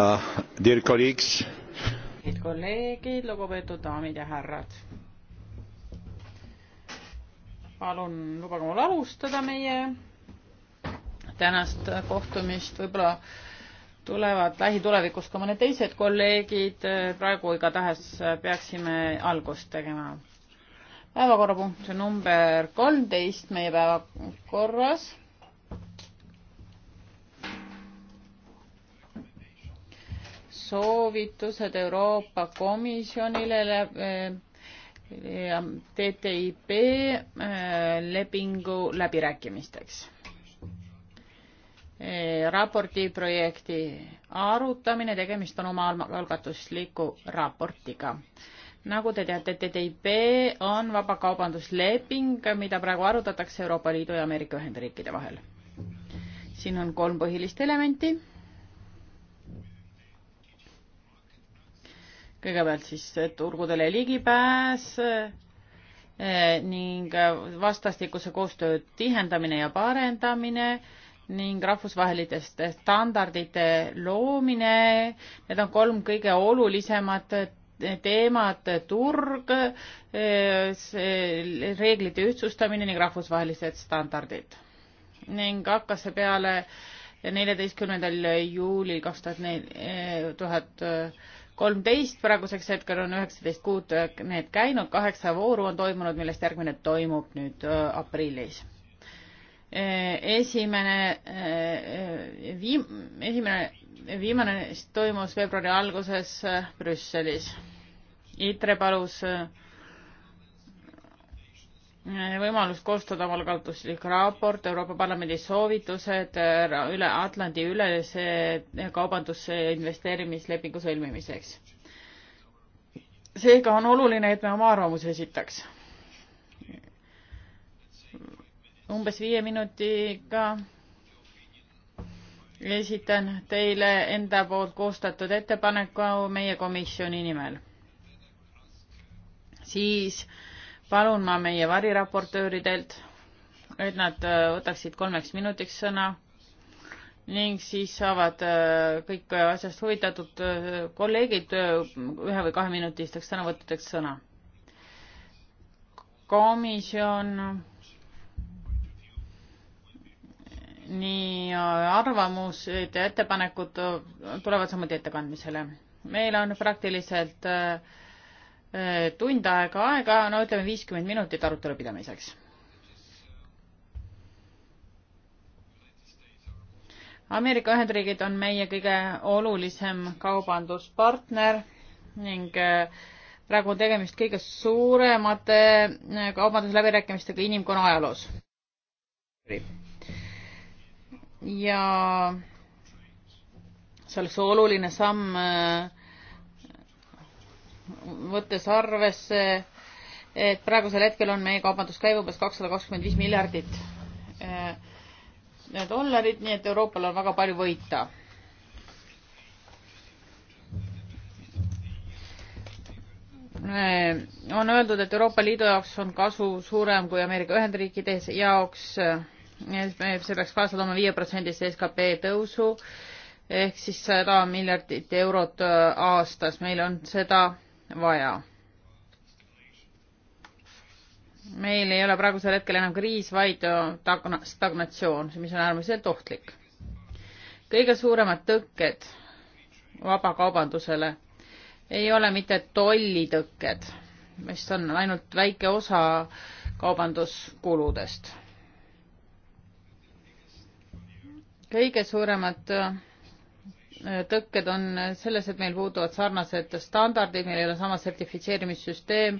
uh,. Dear colleagues. head kolleegid, lugupeetud daamid ja härrad. palun lubage mul alustada meie tänast kohtumist, võib-olla tulevad lähitulevikus ka mõned teised kolleegid, praegu igatahes peaksime algust tegema. päevakorrapunkt number kolmteist meie päevakorras soovitused Euroopa Komisjonile eh, ja TTIP eh, lepingu läbirääkimisteks. Eh, raporti projekti arutamine, tegemist on omaalgatusliku raportiga nagu te teate, TTIP on vabakaubandusleping, mida praegu arutatakse Euroopa Liidu ja Ameerika Ühendriikide vahel. siin on kolm põhilist elementi. kõigepealt siis turgudele ligipääs eh, ning eh, vastastikuse koostöö tihendamine ja parendamine ning rahvusvaheliste standardite loomine. Need on kolm kõige olulisemat teemad, turg, eh, reeglite ühtsustamine ning rahvusvahelised standardid. ning hakkas see peale neljateistkümnendal juulil kaks tuhat neli, tuhat kolmteist, praeguseks hetkel on üheksateist kuud äh, need käinud, kaheksa vooru on toimunud, millest järgmine toimub nüüd äh, aprillis. Äh, esimene, viim-, esimene, viimane toimus veebruari alguses Brüsselis. ITRE palus äh, võimalust koostada omalgatuslik raport, Euroopa Parlamendi soovitused üle Atlandi ülese kaubandusse investeerimislepingu sõlmimiseks. seega on oluline, et me oma arvamuse esitaks. umbes viie minutiga esitan teile enda poolt koostatud ettepaneku meie komisjoni nimel. siis äh, palun ma meie variraportööridelt, et nad äh, võtaksid kolmeks minutiks sõna ning siis saavad äh, kõik asjast huvitatud äh, kolleegid ühe või kaheminutisteks sõnavõttudeks sõna. komisjon nii arvamused ja ettepanekud tulevad samuti ettekandmisele. meil on praktiliselt äh, Äh, tund aega aega, no ütleme viiskümmend minutit arutelu pidamiseks. Ameerika Ühendriigid on meie kõige olulisem kaubanduspartner ning äh, praegu on tegemist kõige suuremate äh, kaubandusläbirääkimistega inimkonna ajaloos. ja see oleks oluline samm äh, võttes arvesse, et praegusel hetkel on meie kaubanduskäive umbes kakssada kakskümmend viis miljardit eh, dollarit, nii et Euroopal on väga palju võita eh, on öeldud, et Euroopa Liidu jaoks on kasu suurem kui Ameerika Ühendriikide jaoks. Eh, see peaks kaasa tooma viie protsendise skp tõusu ehk siis sada miljardit eurot aastas. meil on seda vaja. meil ei ole praegusel hetkel enam kriis, vaid stagnatsioon, mis on äärmiselt ohtlik. kõige suuremad tõkked vabakaubandusele ei ole mitte tollitõkked, mis on ainult väike osa kaubanduskuludest. kõige suuremad tõkked on selles, et meil puuduvad sarnased standardid, meil ei ole sama sertifitseerimissüsteem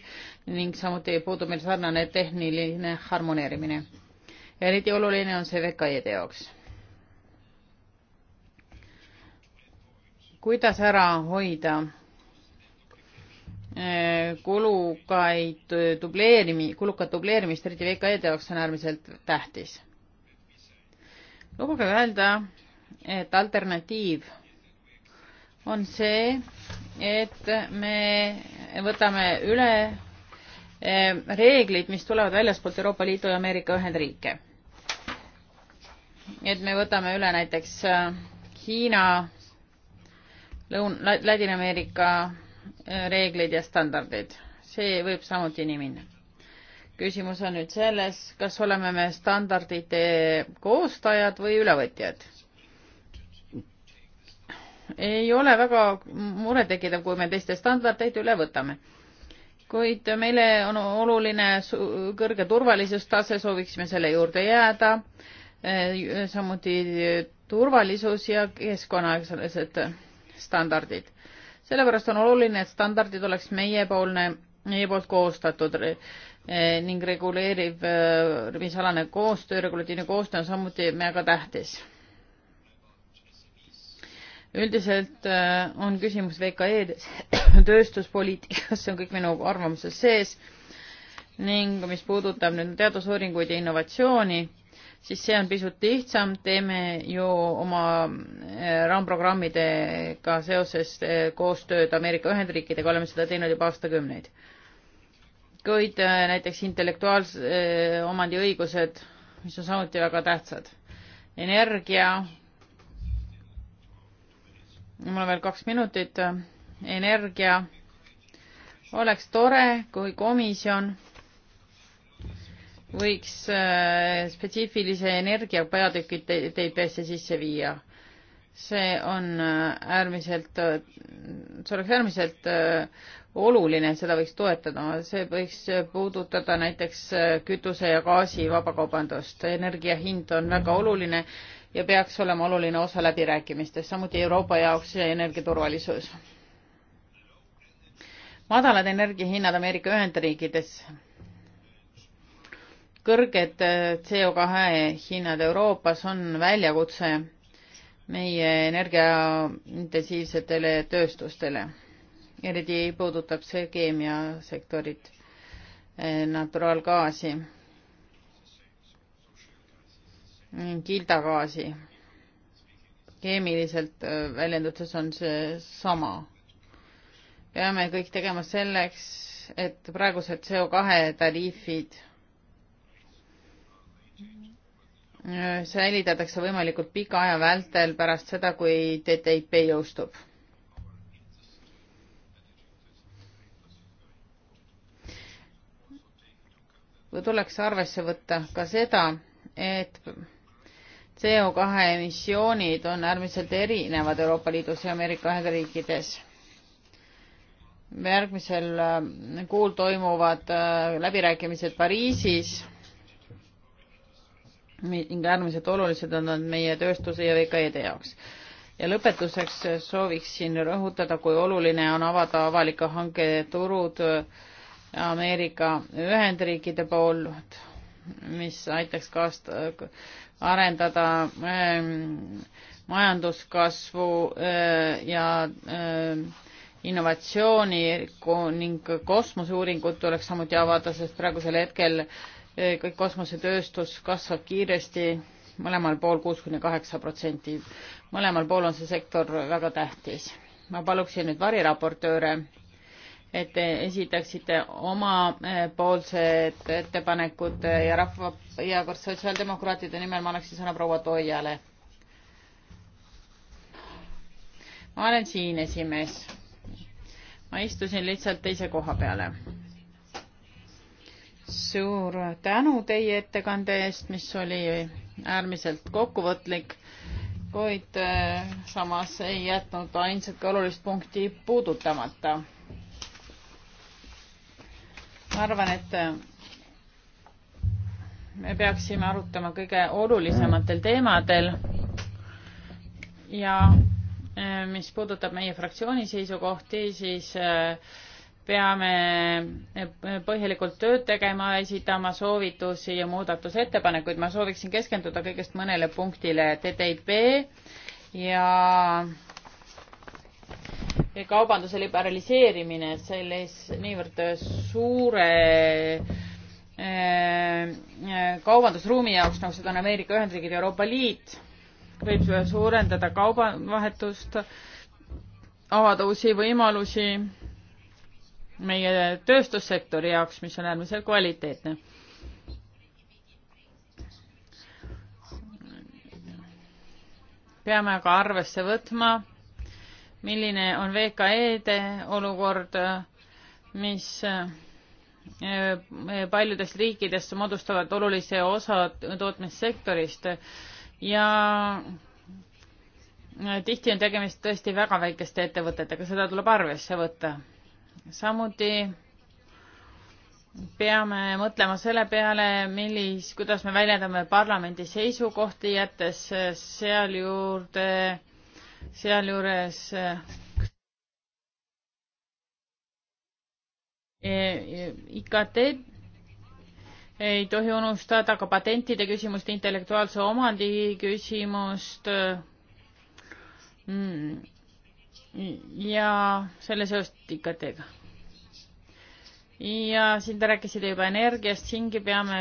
ning samuti puudub meil sarnane tehniline harmoneerimine. eriti oluline on see VKE-de jaoks. kuidas ära hoida eh, kulukaid dubleerimi-, kulukat dubleerimist, eriti VKE-de jaoks, on äärmiselt tähtis. lubage öelda, et alternatiiv on see, et me võtame üle eh, reeglid, mis tulevad väljaspoolt Euroopa Liidu ja Ameerika Ühendriike. et me võtame üle näiteks eh, Hiina, Lõun-, Ladina-Ameerika eh, reeglid ja standardid. see võib samuti nii minna. küsimus on nüüd selles, kas oleme me standardite koostajad või ülevõtjad ei ole väga murettekitav, kui me teiste standardeid üle võtame. kuid meile on oluline kõrge turvalisustase, sooviksime selle juurde jääda, eh, samuti turvalisus ja keskkonnaaeglased standardid. sellepärast on oluline, et standardid oleks meiepoolne, meie poolt koostatud eh, ning reguleeriv, eh, mis alane koostöö, regulatiivne koostöö on samuti väga tähtis üldiselt äh, on küsimus VKE-des, tööstuspoliitikas, see on kõik minu arvamuses sees ning mis puudutab nüüd teadusuuringuid ja innovatsiooni, siis see on pisut lihtsam, teeme ju oma äh, raamprogrammidega seoses äh, koostööd Ameerika Ühendriikidega, oleme seda teinud juba aastakümneid. kuid näiteks intellektuaalse omandiõigused, mis on samuti väga tähtsad, energia, mul on veel kaks minutit. energia. oleks tore, kui komisjon võiks äh, spetsiifilise energia peatüki TIP-sse sisse viia. see on äh, äärmiselt, äh, see oleks äärmiselt oluline, seda võiks toetada, see võiks puudutada näiteks kütuse ja gaasi vabakaubandust, energia hind on väga oluline ja peaks olema oluline osa läbirääkimistes, samuti Euroopa jaoks energiaturvalisus. madalad energiahinnad Ameerika Ühendriikides, kõrged äh, CO2 hinnad Euroopas on väljakutse meie energiaintensiivsetele tööstustele. eriti puudutab see keemiasektorit, äh, naturaalgaasi kildagaasi. keemiliselt väljendudes on see sama. peame kõik tegema selleks, et praegused CO2 tariifid säilitatakse võimalikult pika aja vältel pärast seda, kui TTIP jõustub. tuleks arvesse võtta ka seda, et CO2 emissioonid on äärmiselt erinevad Euroopa Liidus ja Ameerika Ühendriikides. järgmisel äh, kuul toimuvad äh, läbirääkimised Pariisis ning äärmiselt olulised on nad meie tööstuse ja VKE-de jaoks. ja lõpetuseks äh, sooviksin rõhutada, kui oluline on avada avalike hanketurud Ameerika Ühendriikide poolt, mis aitaks kaasta arendada ähm, majanduskasvu äh, ja ähm, innovatsiooni ning kosmoseuuringut tuleks samuti avada, sest praegusel hetkel äh, kõik kosmosetööstus kasvab kiiresti mõlemal pool kuus kuni kaheksa protsenti. mõlemal pool on see sektor väga tähtis. ma paluksin nüüd variraportööre et te esitaksite omapoolsed ettepanekud ja rahva ja kord sotsiaaldemokraatide nimel ma annaksin sõna proua Toiale. ma olen siin esimees. ma istusin lihtsalt teise koha peale. suur tänu teie ettekande eest, mis oli äärmiselt kokkuvõtlik, kuid äh, samas ei jätnud ainsatki olulist punkti puudutamata ma arvan, et äh, me peaksime arutama kõige olulisematel teemadel ja äh, mis puudutab meie fraktsiooni seisukohti, siis äh, peame põhjalikult tööd tegema, esitama soovitusi ja muudatusettepanekuid. ma sooviksin keskenduda kõigest mõnele punktile TTIP ja kaubanduse liberaliseerimine selles niivõrd suure äh, äh, kaubandusruumi jaoks, nagu seda on Ameerika Ühendriigid ja Euroopa Liit, võib suurendada kaubavahetust, avada uusi võimalusi meie tööstussektori jaoks, mis on äärmiselt kvaliteetne. peame aga arvesse võtma milline on VKE-de olukord, mis eh, paljudest riikidest moodustavad olulise osa tootmissektorist ja tihti on tegemist tõesti väga väikeste ettevõtetega, seda tuleb arvesse võtta. samuti peame mõtlema selle peale, millis, kuidas me väljendame parlamendi seisukohti, jättes sealjuurde sealjuures eh, eh, IKT ei tohi unustada ka patentide küsimust, intellektuaalse omandi küsimust. Mm, ja selle seost IKT-ga. ja siin te rääkisite juba energiast, siingi peame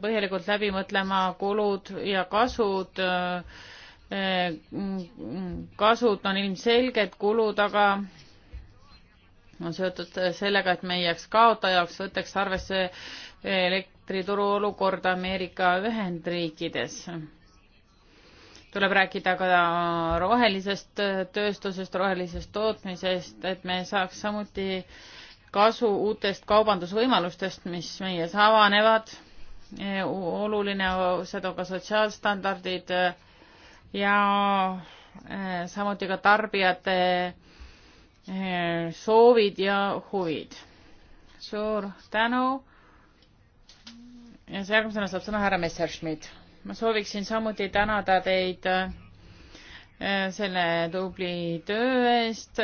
põhjalikult läbi mõtlema kulud ja kasud äh, Äh, kasud on ilmselged, kulud aga on seotud sellega, et me ei jääks kaotajaks, võtaks arvesse elektrituru olukorda Ameerika Ühendriikides. tuleb rääkida ka rohelisest tööstusest, rohelisest tootmisest, et me saaks samuti kasu uutest kaubandusvõimalustest, mis meies avanevad. Äh, oluline, seda ka sotsiaalstandardid ja äh, samuti ka tarbijate äh, soovid ja huvid. suur tänu. ja järgmisena saab sõna härra Messerschmidt. ma sooviksin samuti tänada teid äh, selle tubli töö eest.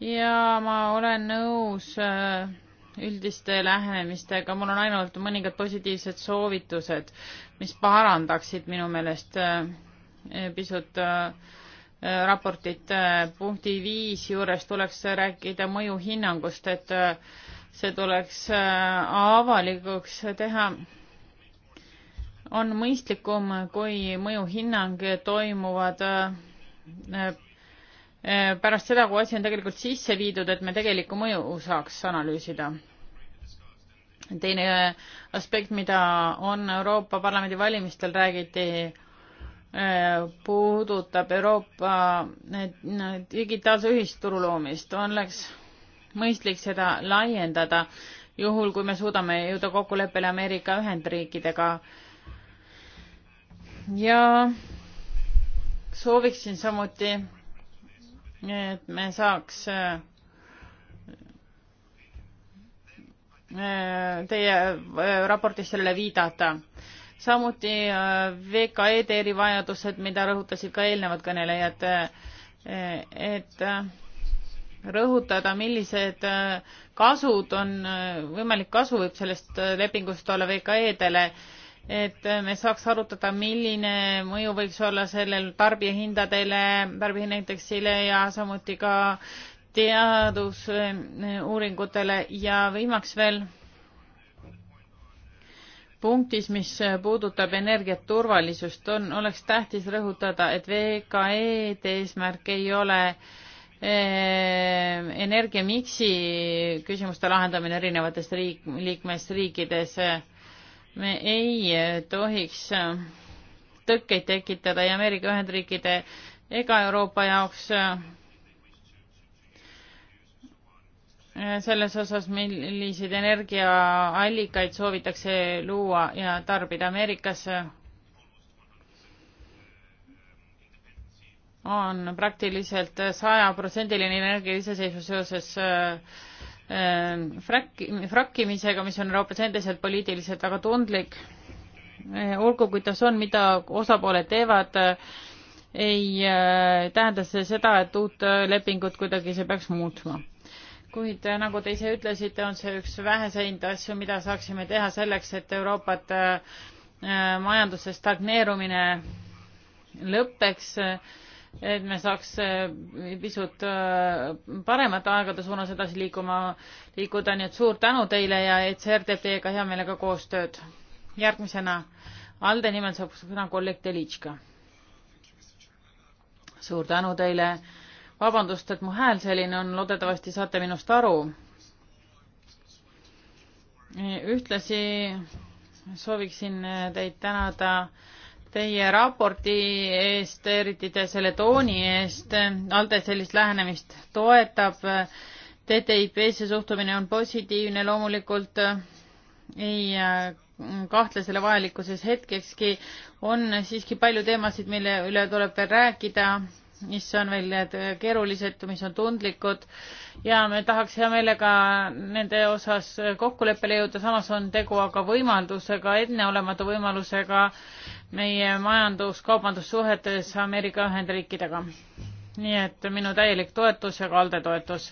ja ma olen nõus äh, üldiste lähenemistega, mul on ainult mõningad positiivsed soovitused, mis parandaksid minu meelest äh, pisut äh, raportit. Äh, punkti viis juures tuleks rääkida mõjuhinnangust, et see tuleks avalikuks teha. on mõistlikum, kui mõjuhinnang toimuvad Eh, pärast seda, kui asi on tegelikult sisse viidud, et me tegelikku mõju saaks analüüsida. teine eh, aspekt, mida on Euroopa Parlamendi valimistel räägiti, eh, puudutab Euroopa digitaalse ühisturu loomist, oleks mõistlik seda laiendada, juhul kui me suudame jõuda kokkuleppele Ameerika Ühendriikidega. ja sooviksin samuti et me saaks äh, äh, teie äh, raportis sellele viidata. samuti VKE-de erivajadused, mida rõhutasid ka eelnevad kõnelejad, et rõhutada, millised kasud on, võimalik kasu võib sellest lepingust olla VKE-dele et me saaks arutada, milline mõju võiks olla sellel tarbijahindadele, tarbijahinnaindeksile ja samuti ka teadusuuringutele ja viimaks veel punktis, mis puudutab energiat turvalisust, on, oleks tähtis rõhutada, et VKE-de eesmärk ei ole eh, energiamiksi küsimuste lahendamine erinevates riik, liikmesriikides me ei eh, tohiks eh, tõkkeid tekitada ei Ameerika Ühendriikide ega Euroopa jaoks eh, selles osas, milliseid energiaallikaid soovitakse luua ja tarbida Ameerikas, on praktiliselt sajaprotsendiline energiaiseseisvus seoses äh, Ähm, fräkki, frakkimisega, mis on Euroopas endiselt poliitiliselt väga tundlik. Äh, olgu, kuidas on, mida osapooled teevad, äh, ei äh, tähenda see seda, et uut lepingut kuidagi see peaks muutma. kuid nagu te ise ütlesite, on see üks väheseid asju, mida saaksime teha selleks, et Euroopat majanduse stagneerumine lõpeks et me saaks eh, pisut eh, paremate aegade suunas edasi liikuma, liikuda, nii et suur tänu teile ja ECR teeb teiega hea meelega koostööd. järgmisena ALDE nimel saab sõna kolleeg Telitška. suur tänu teile. vabandust, et mu hääl selline on, loodetavasti saate minust aru. ühtlasi sooviksin teid tänada äh, teie raporti eest, eriti te selle tooni eest. ALDE sellist lähenemist toetab. TTIP-sse suhtumine on positiivne, loomulikult ei äh, kahtle selle vajalikkuses hetkekski. on siiski palju teemasid, mille üle tuleb veel rääkida mis on veel need keerulised, mis on tundlikud ja me tahaks hea meelega nende osas kokkuleppele jõuda, samas on tegu aga võimalusega, enneolematu võimalusega meie majandus-kaubandussuhetes Ameerika Ühendriikidega. nii et minu täielik toetus ja ka ALDE toetus.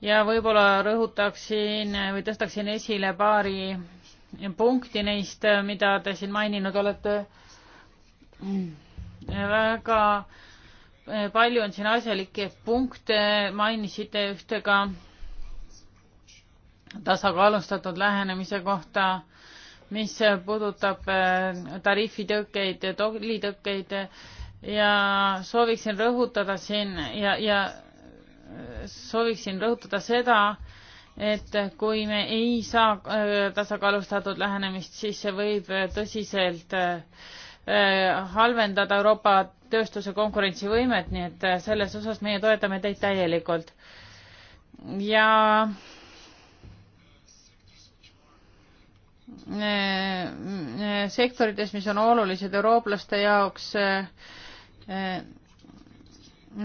ja võib-olla rõhutaksin või tõstaksin esile paari punkti neist, mida te siin maininud olete. väga äh, Eh, palju on siin asjalikke punkte, mainisite ühte ka tasakaalustatud lähenemise kohta, mis puudutab eh, tariifitõkkeid, tollitõkkeid ja sooviksin rõhutada siin ja, ja eh, sooviksin rõhutada seda, et kui me ei saa tasakaalustatud lähenemist, siis see võib tõsiselt äh, Äh, halvendada Euroopa tööstuse konkurentsivõimet, nii et äh, selles osas meie toetame teid täielikult. ja äh, sektorites, mis on olulised eurooplaste jaoks,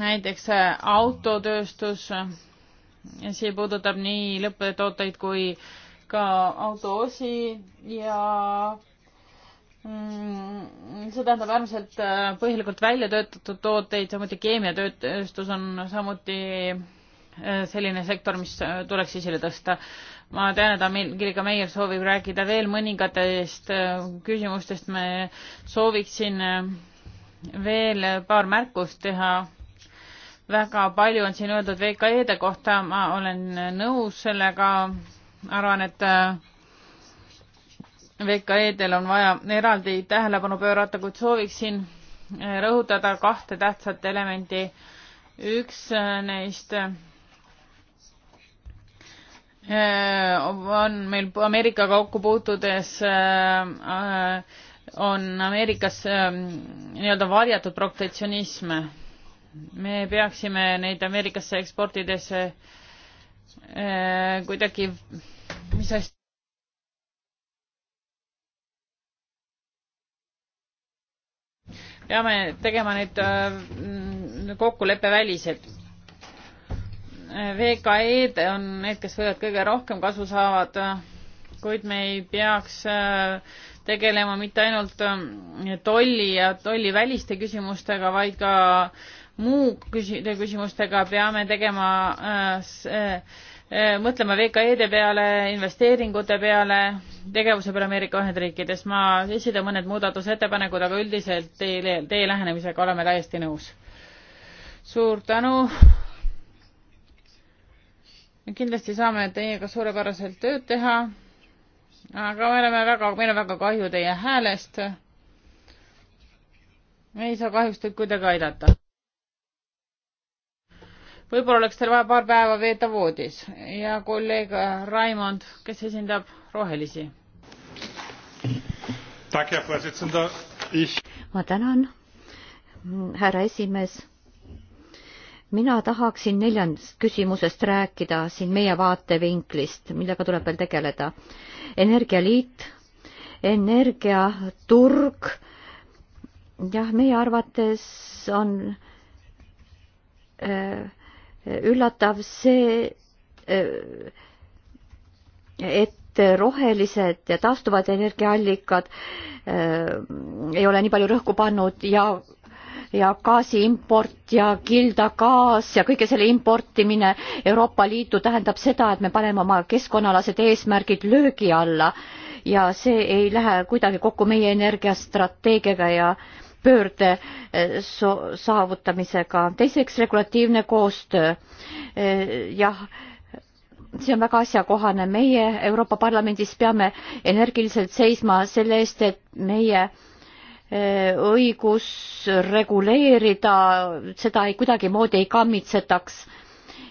näiteks autotööstus, see puudutab nii lõpptooteid kui ka autoosi ja Mm, see tähendab äärmiselt äh, põhjalikult välja töötatud tooteid, samuti keemiatööstus on samuti äh, selline sektor, mis äh, tuleks esile tõsta. ma tean, et Ameerika Meier soovib rääkida veel mõningatest küsimustest, me sooviksin veel paar märkust teha. väga palju on siin öeldud VKE-de kohta, ma olen nõus sellega, arvan, et VKE-del on vaja eraldi tähelepanu pöörata, kuid sooviksin eh, rõhutada kahte tähtsat elementi. üks eh, neist eh, on meil Ameerikaga kokku puutudes, on Ameerikas nii-öelda varjatud protektsionism. me peaksime neid Ameerikasse eksportides kuidagi, mis asja peame tegema neid äh, kokkuleppeväliselt. VKE-d on need, kes võivad kõige rohkem kasu saavad, kuid me ei peaks äh, tegelema mitte ainult äh, tolli ja tolliväliste küsimustega, vaid ka muu küsimustega peame tegema äh, Eh, mõtlema VKE-de peale, investeeringute peale, tegevuse peale Ameerika Ühendriikides. ma esitan mõned muudatusettepanekud, aga üldiselt teie, teie lähenemisega oleme täiesti nõus. suur tänu. kindlasti saame teiega suurepäraselt tööd teha. aga me oleme väga, meil on väga kahju teie häälest. me ei saa kahjuks teid kuidagi aidata võib-olla oleks teil vaja paar päeva veeta voodis ja kolleeg Raimond, kes esindab Rohelisi. ma tänan, härra esimees. mina tahaksin neljandast küsimusest rääkida siin meie vaatevinklist, millega tuleb veel tegeleda. energialiit, energiaturg, jah, meie arvates on öö, äh, üllatav see, et rohelised ja taastuvad energiaallikad eh, ei ole nii palju rõhku pannud ja ja gaasi import ja kildagaas ja kõige selle importimine Euroopa Liitu tähendab seda, et me paneme oma keskkonnaalased eesmärgid löögi alla ja see ei lähe kuidagi kokku meie energiastrateegiaga ja äh, pöörde eh, so saavutamisega. teiseks regulatiivne koostöö. Eh, jah, see on väga asjakohane. meie Euroopa Parlamendis peame energiliselt seisma selle eest, et meie eh, õigus reguleerida, seda ei kuidagimoodi ei kammitsetaks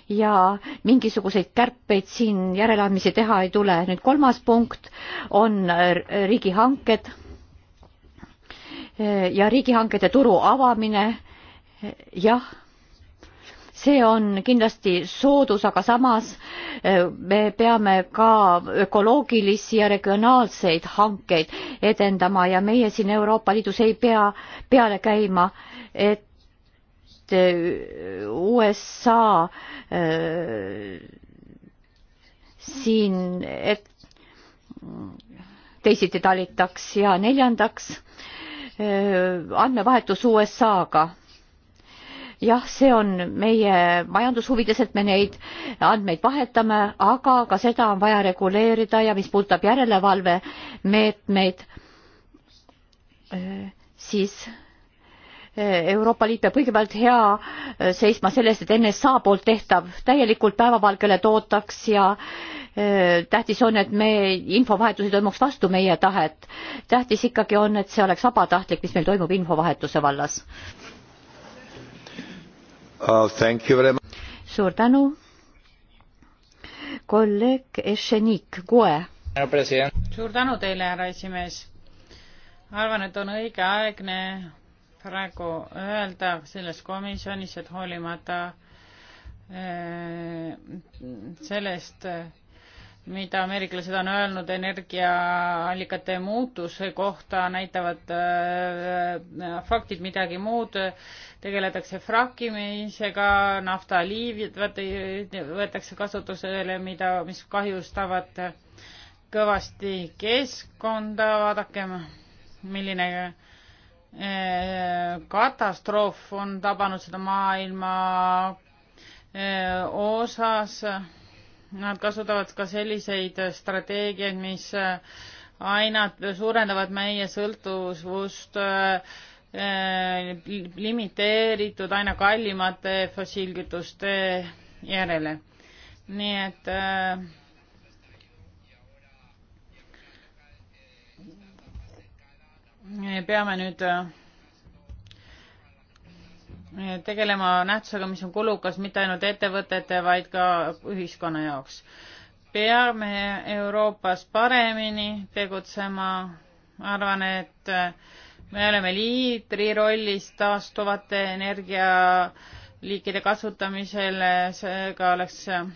ja mingisuguseid kärpeid siin järeleandmisi teha ei tule. nüüd kolmas punkt on riigihanked ja riigihangete turu avamine, jah, see on kindlasti soodus, aga samas e, me peame ka ökoloogilisi ja regionaalseid hankeid edendama ja meie siin Euroopa Liidus ei pea peale käima, et e, USA äh, siin, et teisiti talitaks ja neljandaks Äh, andmevahetus USA-ga. jah, see on meie majandushuvides, et me neid andmeid vahetame, aga ka seda on vaja reguleerida ja mis puudutab järelevalvemeetmeid, äh, siis äh, Euroopa Liit peab kõigepealt hea seisma selle eest, et NSA poolt tehtav täielikult päevavalgele toodaks ja äh, tähtis on, et me, infovahetus ei toimuks vastu meie tahet. tähtis ikkagi on, et see oleks vabatahtlik, mis meil toimub infovahetuse vallas oh,. suur tänu. kolleeg Ešenik, kohe. suur tänu teile, härra esimees. arvan, et on õigeaegne praegu öelda selles komisjonis, et hoolimata sellest mida ameeriklased on öelnud energiaallikate muutuse kohta, näitavad äh, äh faktid midagi muud. tegeletakse frakkimisega, naftaliivid võetakse kasutusele, mida, mis kahjustavad kõvasti keskkonda, vaadakem, milline äh, katastroof on tabanud seda maailma äh, osas Nad kasutavad ka selliseid strateegiaid, mis äh, aina suurendavad meie sõltuvust äh, äh, limiteeritud aina kallimate fossiilkütuste järele. nii et äh, me peame nüüd tegelema nähtusega, mis on kulukas mitte ainult ettevõtete, vaid ka ühiskonna jaoks. peame Euroopas paremini tegutsema, arvan, et äh, me oleme liidri rollis taastuvate energialiikide kasutamisel, äh, seega oleks äh,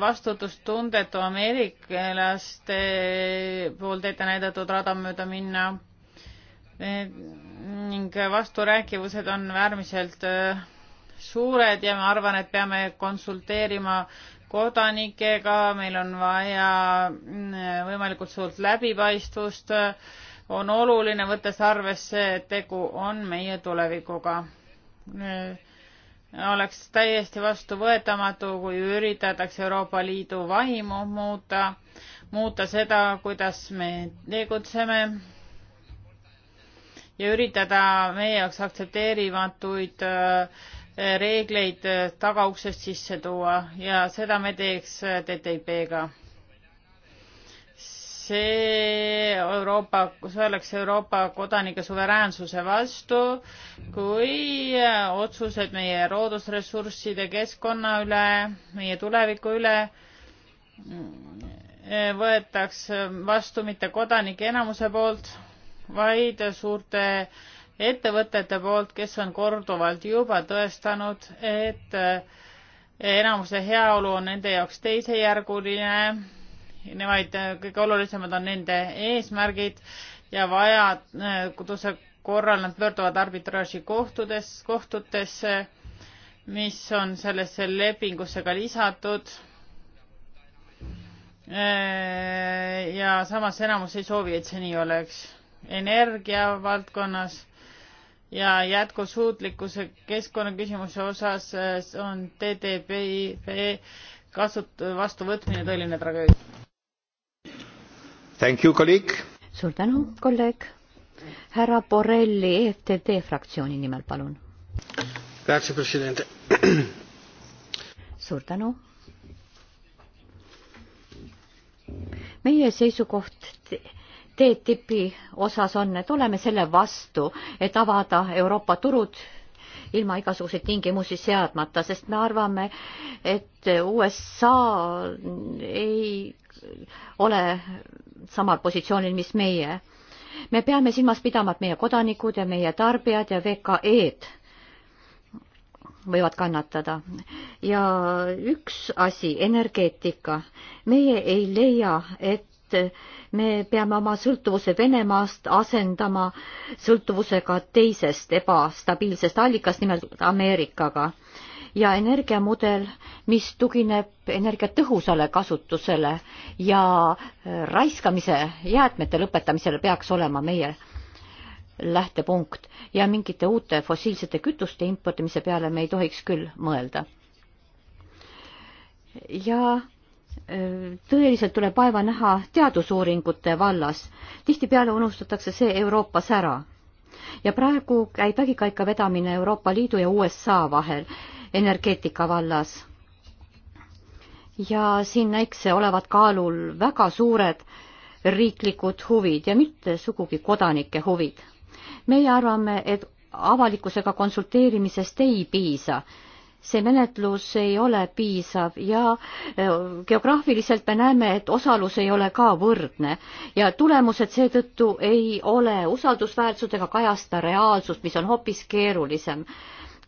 vastutustundetu ameeriklaste poolt ette näidatud rada mööda minna ning vasturääkivused on äärmiselt äh, suured ja ma arvan, et peame konsulteerima kodanikega, meil on vaja mm, võimalikult suurt läbipaistvust, on oluline, võttes arvesse, et tegu on meie tulevikuga. Äh, oleks täiesti vastuvõetamatu, kui üritatakse Euroopa Liidu vaimu muuta, muuta seda, kuidas me tegutseme ja üritada meie jaoks aktsepteerimatuid äh, reegleid äh, tagauksest sisse tuua ja seda me teeks äh, TTIP-ga. see Euroopa, see oleks Euroopa kodanike suveräänsuse vastu, kui otsused meie loodusressursside keskkonna üle, meie tuleviku üle mm, võetaks vastu mitte kodanike enamuse poolt, vaid suurte ettevõtete poolt, kes on korduvalt juba tõestanud, et enamuse heaolu on nende jaoks teisejärguline, vaid äh, kõige olulisemad on nende eesmärgid ja vajaduse korral nad pöörduvad arbitraaži kohtudes, kohtutesse, mis on sellesse lepingusse ka lisatud. Äh, ja samas enamus ei soovi, et see nii oleks energia valdkonnas ja jätkusuutlikkuse keskkonnaküsimuse osas eh, on TTIP kasut-, vastuvõtmine tõeline tragöödia. Thank you, kolleeg. suur tänu, kolleeg. härra Borrelli EFTD fraktsiooni nimel, palun. Grazie, president. suur tänu. meie seisukoht TTIP-i osas on, et oleme selle vastu, et avada Euroopa turud ilma igasuguseid tingimusi seadmata, sest me arvame, et USA ei ole samal positsioonil, mis meie. me peame silmas pidama, et meie kodanikud ja meie tarbijad ja VKE-d võivad kannatada. ja üks asi, energeetika. meie ei leia, et et me peame oma sõltuvuse Venemaast asendama sõltuvusega teisest ebastabiilsest allikast, nimelt Ameerikaga. ja energiamudel, mis tugineb energiatõhusale kasutusele ja äh, raiskamise, jäätmete lõpetamisele peaks olema meie lähtepunkt ja mingite uute fossiilsete kütuste importimise peale me ei tohiks küll mõelda. ja tõeliselt tuleb vaeva näha teadusuuringute vallas. tihtipeale unustatakse see Euroopas ära. ja praegu käib vägikaika vedamine Euroopa Liidu ja USA vahel energeetika vallas. ja siin näikse olevat kaalul väga suured riiklikud huvid ja mitte sugugi kodanike huvid. meie arvame, et avalikkusega konsulteerimisest ei piisa see menetlus ei ole piisav ja äh, geograafiliselt me näeme, et osalus ei ole ka võrdne ja tulemused seetõttu ei ole usaldusväärsed ega kajasta reaalsust, mis on hoopis keerulisem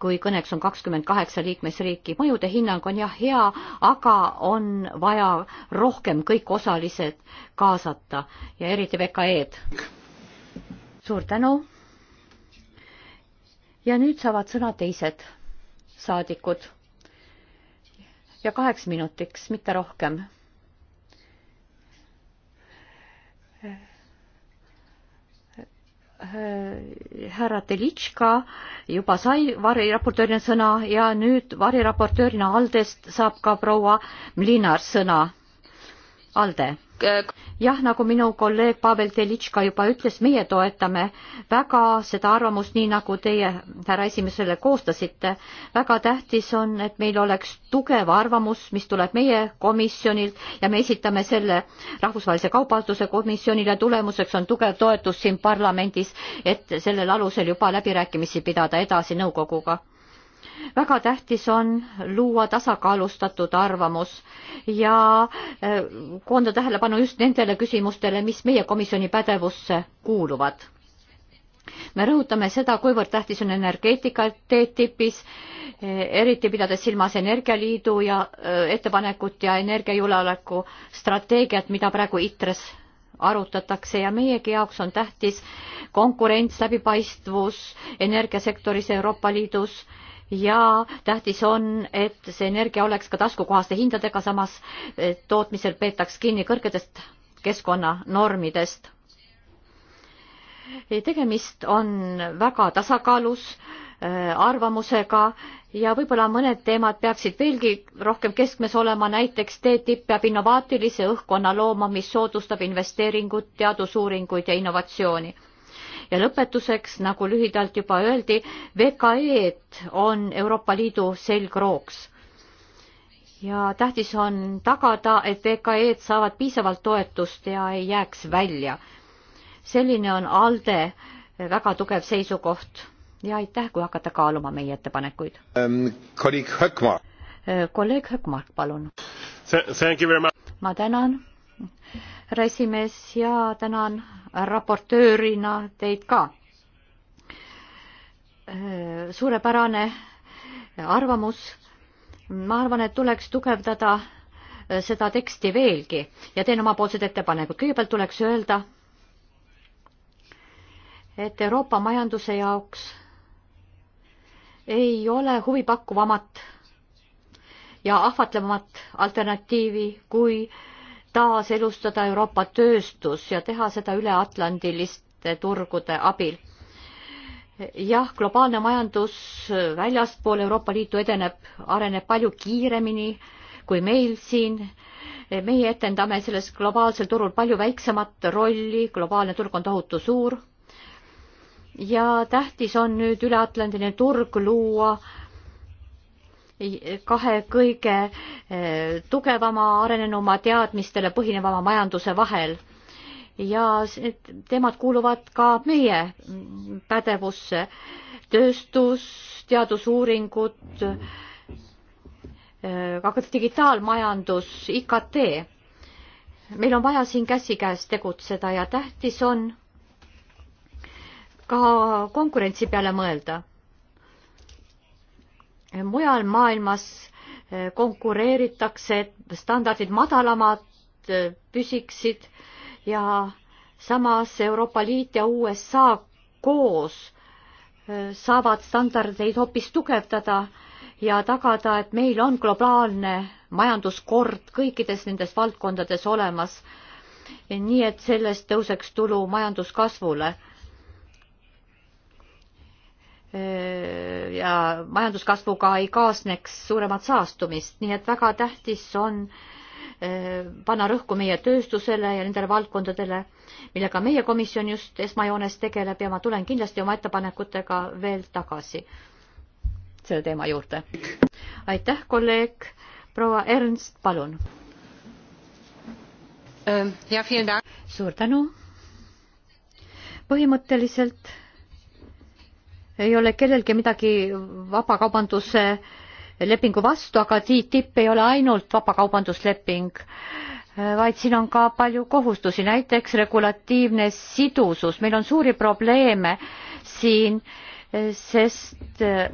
kui kõneks on kakskümmend kaheksa liikmesriiki. mõjude hinnang on jah hea, aga on vaja rohkem kõik osalised kaasata ja eriti VKE-d. suur tänu. ja nüüd saavad sõna teised saadikud ja kaheks minutiks, mitte rohkem. härra Telitška juba sai variraportöörina sõna ja nüüd variraportöörina Aldest saab ka proua Mlinar sõna Alde. jah, nagu minu kolleeg Pavel Telitška juba ütles, meie toetame väga seda arvamust, nii nagu teie, härra esimees, selle koostasite. väga tähtis on, et meil oleks tugev arvamus, mis tuleb meie komisjonilt ja me esitame selle Rahvusvahelise Kaubanduse Komisjonile. tulemuseks on tugev toetus siin parlamendis, et sellel alusel juba läbirääkimisi pidada edasi nõukoguga väga tähtis on luua tasakaalustatud arvamus ja e, koonda tähelepanu just nendele küsimustele, mis meie komisjoni pädevusse kuuluvad. me rõhutame seda, kuivõrd tähtis on energeetika TTIP-is, e, eriti pidades silmas Energialiidu ja e, ettepanekut ja energiajulgeoleku strateegiat, mida praegu ITRES arutatakse ja meiegi jaoks on tähtis konkurents, läbipaistvus energiasektoris Euroopa Liidus ja tähtis on, et see energia oleks ka taskukohaste hindadega, samas eh, tootmisel peetaks kinni kõrgedest keskkonnanormidest. tegemist on väga tasakaalus eh, arvamusega ja võib-olla mõned teemad peaksid veelgi rohkem keskmes olema, näiteks TTIP peab innovaatilise õhkkonna looma, mis soodustab investeeringut, teadusuuringuid ja innovatsiooni ja lõpetuseks, nagu lühidalt juba öeldi, VKE-d on Euroopa Liidu selgrooks. ja tähtis on tagada, et VKE-d saavad piisavalt toetust ja ei jääks välja. selline on ALDE väga tugev seisukoht ja aitäh, kui hakata kaaluma meie ettepanekuid um,. kolleeg Hökmark. Äh, kolleeg Hökmark, palun. ma tänan härra esimees ja tänan raportöörina teid ka. suurepärane arvamus. ma arvan, et tuleks tugevdada seda teksti veelgi ja teen omapoolsed ettepanekud. kõigepealt tuleks öelda, et Euroopa majanduse jaoks ei ole huvipakkuvamat ja ahvatlevamat alternatiivi kui äh, taaselustada Euroopa tööstus ja teha seda üleatlandiliste turgude abil. jah, globaalne majandus väljaspool Euroopa Liitu edeneb, areneb palju kiiremini kui meil siin. meie etendame selles globaalsel turul palju väiksemat rolli, globaalne turg on tohutu suur. ja tähtis on nüüd üleatlandiline turg luua kahe kõige eh, tugevama, arenenuma teadmistele põhinevama majanduse vahel. ja need teemad kuuluvad ka meie pädevusse. tööstus, teadusuuringud, eh, aga digitaalmajandus, IKT. meil on vaja siin käsikäes tegutseda ja tähtis on ka konkurentsi peale mõelda mujal maailmas e, konkureeritakse, et standardid madalamad e, püsiksid ja samas Euroopa Liit ja USA koos e, saavad standardeid hoopis tugevdada ja tagada, et meil on globaalne majanduskord kõikides nendes valdkondades olemas. nii et sellest tõuseks tulu majanduskasvule ja majanduskasvuga ei kaasneks suuremat saastumist, nii et väga tähtis on panna rõhku meie tööstusele ja nendele valdkondadele, millega meie komisjon just esmajoones tegeleb ja ma tulen kindlasti oma ettepanekutega veel tagasi selle teema juurde. aitäh, kolleeg, proua Ernst, palun. Ähm, suur tänu. põhimõtteliselt ei ole kellelgi midagi vabakaubanduse lepingu vastu, aga TTIP ei ole ainult vabakaubandusleping, vaid siin on ka palju kohustusi, näiteks regulatiivne sidusus, meil on suuri probleeme siin, sest eh,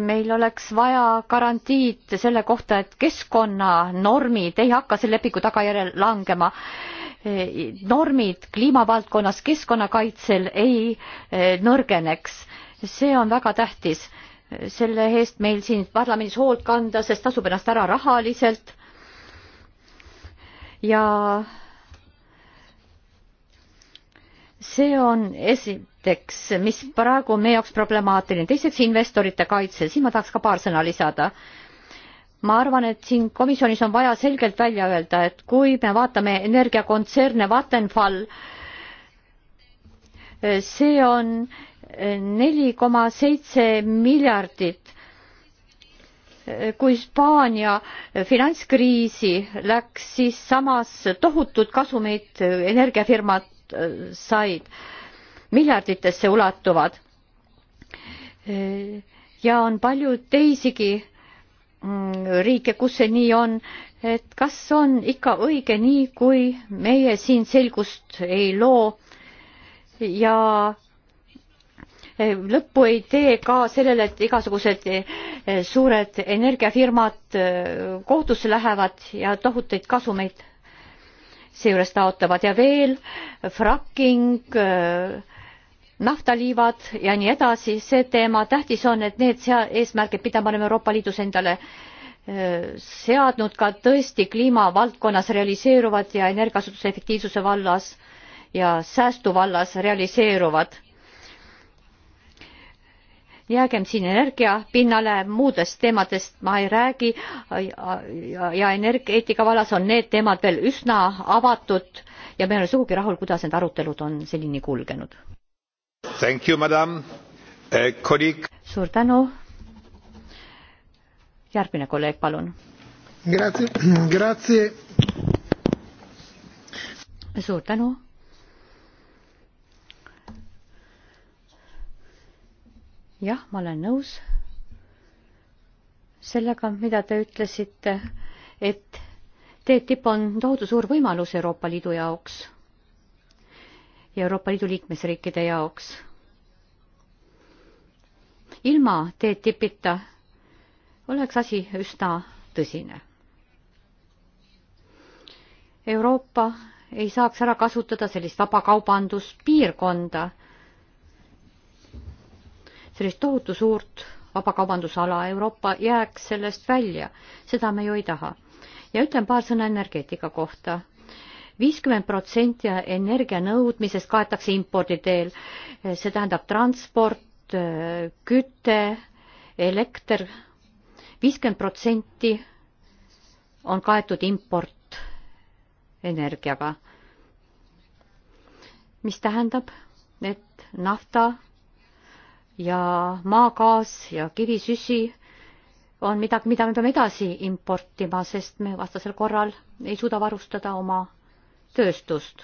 meil oleks vaja garantiid selle kohta, et keskkonnanormid ei hakka selle lepingu tagajärjel langema normid kliimavaldkonnas, keskkonnakaitsel ei eh, nõrgeneks. see on väga tähtis. selle eest meil siin parlamendis hoolt kanda, sest tasub ennast ära rahaliselt. ja see on esiteks, mis praegu on meie jaoks problemaatiline, teiseks investorite kaitse, siin ma tahaks ka paar sõna lisada ma arvan, et siin komisjonis on vaja selgelt välja öelda, et kui me vaatame energiakontserne Vattenfall, see on neli koma seitse miljardit. kui Hispaania finantskriisi läks, siis samas tohutud kasumid energiafirmad said, miljarditesse ulatuvad. ja on palju teisigi Mm, riike, kus see nii on, et kas on ikka õige nii, kui meie siin selgust ei loo ja eh, lõppu ei tee ka sellele, et igasugused eh, suured energiafirmad eh, kohtusse lähevad ja tohutuid kasumeid seejuures taotlevad ja veel fracking äh, naftaliivad ja nii edasi, see teema, tähtis on, et need sea-, eesmärgid, mida me oleme Euroopa Liidus endale äh, seadnud ka tõesti kliimavaldkonnas realiseeruvad ja energiasutuse efektiivsuse vallas ja säästu vallas realiseeruvad. jäägem siin energia pinnale, muudest teemadest ma ei räägi ja, ja, ja energeetika vallas on need teemad veel üsna avatud ja me ei ole sugugi rahul, kuidas need arutelud on senini kulgenud. Uh, suur tänu. järgmine kolleeg, palun. suur tänu. jah, ma olen nõus sellega, mida te ütlesite, et TTIP on tohutu suur võimalus Euroopa Liidu jaoks ja Euroopa Liidu liikmesriikide jaoks ilma TTIP-ita oleks asi üsna tõsine. Euroopa ei saaks ära kasutada sellist vabakaubanduspiirkonda, sellist tohutu suurt vabakaubandusala, Euroopa jääks sellest välja, seda me ju ei taha. ja ütlen paar sõna energeetika kohta. viiskümmend protsenti energia nõudmisest kaetakse impordi teel, see tähendab transport, just äh, küte, elekter, viiskümmend protsenti on kaetud importenergiaga. mis tähendab, et nafta ja maagaas ja kivisüsi on midagi, mida me peame edasi importima, sest me vastasel korral ei suuda varustada oma tööstust.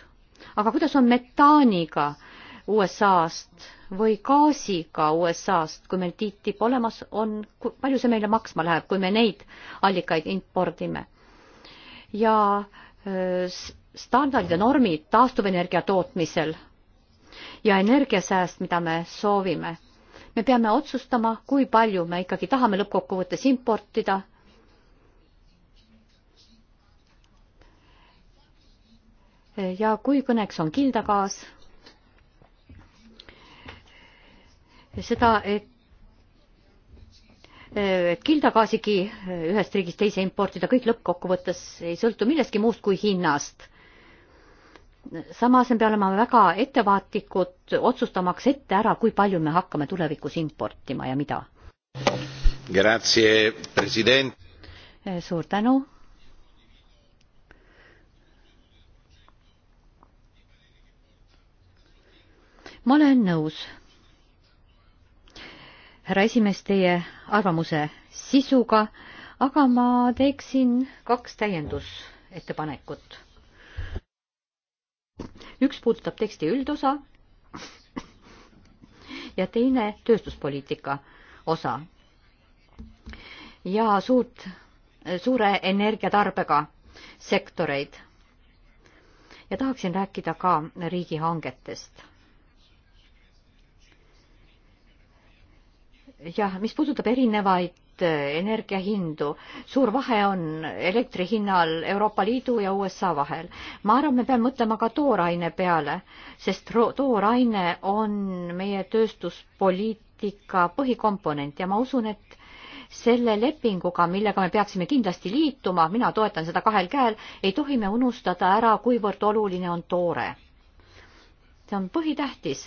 aga kuidas on metaaniga, USA-st või gaasiga USA-st, kui meil TTIP olemas on, kui palju see meile maksma läheb, kui me neid allikaid impordime? ja standardid ja normid taastuvenergia tootmisel ja energiasääst, mida me soovime. me peame otsustama, kui palju me ikkagi tahame lõppkokkuvõttes importida ja kui kõneks on kildagaas seda, et et kildagaasigi ühest riigist teise importida, kõik lõppkokkuvõttes ei sõltu millestki muust kui hinnast. samas me peame olema väga ettevaatlikud, otsustamaks ette ära, kui palju me hakkame tulevikus importima ja mida. suur tänu. ma olen nõus härra esimees, teie arvamuse sisuga, aga ma teeksin kaks täiendusettepanekut. üks puudutab teksti üldosa ja teine tööstuspoliitika osa. ja suurt, suure energiatarbega sektoreid. ja tahaksin rääkida ka riigihangetest jah, mis puudutab erinevaid äh, energiahindu, suur vahe on elektri hinnal Euroopa Liidu ja USA vahel. ma arvan, me peame mõtlema ka tooraine peale, sest tooraine on meie tööstuspoliitika põhikomponent ja ma usun, et selle lepinguga, millega me peaksime kindlasti liituma, mina toetan seda kahel käel, ei tohi me unustada ära, kuivõrd oluline on toore. see on põhitähtis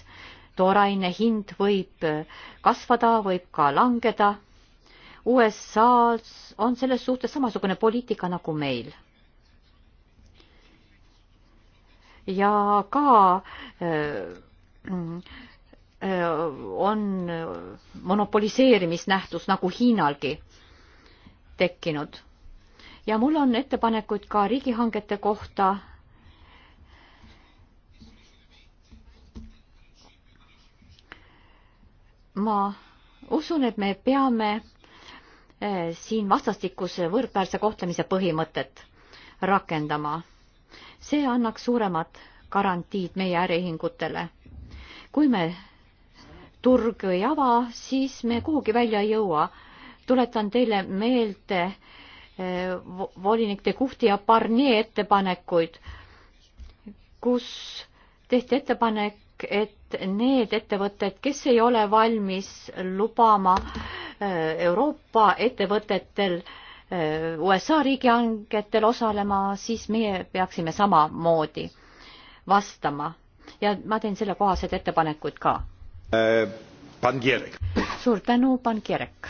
tooraine hind võib kasvada, võib ka langeda. USA-s on selles suhtes samasugune poliitika nagu meil. ja ka öö, äh, öö, on monopoliseerimisnähtus nagu Hiinalgi tekkinud. ja mul on ettepanekuid ka riigihangete kohta ma usun, et me peame eh, siin vastastikuse võrdväärse kohtlemise põhimõtet rakendama. see annaks suuremad garantiid meie äriühingutele. kui me turgu ei ava, siis me kuhugi välja ei jõua. tuletan teile meelde eh, volinik de Guhti ja Barnier ettepanekuid, kus tehti ettepanek eesmärk, et need ettevõtted, kes ei ole valmis lubama äh, Euroopa ettevõtetel äh, USA riigihangetel osalema, siis meie peaksime samamoodi vastama ja ma teen sellekohased ettepanekud ka äh,. suur tänu, pan Kierek.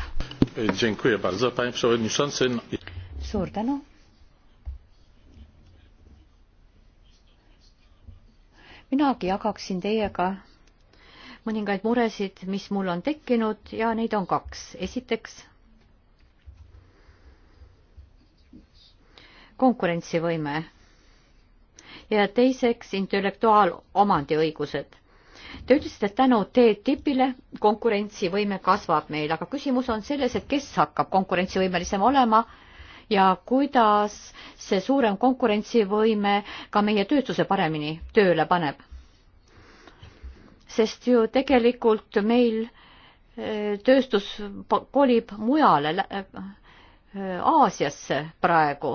suur tänu minagi jagaksin teiega mõningaid muresid, mis mul on tekkinud ja neid on kaks. esiteks konkurentsivõime ja teiseks intellektuaalomandi õigused. Te ütlesite, et tänu TTIP-ile konkurentsivõime kasvab meil, aga küsimus on selles, et kes hakkab konkurentsivõimelisem olema ja kuidas see suurem konkurentsivõime ka meie tööstuse paremini tööle paneb. sest ju tegelikult meil e, tööstus kolib mujale, e, e, Aasiasse praegu.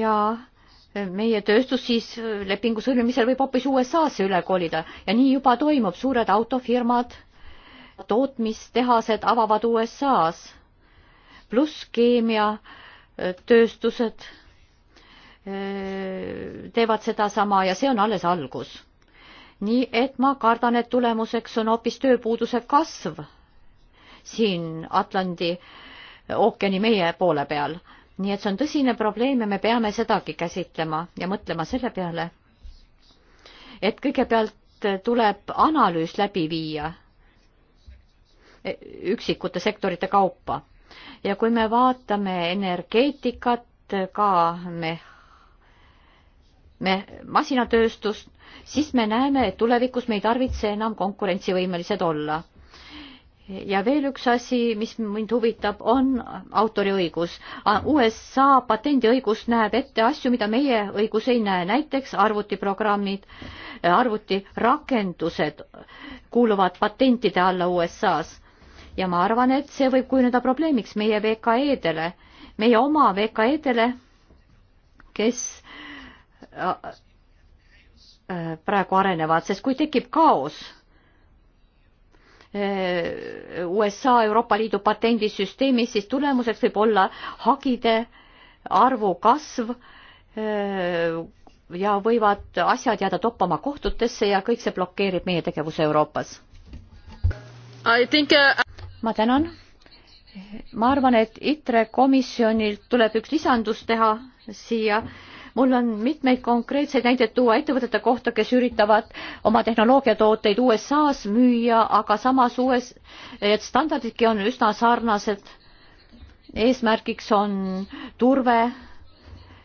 ja meie tööstus siis lepingu sõlmimisel võib hoopis USA-sse üle kolida ja nii juba toimub, suured autofirmad, tootmistehased avavad USA-s pluss keemiatööstused äh, äh, teevad sedasama ja see on alles algus. nii et ma kardan, et tulemuseks on hoopis tööpuuduse kasv siin Atlandi ookeani meie poole peal. nii et see on tõsine probleem ja me peame sedagi käsitlema ja mõtlema selle peale, et kõigepealt tuleb analüüs läbi viia e, üksikute sektorite kaupa ja kui me vaatame energeetikat, ka me, me masinatööstust, siis me näeme, et tulevikus me ei tarvitse enam konkurentsivõimelised olla. ja veel üks asi, mis mind huvitab, on autoriõigus. USA patendiõigus näeb ette asju, mida meie õigus ei näe, näiteks arvutiprogrammid, arvutirakendused kuuluvad patentide alla USA-s ja ma arvan, et see võib kujuneda probleemiks meie VKE-dele, meie oma VKE-dele, kes äh, äh, praegu arenevad, sest kui tekib kaos äh, USA Euroopa Liidu patendisüsteemis, siis tulemuseks võib olla hagide arvu kasv ja võivad asjad jääda toppama kohtutesse ja kõik see blokeerib meie tegevuse Euroopas ma tänan. ma arvan, et ITRE komisjonilt tuleb üks lisandus teha siia. mul on mitmeid konkreetseid näiteid tuua ettevõtete kohta, kes üritavad oma tehnoloogiatooteid USA-s müüa, aga samas US, et standardidki on üsna sarnased. eesmärgiks on turve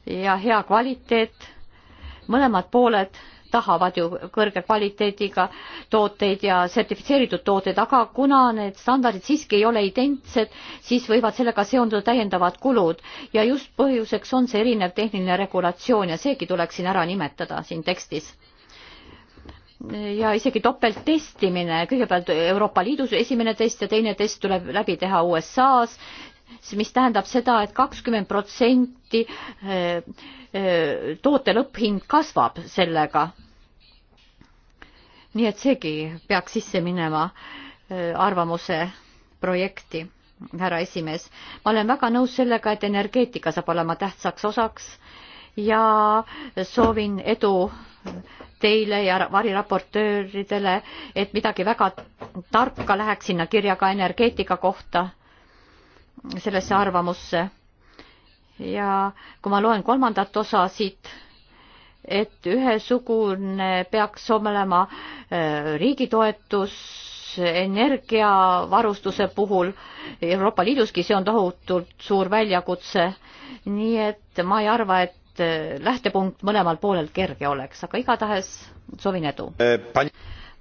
ja hea kvaliteet, mõlemad pooled tahavad ju kõrge kvaliteediga tooteid ja sertifitseeritud tooteid, aga kuna need standardid siiski ei ole identsed, siis võivad sellega seonduda täiendavad kulud ja just põhjuseks on see erinev tehniline regulatsioon ja seegi tuleks siin ära nimetada siin tekstis ja isegi topelttestimine, kõigepealt Euroopa Liidus esimene test ja teine test tuleb läbi teha USA-s, mis tähendab seda et, et kakskümmend protsenti eh, eh, toote lõpphind kasvab sellega. nii et seegi peaks sisse minema eh, arvamuse projekti, härra esimees. ma olen väga nõus sellega, et energeetika saab olema tähtsaks osaks ja soovin edu teile ja variraportööridele, et midagi väga tarka läheks sinna kirja ka energeetika kohta sellesse arvamusse. ja kui ma loen kolmandat osa siit, et ühesugune peaks olema äh, riigi toetus energiavarustuse puhul Euroopa Liiduski, see on tohutult suur väljakutse. nii et ma ei arva, et äh, lähtepunkt mõlemal poolel kerge oleks, aga igatahes soovin edu. Äh,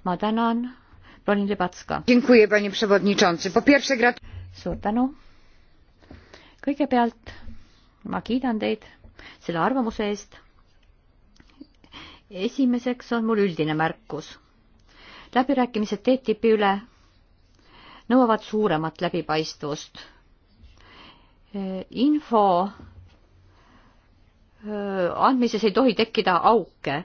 ma tänan, Ronin Libatska. suur tänu kõigepealt ma kiidan teid selle arvamuse eest. esimeseks on mul üldine märkus. läbirääkimised TTIP-i üle nõuavad suuremat läbipaistvust. info andmises ei tohi tekkida auke,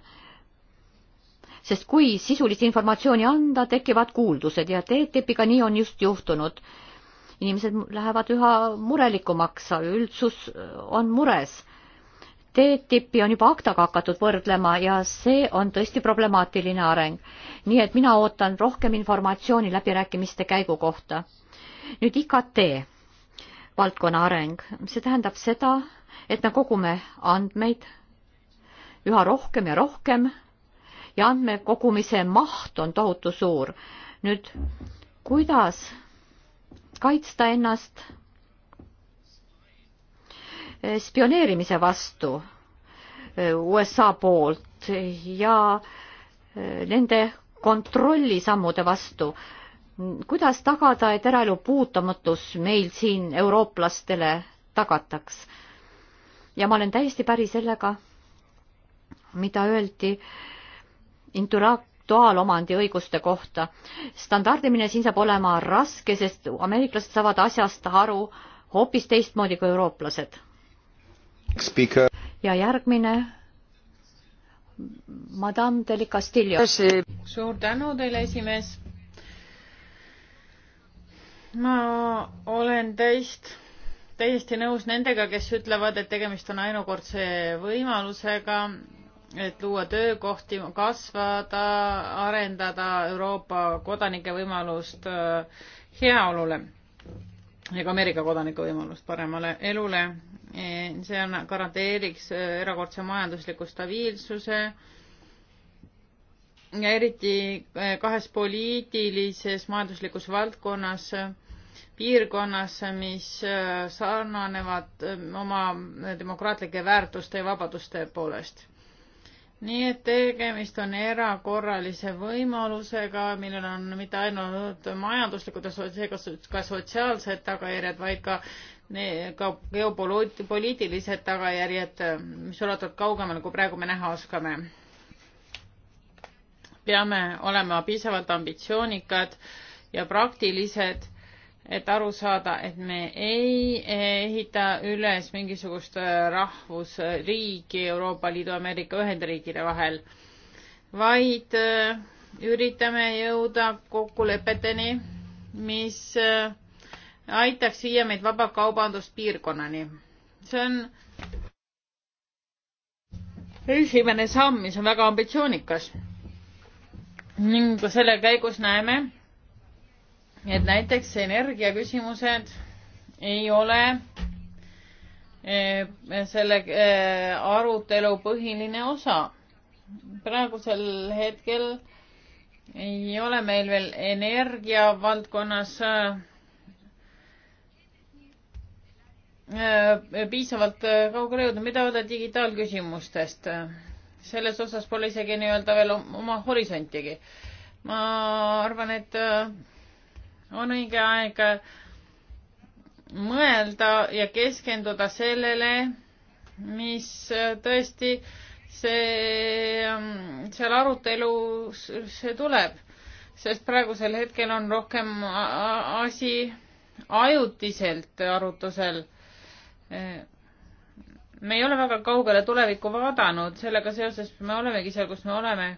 sest kui sisulist informatsiooni anda, tekivad kuuldused ja TTIP-iga nii on just juhtunud inimesed lähevad üha murelikumaks, üldsus on mures. TTIP-i on juba aktaga hakatud võrdlema ja see on tõesti problemaatiline areng. nii et mina ootan rohkem informatsiooni läbirääkimiste käigu kohta. nüüd IKT valdkonna areng, see tähendab seda, et me kogume andmeid üha rohkem ja rohkem ja andmekogumise maht on tohutu suur. nüüd kuidas kaitsta ennast spioneerimise vastu USA poolt ja nende kontrollisammude vastu. kuidas tagada, et eraelu puutumatus meil siin eurooplastele tagataks? ja ma olen täiesti päri sellega, mida öeldi Induraki intellektuaalomandi õiguste kohta. standardimine siin saab olema raske, sest ameeriklased saavad asjast aru hoopis teistmoodi kui eurooplased. ja järgmine. Madame del Castillo. suur tänu teile, esimees. ma olen teist täiesti nõus nendega, kes ütlevad, et tegemist on ainukordse võimalusega et luua töökohti, kasvada, arendada Euroopa kodanike võimalust äh, heaolule ja ka Ameerika kodanike võimalust paremale elule. E, see on, garanteeriks äh, erakordse majandusliku stabiilsuse ja eriti äh, kahes poliitilises majanduslikus valdkonnas, piirkonnas, mis sarnanevad oma demokraatlike väärtuste ja vabaduste poolest nii et tegemist on erakorralise võimalusega, millel on mitte ainult majanduslikud ja ka sotsiaalsed tagajärjed, vaid ka ka geopoliitilised tagajärjed, mis ulatuvad kaugemale, kui praegu me näha oskame. peame olema piisavalt ambitsioonikad ja praktilised et aru saada, et me ei ehita üles mingisugust äh, rahvusriigi Euroopa Liidu, Ameerika Ühendriikide vahel, vaid äh, üritame jõuda kokkulepeteni, mis äh, aitaks viia meid vabakaubanduspiirkonnani. see on esimene samm, mis on väga ambitsioonikas. ning selle käigus näeme, et näiteks energiaküsimused ei ole eh, selle eh, arutelu põhiline osa. praegusel hetkel ei ole meil veel energia valdkonnas eh, piisavalt kaugele jõudnud, mida öelda digitaalküsimustest? selles osas pole isegi nii-öelda veel oma horisontigi. ma arvan, et on õige aeg mõelda ja keskenduda sellele, mis tõesti see, ähm, seal arutelus see tuleb, sest praegusel hetkel on rohkem asi ajutiselt arutusel. Äh, me ei ole väga kaugele tulevikku vaadanud, sellega seoses me olemegi seal, kus me oleme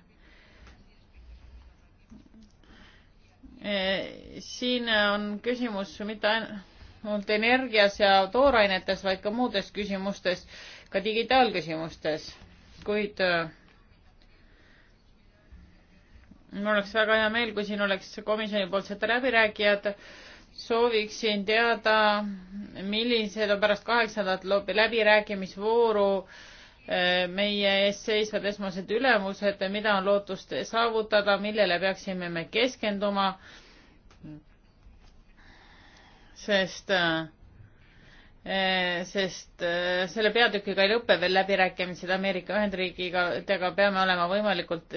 Eh, siin on küsimus mitte ainult energias ja toorainetes, vaid ka muudes küsimustes, ka digitaalküsimustes, kuid eh, mul oleks väga hea meel, kui siin oleks komisjonipoolsed läbirääkijad. sooviksin teada, millised on pärast kaheksandat läbirääkimisvooru äh, Äh, meie ees seisvad esmased ülemused, mida on lootust saavutada, millele peaksime me keskenduma, sest äh, äh, sest selle peatükiga ei lõpe veel läbirääkimised Ameerika Ühendriigiga, temaga peame olema võimalikult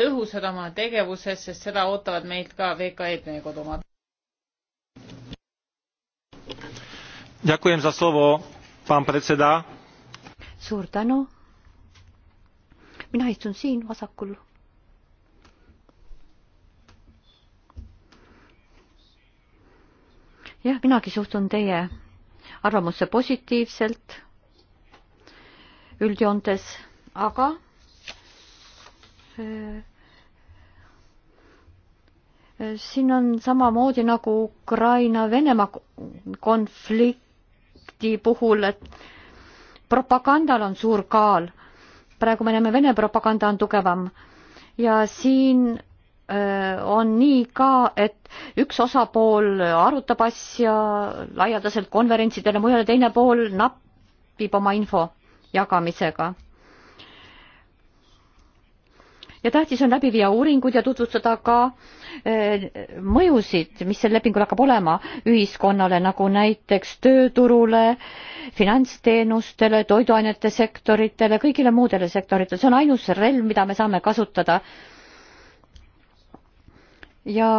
tõhusad oma tegevuses, sest seda ootavad meilt ka VKE-d, meie kodumaad. Ďakujem za slovo, pán predseda suur tänu. mina istun siin vasakul. jah, minagi suhtun teie arvamusse positiivselt üldjoontes, aga äh, siin on samamoodi nagu Ukraina-Venemaa konflikti puhul, et propagandal on suur kaal. praegu me näeme, Vene propaganda on tugevam ja siin on nii ka, et üks osapool arutab asja laialdaselt konverentsidele, mujal teine pool nappib oma info jagamisega ja tähtis on läbi viia uuringuid ja tutvustada ka eh, mõjusid, mis sel lepingul hakkab olema ühiskonnale, nagu näiteks tööturule, finantsteenustele, toiduainete sektoritele, kõigile muudele sektoritele, see on ainus relv, mida me saame kasutada. ja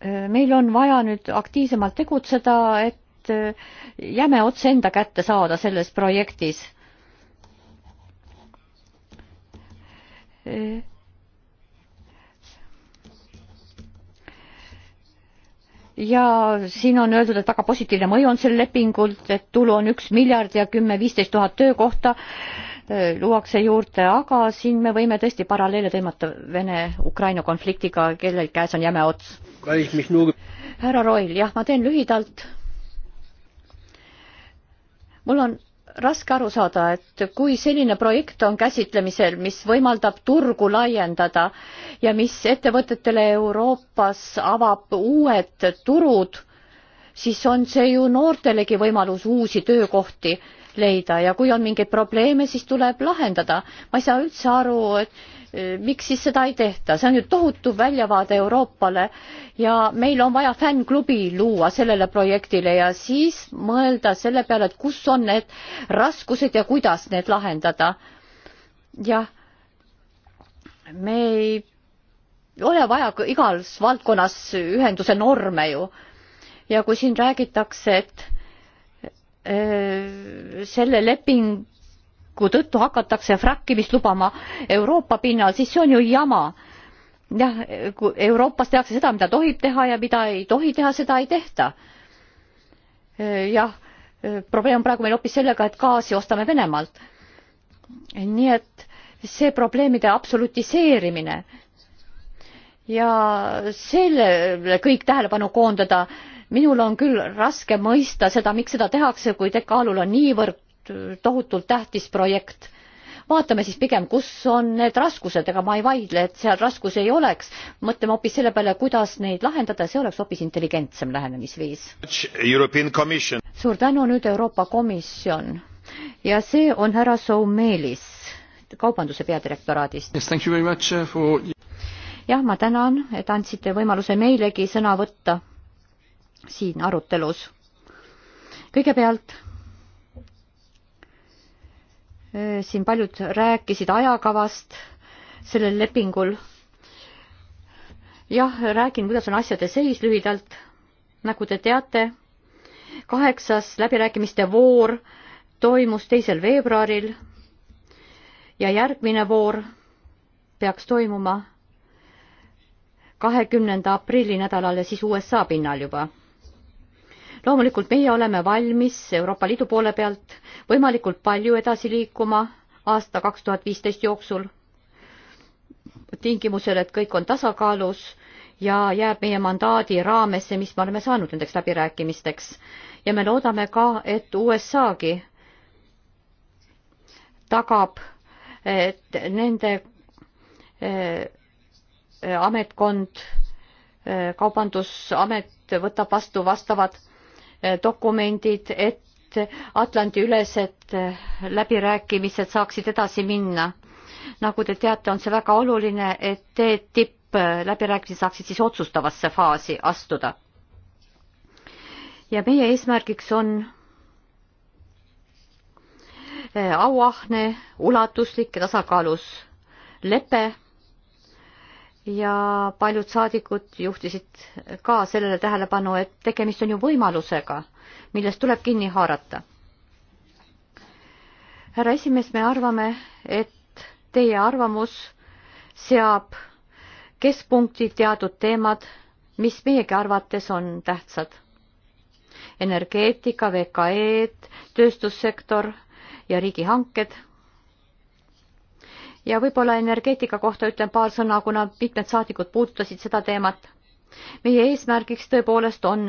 eh, meil on vaja nüüd aktiivsemalt tegutseda, et eh, jääme otse enda kätte saada selles projektis ja siin on öeldud, et väga positiivne mõju on sel lepingul, et tulu on üks miljard ja kümme, viisteist tuhat töökohta e, luuakse juurde, aga siin me võime tõesti paralleele tõmmata Vene-Ukraina konfliktiga, kellel käes on jäme ots. härra Roil, jah, ma teen lühidalt. mul on raske aru saada, et kui selline projekt on käsitlemisel, mis võimaldab turgu laiendada ja mis ettevõtetele Euroopas avab uued turud, siis on see ju noortelegi võimalus uusi töökohti leida ja kui on mingeid probleeme, siis tuleb lahendada. ma ei saa üldse aru, et eh, miks siis seda ei tehta, see on ju tohutu väljavaade Euroopale ja meil on vaja fännklubi luua sellele projektile ja siis mõelda selle peale, et kus on need raskused ja kuidas need lahendada. jah, me ei ole vaja igas valdkonnas ühenduse norme ju. ja kui siin räägitakse, et selle lepingu tõttu hakatakse frakkimist lubama Euroopa pinnal, siis see on ju jama. jah, kui Euroopas tehakse seda, mida tohib teha ja mida ei tohi teha, seda ei tehta. jah, probleem on praegu meil hoopis sellega, et gaasi ostame Venemaalt. nii et see probleemide absolutiseerimine ja sellele kõik tähelepanu koondada minul on küll raske mõista seda, miks seda tehakse, kui Dekaalul on niivõrd tohutult tähtis projekt. vaatame siis pigem, kus on need raskused, ega ma ei vaidle, et seal raskusi ei oleks. mõtleme hoopis selle peale, kuidas neid lahendada, see oleks hoopis intelligentsem lähenemisviis. suur tänu nüüd Euroopa Komisjon ja see on härra Soumelis kaubanduse peadirektoraadist yes,. Uh, for... jah, ma tänan, et andsite võimaluse meilegi sõna võtta siin arutelus. kõigepealt äh, siin paljud rääkisid ajakavast sellel lepingul. jah, räägin, kuidas on asjade seis lühidalt. nagu te teate, kaheksas läbirääkimiste voor toimus teisel veebruaril ja järgmine voor peaks toimuma kahekümnenda aprilli nädalal ja siis USA pinnal juba loomulikult meie oleme valmis Euroopa Liidu poole pealt võimalikult palju edasi liikuma aasta kaks tuhat viisteist jooksul, tingimusel, et kõik on tasakaalus ja jääb meie mandaadi raamesse, mis me oleme saanud nendeks läbirääkimisteks. ja me loodame ka, et USA-gi tagab, et nende eh, ametkond, eh, kaubandusamet võtab vastu vastavad dokumendid, et Atlandi-ülesed läbirääkimised saaksid edasi minna. nagu te teate, on see väga oluline, et TTIP läbirääkimised saaksid siis otsustavasse faasi astuda. ja meie eesmärgiks on auahne, ulatuslik ja tasakaalus lepe ja paljud saadikud juhtisid ka sellele tähelepanu, et tegemist on ju võimalusega, millest tuleb kinni haarata. härra esimees, me arvame, et teie arvamus seab keskpunkti teatud teemad, mis meiegi arvates on tähtsad. energeetika, VKE-d, tööstussektor ja riigihanked ja võib-olla energeetika kohta ütlen paar sõna, kuna mitmed saadikud puudutasid seda teemat. meie eesmärgiks tõepoolest on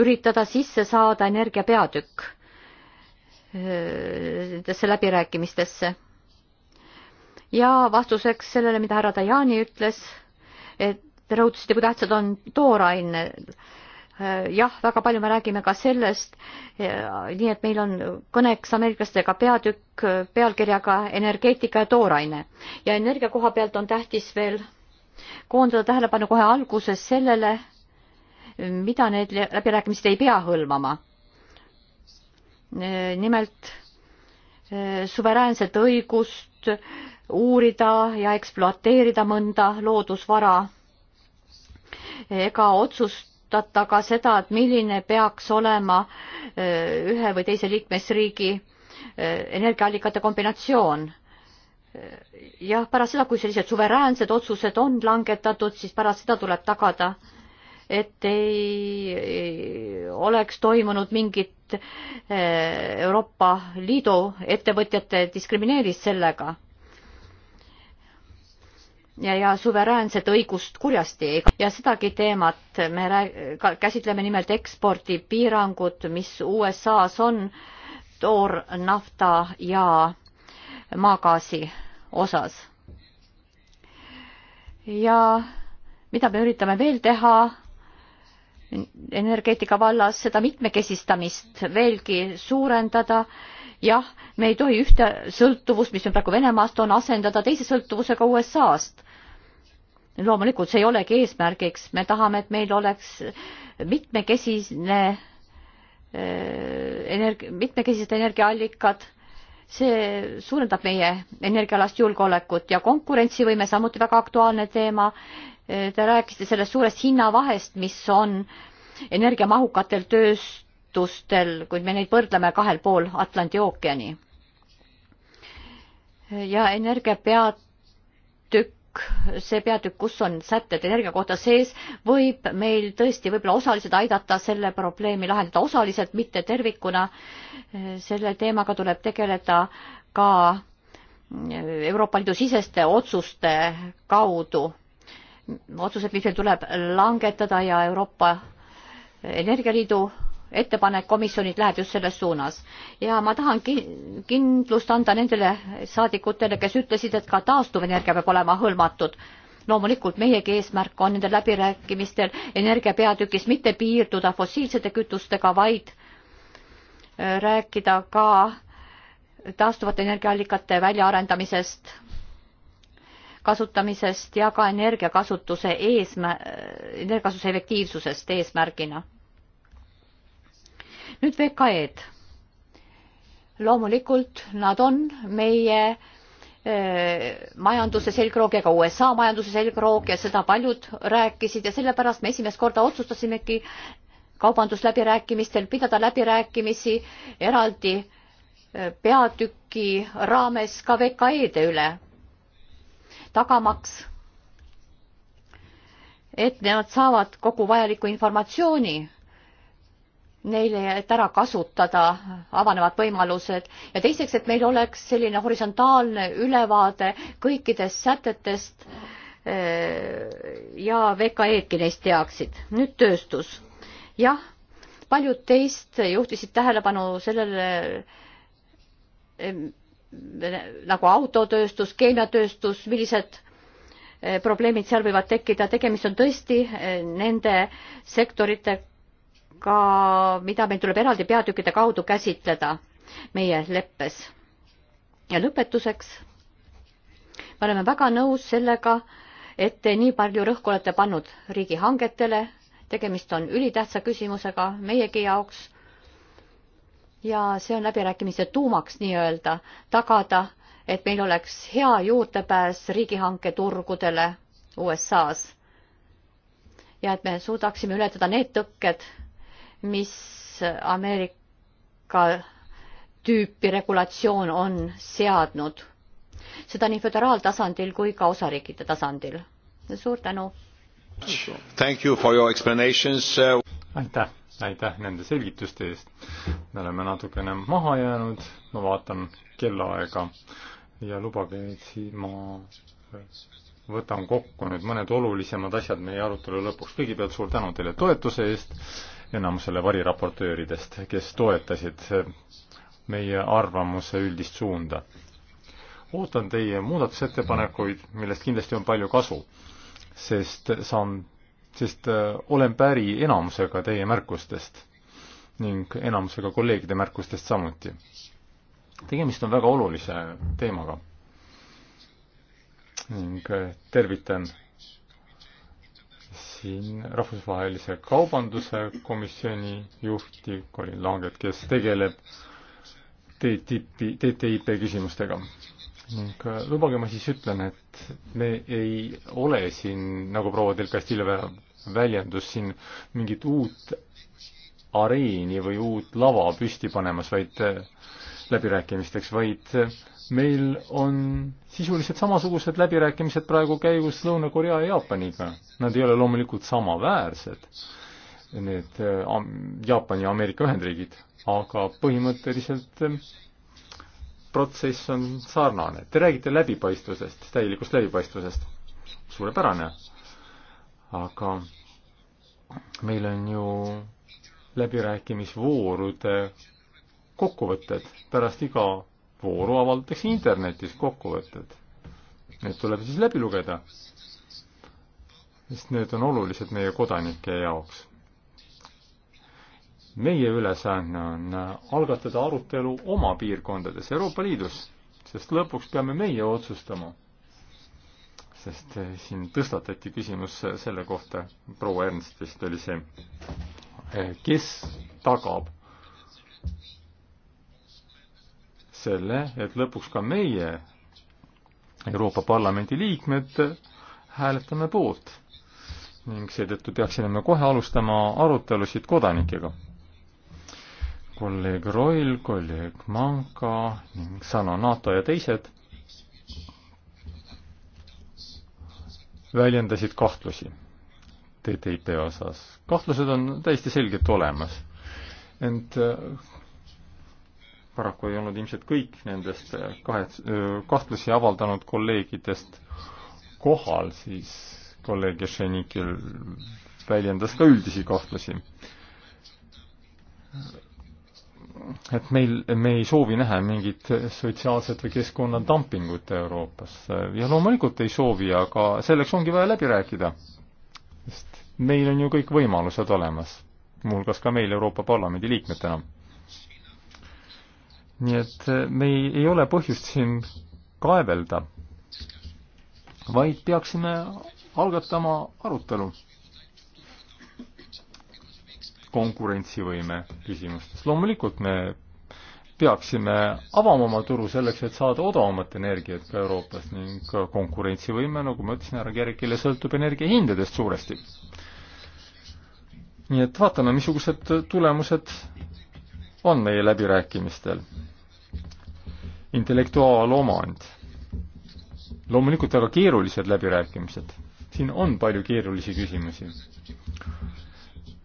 üritada sisse saada energia peatükk äh, nendesse läbirääkimistesse. ja vastuseks sellele, mida härra Dajani ütles, et te rõhutasite, kui tähtsad on tooraine Äh, jah, väga palju me räägime ka sellest, äh, nii et meil on kõneks ameeriklastega peatükk äh, pealkirjaga Energeetika ja tooraine. ja energia koha pealt on tähtis veel koondada tähelepanu kohe alguses sellele, mida need läbirääkimised ei pea hõlmama. nimelt suveräänset õigust uurida ja ekspluateerida mõnda loodusvara ega otsust arutata ka seda, et milline peaks olema äh, ühe või teise liikmesriigi äh, energiaallikate kombinatsioon. Äh, jah, pärast seda, kui sellised suveräänsed otsused on langetatud, siis pärast seda tuleb tagada, et ei, ei oleks toimunud mingit Euroopa Liidu ettevõtjate diskrimineerimist sellega ja, ja suveräänset õigust kurjasti ei ja sedagi teemat me rääg-, käsitleme nimelt ekspordipiirangud, mis USA-s on toornafta ja maagaasi osas. ja mida me üritame veel teha energeetika vallas, seda mitmekesistamist veelgi suurendada jah me ei tohi ühte sõltuvust mis meil praegu venemaast on asendada teise sõltuvusega usast loomulikult see ei olegi eesmärgiks, me tahame, et meil oleks mitmekesine äh, energia, mitmekesised energiaallikad, see suurendab meie energiaalast julgeolekut ja konkurentsivõime samuti väga aktuaalne teema. Äh, te rääkisite sellest suurest hinnavahest, mis on energiamahukatel tööstustel, kui me neid võrdleme kahel pool Atlandi ookeani. ja energia peatükk see peatükk, kus on sätted energia kohta sees, võib meil tõesti võib-olla osaliselt aidata selle probleemi lahendada, osaliselt, mitte tervikuna. selle teemaga tuleb tegeleda ka Euroopa Liidu siseste otsuste kaudu. otsused, mis meil tuleb langetada ja Euroopa Energialiidu ettepanek komisjonilt läheb just selles suunas ja ma tahan kindlust anda nendele saadikutele kes ütlesid et ka taastuvenergia peab olema hõlmatud loomulikult meiegi eesmärk on nendel läbirääkimistel energia peatükis mitte piirduda fossiilsete kütustega vaid äh, rääkida ka taastuvate energiaallikate väljaarendamisest kasutamisest ja ka energiakasutuse eesmä- äh, energiakasutuse efektiivsusest eesmärgina nüüd VKE-d. loomulikult nad on meie äh, majanduse selgroog ja ka USA majanduse selgroog ja seda paljud rääkisid ja sellepärast me esimest korda otsustasimegi kaubandusläbirääkimistel pidada läbirääkimisi eraldi äh, peatüki raames ka VKE-de üle, tagamaks, et nad saavad kogu vajaliku informatsiooni neile, et ära kasutada avanevad võimalused ja teiseks, et meil oleks selline horisontaalne ülevaade kõikidest sätetest äh, ja VKE-dki neist teaksid. nüüd tööstus. jah, paljud teist juhtisid tähelepanu sellele nagu autotööstus, keemiatööstus, millised äh, probleemid seal võivad tekkida, tegemist on tõesti äh, nende sektoritega, aga mida meil tuleb eraldi peatükkide kaudu käsitleda meie leppes. ja lõpetuseks, me oleme väga nõus sellega, et te nii palju rõhku olete pannud riigihangetele, tegemist on ülitähtsa küsimusega meiegi jaoks ja see on läbirääkimise tuumaks nii-öelda, tagada, et meil oleks hea juurdepääs riigihanke turgudele USA-s. ja et me suudaksime ületada need tõkked, mis Ameerika tüüpi regulatsioon on seadnud, seda nii föderaaltasandil kui ka osariikide tasandil. suur tänu! aitäh, aitäh nende selgituste eest. me oleme natukene maha jäänud, ma vaatan kellaaega ja lubage, et siin ma võtan kokku nüüd mõned olulisemad asjad meie arutelu lõpuks. kõigepealt suur tänu teile toetuse eest enamusele variraportööridest, kes toetasid meie arvamuse üldist suunda. ootan teie muudatusettepanekuid, millest kindlasti on palju kasu, sest saan, sest äh, olen päri enamusega teie märkustest ning enamusega kolleegide märkustest samuti. tegemist on väga olulise teemaga ning äh, tervitan siin Rahvusvahelise Kaubanduse Komisjoni juhti Colin Langet, kes tegeleb TTIP-i, TTIP küsimustega. ning äh, lubage, ma siis ütlen, et me ei ole siin, nagu proua Del Castillo väljendus, siin mingit uut areeni või uut lava püsti panemas, vaid äh, läbirääkimisteks, vaid meil on sisuliselt samasugused läbirääkimised praegu käigus Lõuna-Korea ja Jaapaniga. Nad ei ole loomulikult samaväärsed, need Jaapani ja Ameerika Ühendriigid, aga põhimõtteliselt protsess on sarnane. Te räägite läbipaistvusest, täielikust läbipaistvusest. suurepärane. aga meil on ju läbirääkimisvoorude kokkuvõtted. pärast iga vooru avaldatakse internetis kokkuvõtted. Need tuleb siis läbi lugeda, sest need on olulised meie kodanike jaoks. meie ülesanne on algatada arutelu oma piirkondades Euroopa Liidus, sest lõpuks peame meie otsustama. sest eh, siin tõstatati küsimus selle kohta, proua Ernst vist oli see, eh, kes tagab selle, et lõpuks ka meie, Euroopa Parlamendi liikmed, hääletame poolt. ning seetõttu peaksime me kohe alustama arutelusid kodanikega. kolleeg Roil, kolleeg Manka ning Sana NATO ja teised väljendasid kahtlusi TTIP osas. kahtlused on täiesti selgelt olemas. ent paraku ei olnud ilmselt kõik nendest äh, kahets-, äh, kahtlusi avaldanud kolleegidest kohal, siis kolleeg Ješenikil väljendas ka üldisi kahtlusi. et meil, me ei soovi näha mingit sotsiaalset või keskkonnadumpingut Euroopas ja loomulikult ei soovi, aga selleks ongi vaja läbi rääkida. sest meil on ju kõik võimalused olemas, muuhulgas ka meil Euroopa Parlamendi liikmetena nii et äh, me ei, ei ole põhjust siin kaevelda, vaid peaksime algatama arutelu konkurentsivõime küsimustes. loomulikult me peaksime avama oma turu selleks, et saada odavamat energiat ka Euroopas ning konkurentsivõime, nagu ma ütlesin härra Kerkile, sõltub energiahindadest suuresti. nii et vaatame, missugused tulemused on meie läbirääkimistel. intellektuaalomand. loomulikult väga keerulised läbirääkimised. siin on palju keerulisi küsimusi.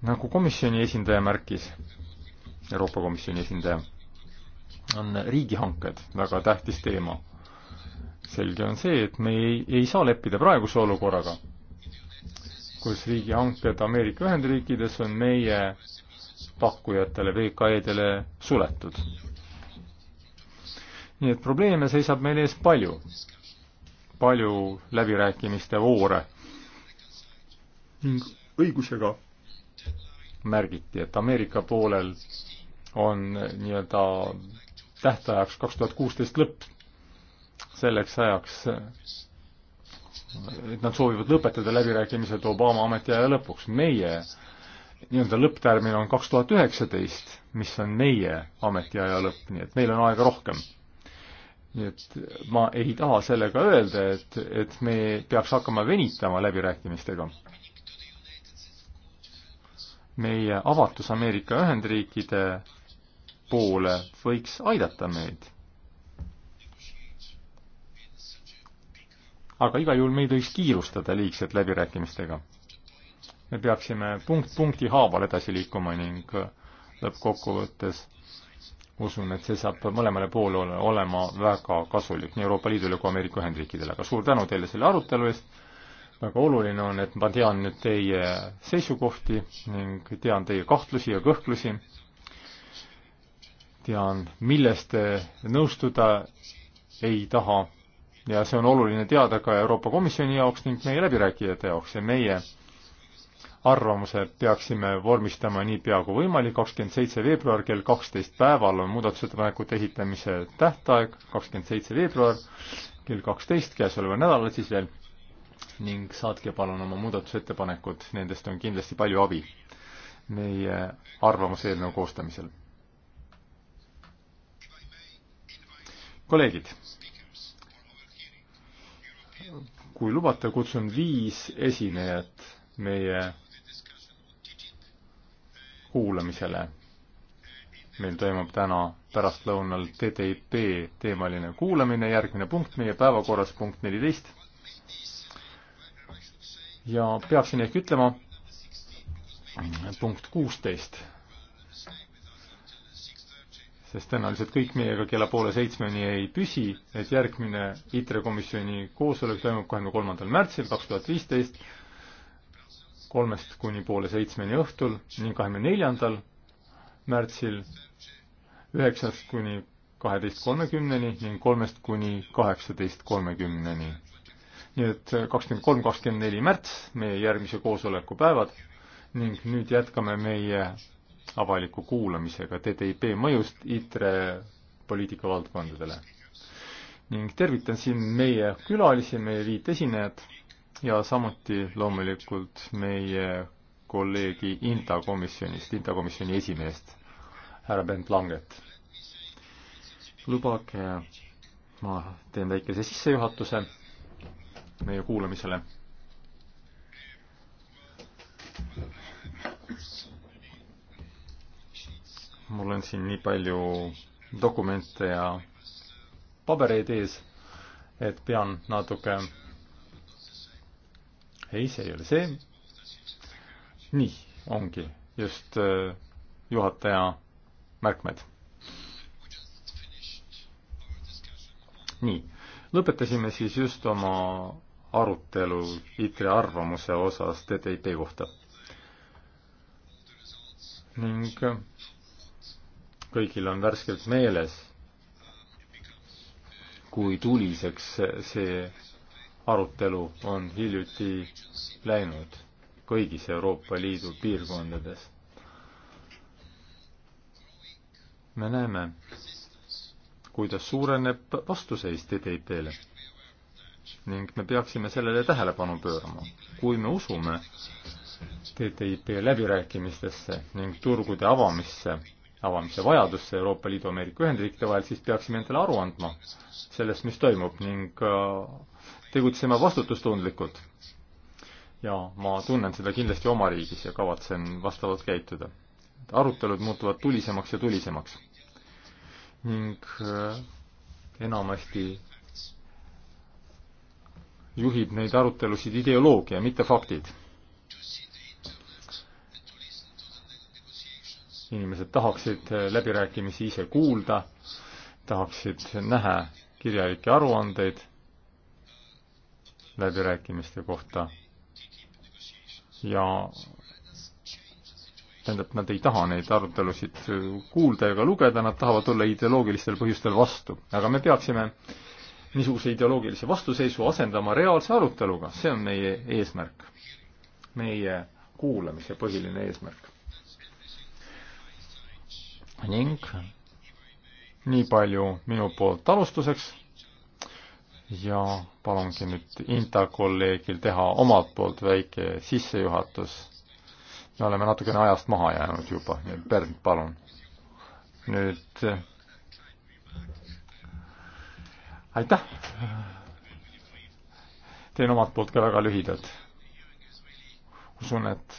nagu komisjoni esindaja märkis, Euroopa Komisjoni esindaja, on riigihanked väga tähtis teema. selge on see, et me ei, ei saa leppida praeguse olukorraga, kus riigihanked Ameerika Ühendriikides on meie pakkujatele, VKE-dele suletud. nii et probleeme seisab meil ees palju, palju läbirääkimiste voore ning õigusega märgiti, et Ameerika poolel on nii-öelda tähtajaks kaks tuhat kuusteist lõpp. selleks ajaks, et nad soovivad lõpetada läbirääkimised Obama ametiaja lõpuks. meie äh, nii-öelda lõpptärmin on kaks tuhat üheksateist, mis on meie ametiaja lõpp, nii et meil on aega rohkem. nii et ma ei taha sellega öelda, et, et me peaks hakkama venitama läbirääkimistega. meie avatus Ameerika Ühendriikide poole võiks aidata meid. aga igal juhul me ei tohiks kiirustada liigselt läbirääkimistega me peaksime punkt punkti haaval edasi liikuma ning lõppkokkuvõttes usun, et see saab mõlemale poole olema väga kasulik, nii Euroopa Liidule kui Ameerika Ühendriikidele. aga suur tänu teile selle arutelu eest, väga oluline on, et ma tean nüüd teie seisukohti ning tean teie kahtlusi ja kõhklusi, tean, millest te nõustuda ei taha ja see on oluline teada ka Euroopa Komisjoni jaoks ning meie läbirääkijate jaoks ja meie arvamuse peaksime vormistama niipea kui võimalik, kakskümmend seitse veebruar kell kaksteist päeval on muudatusettepanekute esitamise tähtaeg, kakskümmend seitse veebruar kell kaksteist käesoleval nädalal siis veel ning saatke palun oma muudatusettepanekud, nendest on kindlasti palju abi meie arvamuseelnõu koostamisel. kolleegid, kui lubate, kutsun viis esinejat meie kuulamisele. meil toimub täna pärastlõunal TTIP teemaline kuulamine, järgmine punkt meie päevakorras, punkt neliteist. ja peaksin ehk ütlema, punkt kuusteist sest tõenäoliselt kõik meiega kella poole seitsmeni ei püsi, et järgmine ITRE komisjoni koosolek toimub kahekümne kolmandal märtsil kaks tuhat viisteist kolmest kuni poole seitsmeni õhtul ning kahekümne neljandal märtsil üheksast kuni kaheteist kolmekümneni ning kolmest kuni kaheksateist kolmekümneni. nii et kakskümmend kolm, kakskümmend neli märts, meie järgmise koosoleku päevad ning nüüd jätkame meie avaliku kuulamisega TTIP mõjust ITRE poliitikavaldkondadele. ning tervitan siin meie külalisi, meie viit esinejat ja samuti loomulikult meie kolleegi Inta komisjonist, Inta komisjoni esimeest, härra Bent Langet. lubage, ma teen väikese sissejuhatuse meie kuulamisele. mul on siin nii palju dokumente ja pabereid ees, et pean natuke ei, see ei ole see. nii, ongi just äh, juhataja märkmed. nii, lõpetasime siis just oma arutelu ITRE arvamuse osas TTIP kohta. ning äh, kõigil on värskelt meeles, kui tuliseks see arutelu on hiljuti läinud kõigis Euroopa Liidu piirkondades. me näeme, kuidas suureneb vastuseis TTIP-le ning me peaksime sellele tähelepanu pöörama. kui me usume TTIP läbirääkimistesse ning turgude avamisse, avamise vajadusse Euroopa Liidu, Ameerika Ühendriikide vahel, siis peaksime endale aru andma sellest, mis toimub ning äh, tegutsema vastutustundlikult. ja ma tunnen seda kindlasti oma riigis ja kavatsen vastavalt käituda. arutelud muutuvad tulisemaks ja tulisemaks. ning äh, enamasti juhib neid arutelusid ideoloogia, mitte faktid. inimesed tahaksid äh, läbirääkimisi ise kuulda, tahaksid näha kirjalikke aruandeid läbirääkimiste kohta ja tähendab, nad ei taha neid arutelusid kuulda ega lugeda, nad tahavad olla ideoloogilistel põhjustel vastu. aga me peaksime niisuguse ideoloogilise vastuseisu asendama reaalse aruteluga, see on meie eesmärk. meie kuulamise põhiline eesmärk. ning nii palju minu poolt alustuseks ja palungi nüüd Inta kolleegil teha omalt poolt väike sissejuhatus. me oleme natukene ajast maha jäänud juba, nii et Bernd, palun. nüüd aitäh! teen omalt poolt ka väga lühidalt. usun, et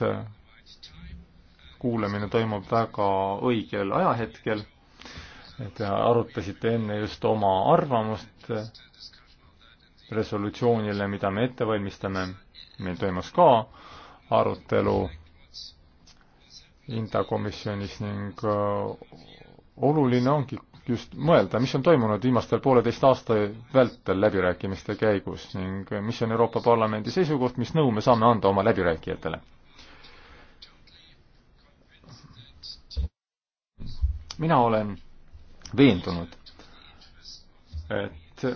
kuulamine toimub väga õigel ajahetkel. Te arutasite enne just oma arvamust resolutsioonile, mida me ette valmistame. meil toimus ka arutelu Inta komisjonis ning äh, oluline ongi just mõelda, mis on toimunud viimastel pooleteist aasta vältel läbirääkimiste käigus ning mis on Euroopa Parlamendi seisukoht, mis nõu me saame anda oma läbirääkijatele mina olen veendunud, et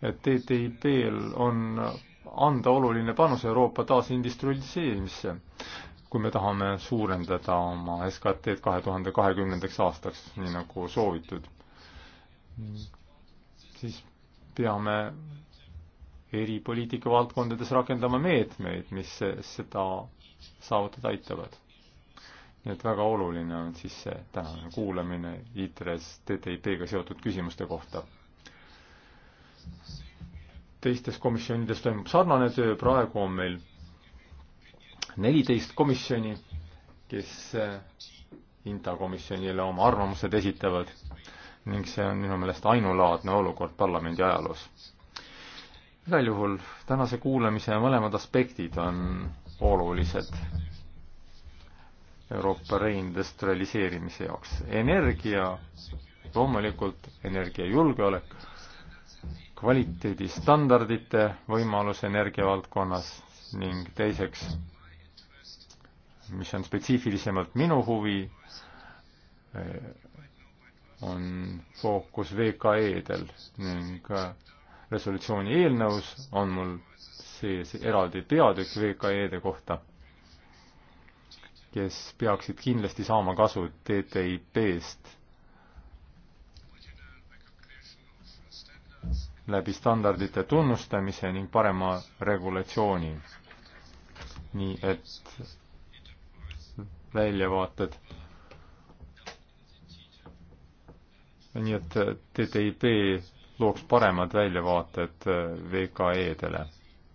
et TTIP-l on anda oluline panus Euroopa taasindustrialiseerimisse, kui me tahame suurendada oma SKT-d kahe tuhande kahekümnendaks aastaks, nii nagu soovitud, siis peame eri poliitikavaldkondades rakendama meetmeid, mis seda saavutada aitavad. nii et väga oluline on siis see tänane kuulamine ITRES TTIP-ga seotud küsimuste kohta teistes komisjonides toimub sarnane töö, praegu on meil neliteist komisjoni, kes eh, Inta komisjonile oma arvamused esitavad ning see on minu meelest ainulaadne olukord parlamendi ajaloos. igal juhul tänase kuulamise mõlemad aspektid on olulised Euroopa reindustrialiseerimise jaoks. energia, loomulikult energiajulgeolek kvaliteedistandardite võimalus energiavaldkonnas ning teiseks, mis on spetsiifilisemalt minu huvi, eh, on fookus VKE-del ning eh, resolutsiooni eelnõus on mul sees eraldi peatükk VKE-de kohta, kes peaksid kindlasti saama kasu TTIP-st läbi standardite tunnustamise ning parema regulatsiooni. nii et väljavaated. nii et TTIP looks paremad väljavaated VKE-dele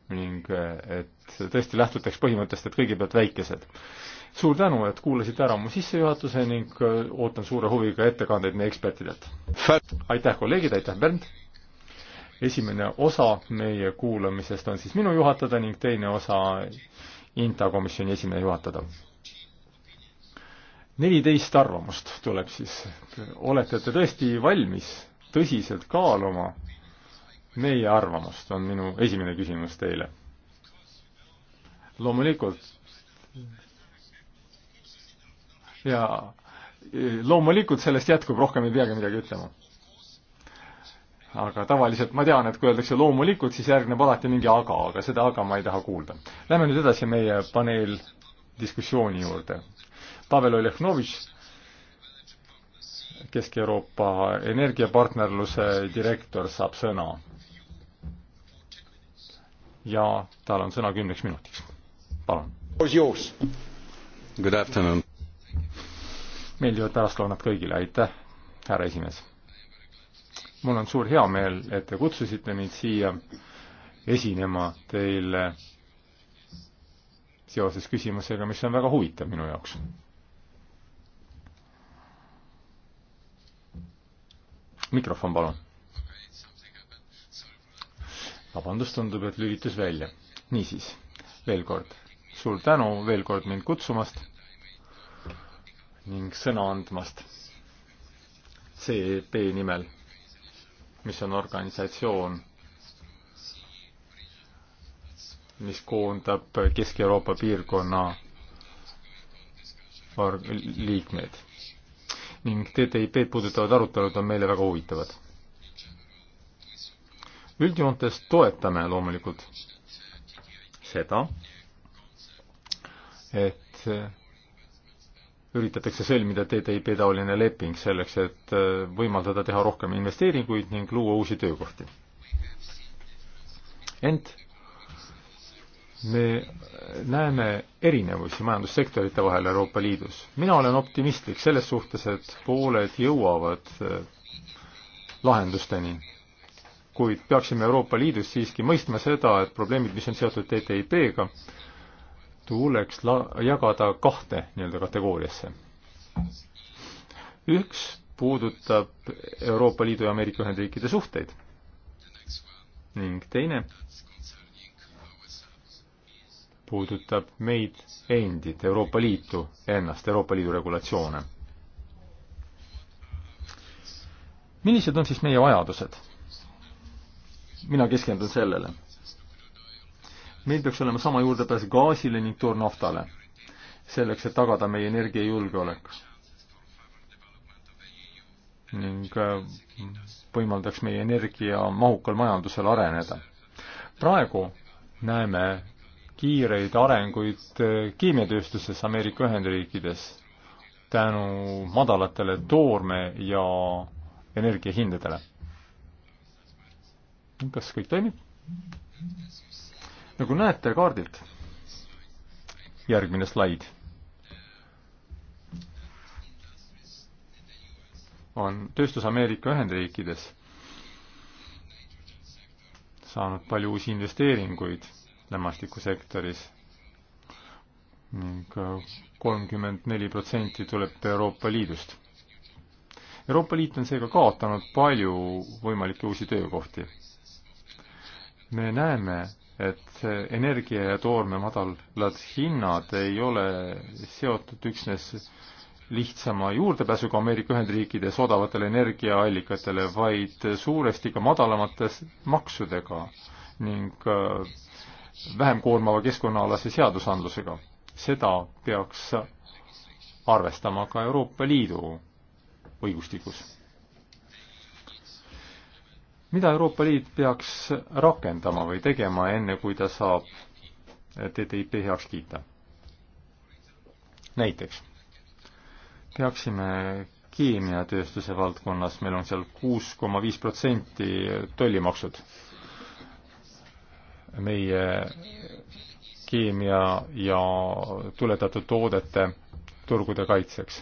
ning et tõesti lähtutaks põhimõttest, et kõigepealt väikesed. suur tänu, et kuulasite ära mu sissejuhatuse ning ootan suure huviga ettekandeid meie ekspertidelt. aitäh, kolleegid, aitäh, Bernd! esimene osa meie kuulamisest on siis minu juhatada ning teine osa INTA komisjoni esimehe juhatada. neliteist arvamust tuleb siis. olete te tõesti valmis tõsiselt kaaluma meie arvamust, on minu esimene küsimus teile. loomulikult ja loomulikult sellest jätkub, rohkem ei peagi midagi ütlema aga tavaliselt ma tean, et kui öeldakse loomulikult, siis järgneb alati mingi aga, aga seda aga ma ei taha kuulda. Lähme nüüd edasi meie paneeldiskussiooni juurde. Pavel Olehnovitš, Kesk-Euroopa energiapartnerluse direktor, saab sõna. ja tal on sõna kümneks minutiks. palun. meeldivat pärastlõunat kõigile, aitäh, härra esimees mul on suur heameel, et te kutsusite mind siia esinema teile seoses küsimusega, mis on väga huvitav minu jaoks. mikrofon, palun. vabandust, tundub, et lülitus välja. niisiis, veel kord suur tänu veel kord mind kutsumast ning sõna andmast CEP nimel mis on organisatsioon, mis koondab Kesk-Euroopa piirkonna liikmeid. ning TTIP-d puudutavad arutelud on meile väga huvitavad. üldjoontes toetame loomulikult seda, et üritatakse sõlmida TTIP-taoline leping selleks, et äh, võimaldada teha rohkem investeeringuid ning luua uusi töökohti. ent me näeme erinevusi majandussektorite vahel Euroopa Liidus. mina olen optimistlik selles suhtes, et pooled jõuavad äh, lahendusteni, kuid peaksime Euroopa Liidus siiski mõistma seda, et probleemid, mis on seotud TTIP-ga, tuleks la-, jagada kahte nii-öelda kategooriasse. üks puudutab Euroopa Liidu ja Ameerika Ühendriikide suhteid ning teine puudutab meid endid, Euroopa Liitu ennast, Euroopa Liidu regulatsioone. millised on siis meie vajadused? mina keskendun sellele meil peaks olema sama juurdepääs gaasile ning toornaftale, selleks et tagada meie energiajulgeolek ning äh, võimaldaks meie energiamahukal majandusel areneda. praegu näeme kiireid arenguid äh, keemiatööstuses Ameerika Ühendriikides tänu madalatele toorme ja energiahindadele. kas kõik toimib? nagu näete kaardilt, järgmine slaid on tööstus Ameerika Ühendriikides saanud palju uusi investeeringuid lämmastikusektoris ning kolmkümmend neli protsenti tuleb Euroopa Liidust. Euroopa Liit on seega kaotanud palju võimalikke uusi töökohti. me näeme, et energia ja toorme madalad hinnad ei ole seotud üksnes lihtsama juurdepääsuga Ameerika Ühendriikides odavatele energiaallikatele, vaid suuresti ka madalamate maksudega ning äh, vähem koormava keskkonnaalase seadusandlusega. seda peaks arvestama ka Euroopa Liidu õigustikus mida Euroopa Liit peaks rakendama või tegema, enne kui ta saab TTIP heaks kiita? näiteks peaksime keemiatööstuse valdkonnas, meil on seal kuus koma viis protsenti tollimaksud. meie keemia ja tuletatud toodete turgude kaitseks.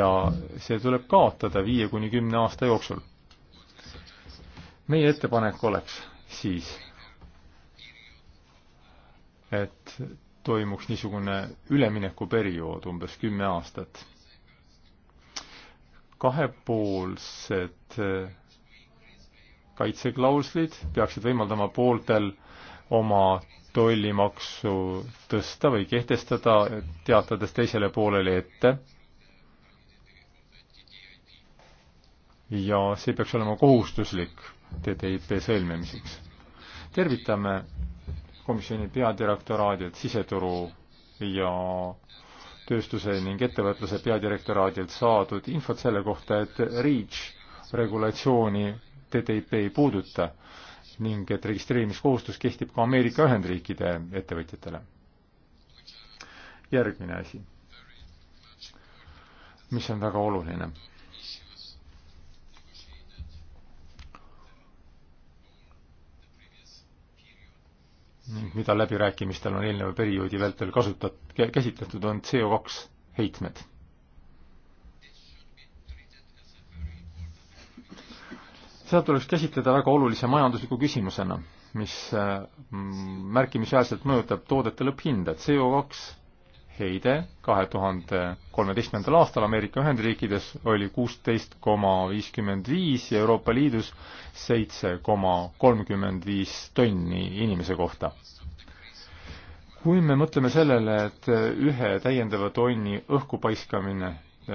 ja see tuleb kaotada viie kuni kümne aasta jooksul meie ettepanek oleks siis, et toimuks niisugune üleminekuperiood, umbes kümme aastat. kahepoolsed äh, kaitseklauslid peaksid võimaldama pooltel oma tollimaksu tõsta või kehtestada, teatades teisele poolele ette. ja see peaks olema kohustuslik TTIP sõlmimiseks. tervitame komisjoni peadirektoraadilt siseturu ja tööstuse ning ettevõtluse peadirektoraadilt saadud infot selle kohta, et REACH regulatsiooni TTIP ei puuduta ning et registreerimiskohustus kehtib ka Ameerika Ühendriikide ettevõtjatele. järgmine asi, mis on väga oluline mida läbirääkimistel on eelneva perioodi vältel kasutat-, käsitletud, on CO2 heitmed. seda tuleks käsitleda väga olulise majandusliku küsimusena, mis äh, märkimisväärselt mõjutab toodete lõpphinda. CO2 heide kahe tuhande kolmeteistkümnendal aastal Ameerika Ühendriikides oli kuusteist koma viiskümmend viis ja Euroopa Liidus seitse koma kolmkümmend viis tonni inimese kohta. kui me mõtleme sellele, et ühe täiendava tonni õhku paiskamine,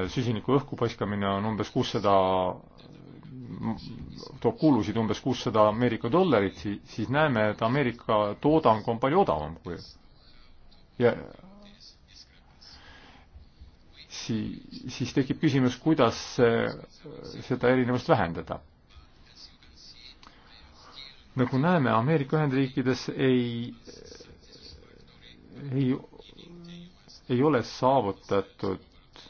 süsiniku õhku paiskamine on umbes kuussada toob kulusid umbes kuussada Ameerika dollarit, siis näeme, et Ameerika toodang on palju odavam kui ja siis, siis tekib küsimus, kuidas seda erinevust vähendada. nagu näeme, Ameerika Ühendriikides ei, ei, ei ole saavutatud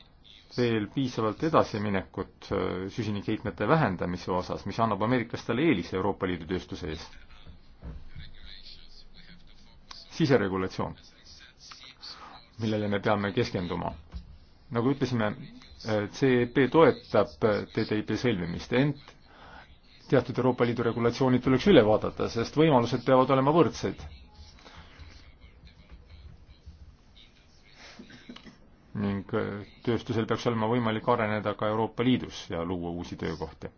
veel piisavalt edasiminekut äh, süsinikheitmete vähendamise osas, mis annab ameeriklastele eelise Euroopa Liidu tööstuse ees. siseregulatsioon, millele me peame keskenduma nagu ütlesime, äh, CEP toetab äh, TTIP sõlmimist, ent teatud Euroopa Liidu regulatsioonid tuleks üle vaadata, sest võimalused peavad olema võrdsed. ning äh, tööstusel peaks olema võimalik areneda ka Euroopa Liidus ja luua uusi töökohti.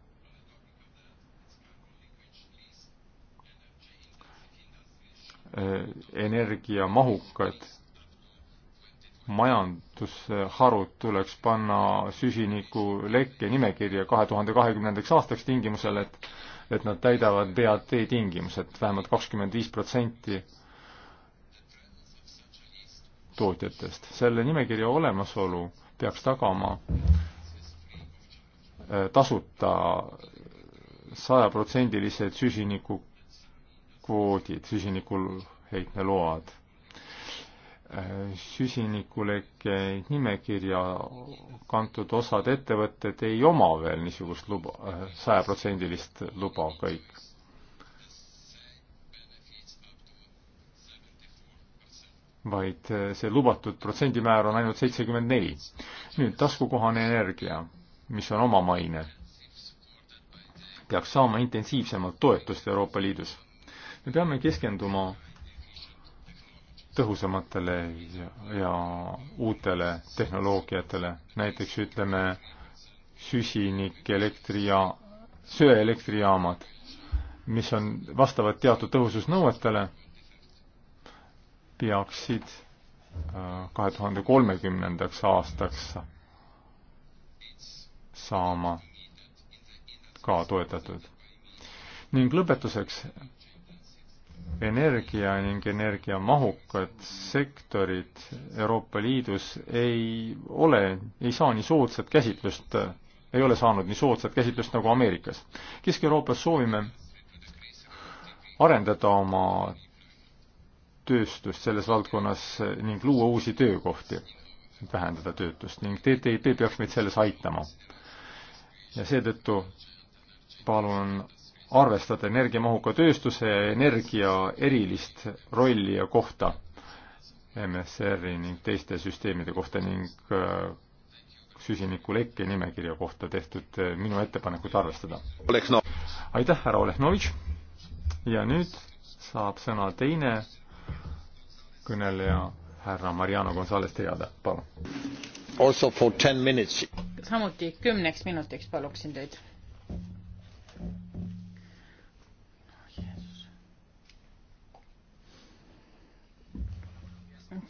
energiamahukad majandusharud tuleks panna süsinikulekke nimekirja kahe tuhande kahekümnendaks aastaks tingimusel, et et nad täidavad BAT tingimused, vähemalt kakskümmend viis protsenti tootjatest. selle nimekirja olemasolu peaks tagama eh, tasuta sajaprotsendilised süsinikukvoodid, süsinikuheitmeload süsinikulekke nimekirja kantud osad ettevõtted ei oma veel niisugust luba, sajaprotsendilist luba kõik. vaid see lubatud protsendimäär on ainult seitsekümmend neli. nüüd taskukohane energia, mis on omamaine, peaks saama intensiivsemalt toetust Euroopa Liidus. me peame keskenduma tõhusamatele ja, ja uutele tehnoloogiatele, näiteks ütleme süsinik, elektri ja söeelektrijaamad, mis on, vastavad teatud tõhususnõuetele, peaksid äh, kahe tuhande kolmekümnendaks aastaks saama ka toetatud. ning lõpetuseks energia ning energiamahukad sektorid Euroopa Liidus ei ole, ei saa nii soodsat käsitlust, ei ole saanud nii soodsat käsitlust nagu Ameerikas. Kesk-Euroopas soovime arendada oma tööstust selles valdkonnas ning luua uusi töökohti, vähendada töötust ning TTIP peaks meid selles aitama. ja seetõttu palun arvestada energiamahuka tööstuse ja energia erilist rolli ja kohta MSR-i ning teiste süsteemide kohta ning äh, süsinikulekke nimekirja kohta tehtud äh, minu ettepanekut arvestada. aitäh, härra Olehnovitš! ja nüüd saab sõna teine kõneleja, härra Mariano Gonzalez Teada, palun. samuti kümneks minutiks paluksin teid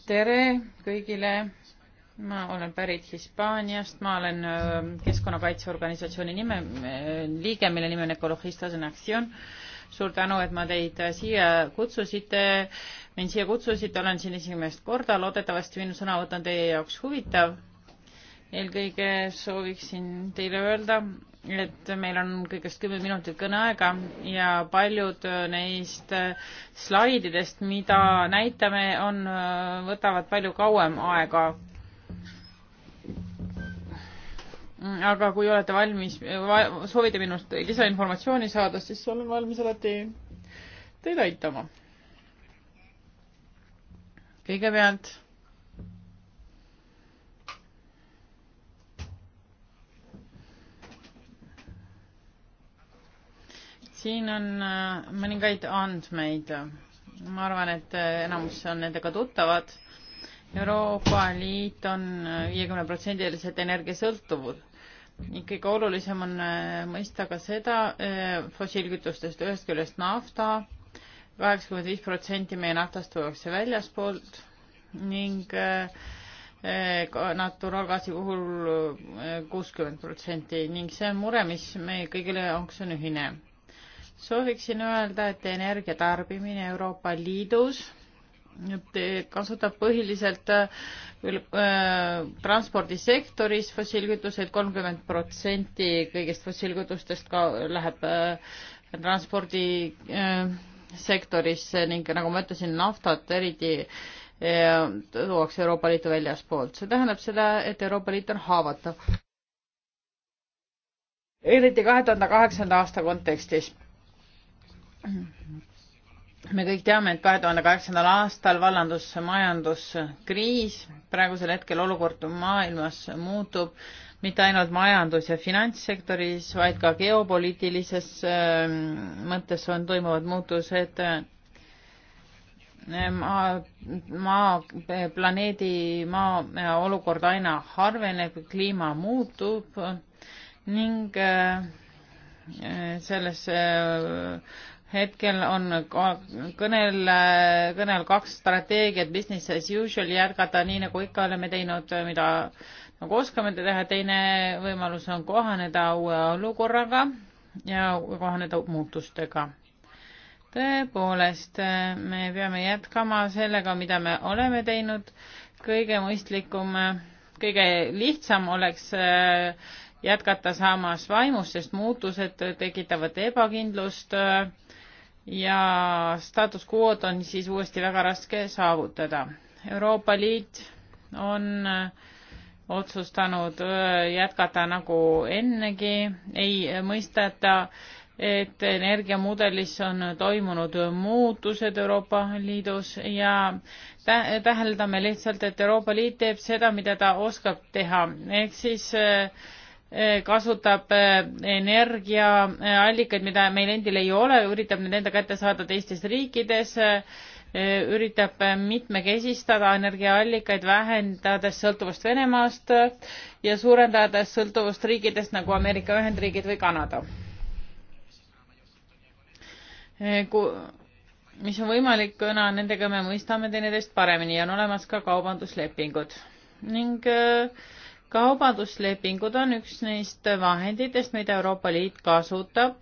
tere kõigile. ma olen pärit Hispaaniast, ma olen äh, keskkonnakaitseorganisatsiooni nime, äh, liige, mille nimi on Ecologistas en Acción. suur tänu, et ma teid äh, siia kutsusite, mind siia kutsusite, olen siin esimest korda, loodetavasti minu sõnavõtt on teie jaoks huvitav. eelkõige sooviksin teile öelda, et meil on kõigest kümme minutit kõneaega ja paljud neist slaididest, mida näitame, on, võtavad palju kauem aega. aga kui olete valmis, soovite minust lisainformatsiooni saada, siis olen valmis alati teid aitama. kõigepealt siin on äh, mõningaid andmeid. ma arvan, et äh, enamus on nendega tuttavad. Euroopa Liit on äh, viiekümneprotsendiliselt energiasõltuv. ning kõige olulisem on mõista ka seda fossiilkütustest ühest küljest nafta, kaheksakümmend viis protsenti meie naftast tuuakse väljaspoolt ning naturaalgaasi puhul kuuskümmend protsenti ning see on mure, mis meie kõigile jaoks on ühine sooviksin öelda, et energia tarbimine Euroopa Liidus kasutab põhiliselt küll äh, transpordisektoris fossiilkütuseid, kolmkümmend protsenti kõigist fossiilkütustest ka läheb äh, transpordisektorisse äh, ning nagu ma ütlesin, naftat eriti äh, tuuakse Euroopa Liitu väljaspoolt. see tähendab seda, et Euroopa Liit on haavatav. eriti kahe tuhande kaheksanda aasta kontekstis me kõik teame, et kahe tuhande kaheksandal aastal vallandus majanduskriis, praegusel hetkel olukord maailmas muutub mitte ainult majandus- ja finantssektoris, vaid ka geopoliitilises ähm, mõttes on, toimuvad muutused äh, maa, maa, planeedi maa olukord aina harveneb, kliima muutub ning äh, äh, selles hetkel on kõnel, kõnel kaks strateegiat, business as usual, jätkata nii, nagu ikka oleme teinud, mida nagu oskame teha, teine võimalus on kohaneda uue olukorraga ja kohaneda muutustega. tõepoolest, me peame jätkama sellega, mida me oleme teinud, kõige mõistlikum, kõige lihtsam oleks äh, jätkata samas vaimus, sest muutused tekitavad ebakindlust äh, ja staatus quo'd on siis uuesti väga raske saavutada. Euroopa Liit on äh, otsustanud äh, jätkata nagu ennegi, ei mõisteta, et energiamudelis on toimunud muutused Euroopa Liidus ja täheldame lihtsalt, et Euroopa Liit teeb seda, mida ta oskab teha, ehk siis äh, Eh, kasutab eh, energiaallikaid, mida meil endil ei ole, üritab need enda kätte saada teistes riikides, eh, üritab mitmekesistada energiaallikaid, vähendades sõltuvust Venemaast ja suurendades sõltuvust riikidest nagu Ameerika Ühendriigid või Kanada. mis on võimalik, kuna nendega me mõistame teineteist paremini ja on olemas ka kaubanduslepingud ning äh, kaubanduslepingud on üks neist vahenditest, mida Euroopa Liit kasutab,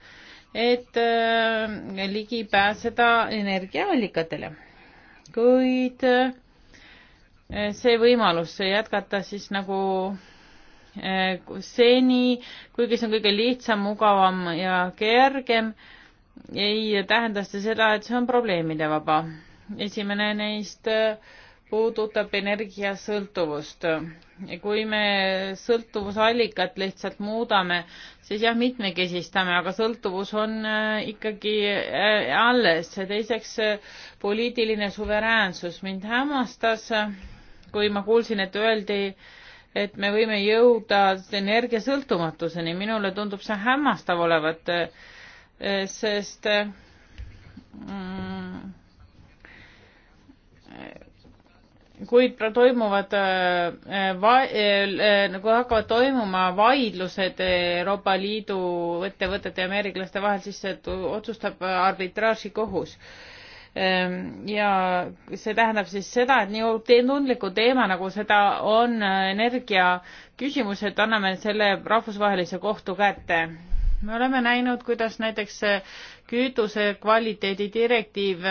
et äh, ligi pääseda energiaallikatele. kuid äh, see võimalus jätkata siis nagu äh, seni, kuigi see on kõige lihtsam, mugavam ja kergem, ei tähenda see seda, et see on probleemide vaba. esimene neist äh, puudutab energiasõltuvust. kui me sõltuvusallikat lihtsalt muudame, siis jah, mitmekesistame, aga sõltuvus on äh, ikkagi äh, alles. teiseks, äh, poliitiline suveräänsus. mind hämmastas, kui ma kuulsin, et öeldi, et me võime jõuda energiasõltumatuseni. minule tundub see hämmastav olevat, sest mm, kuid toimuvad äh, äh, äh, nagu hakkavad toimuma vaidlused Euroopa Liidu ettevõtete ja ameeriklaste vahel, siis otsustab arbitraaži kohus. Ähm, ja see tähendab siis seda, et nii tundliku teema, nagu seda on energia küsimus, et anname selle rahvusvahelise kohtu kätte. me oleme näinud, kuidas näiteks kütuse kvaliteedi direktiiv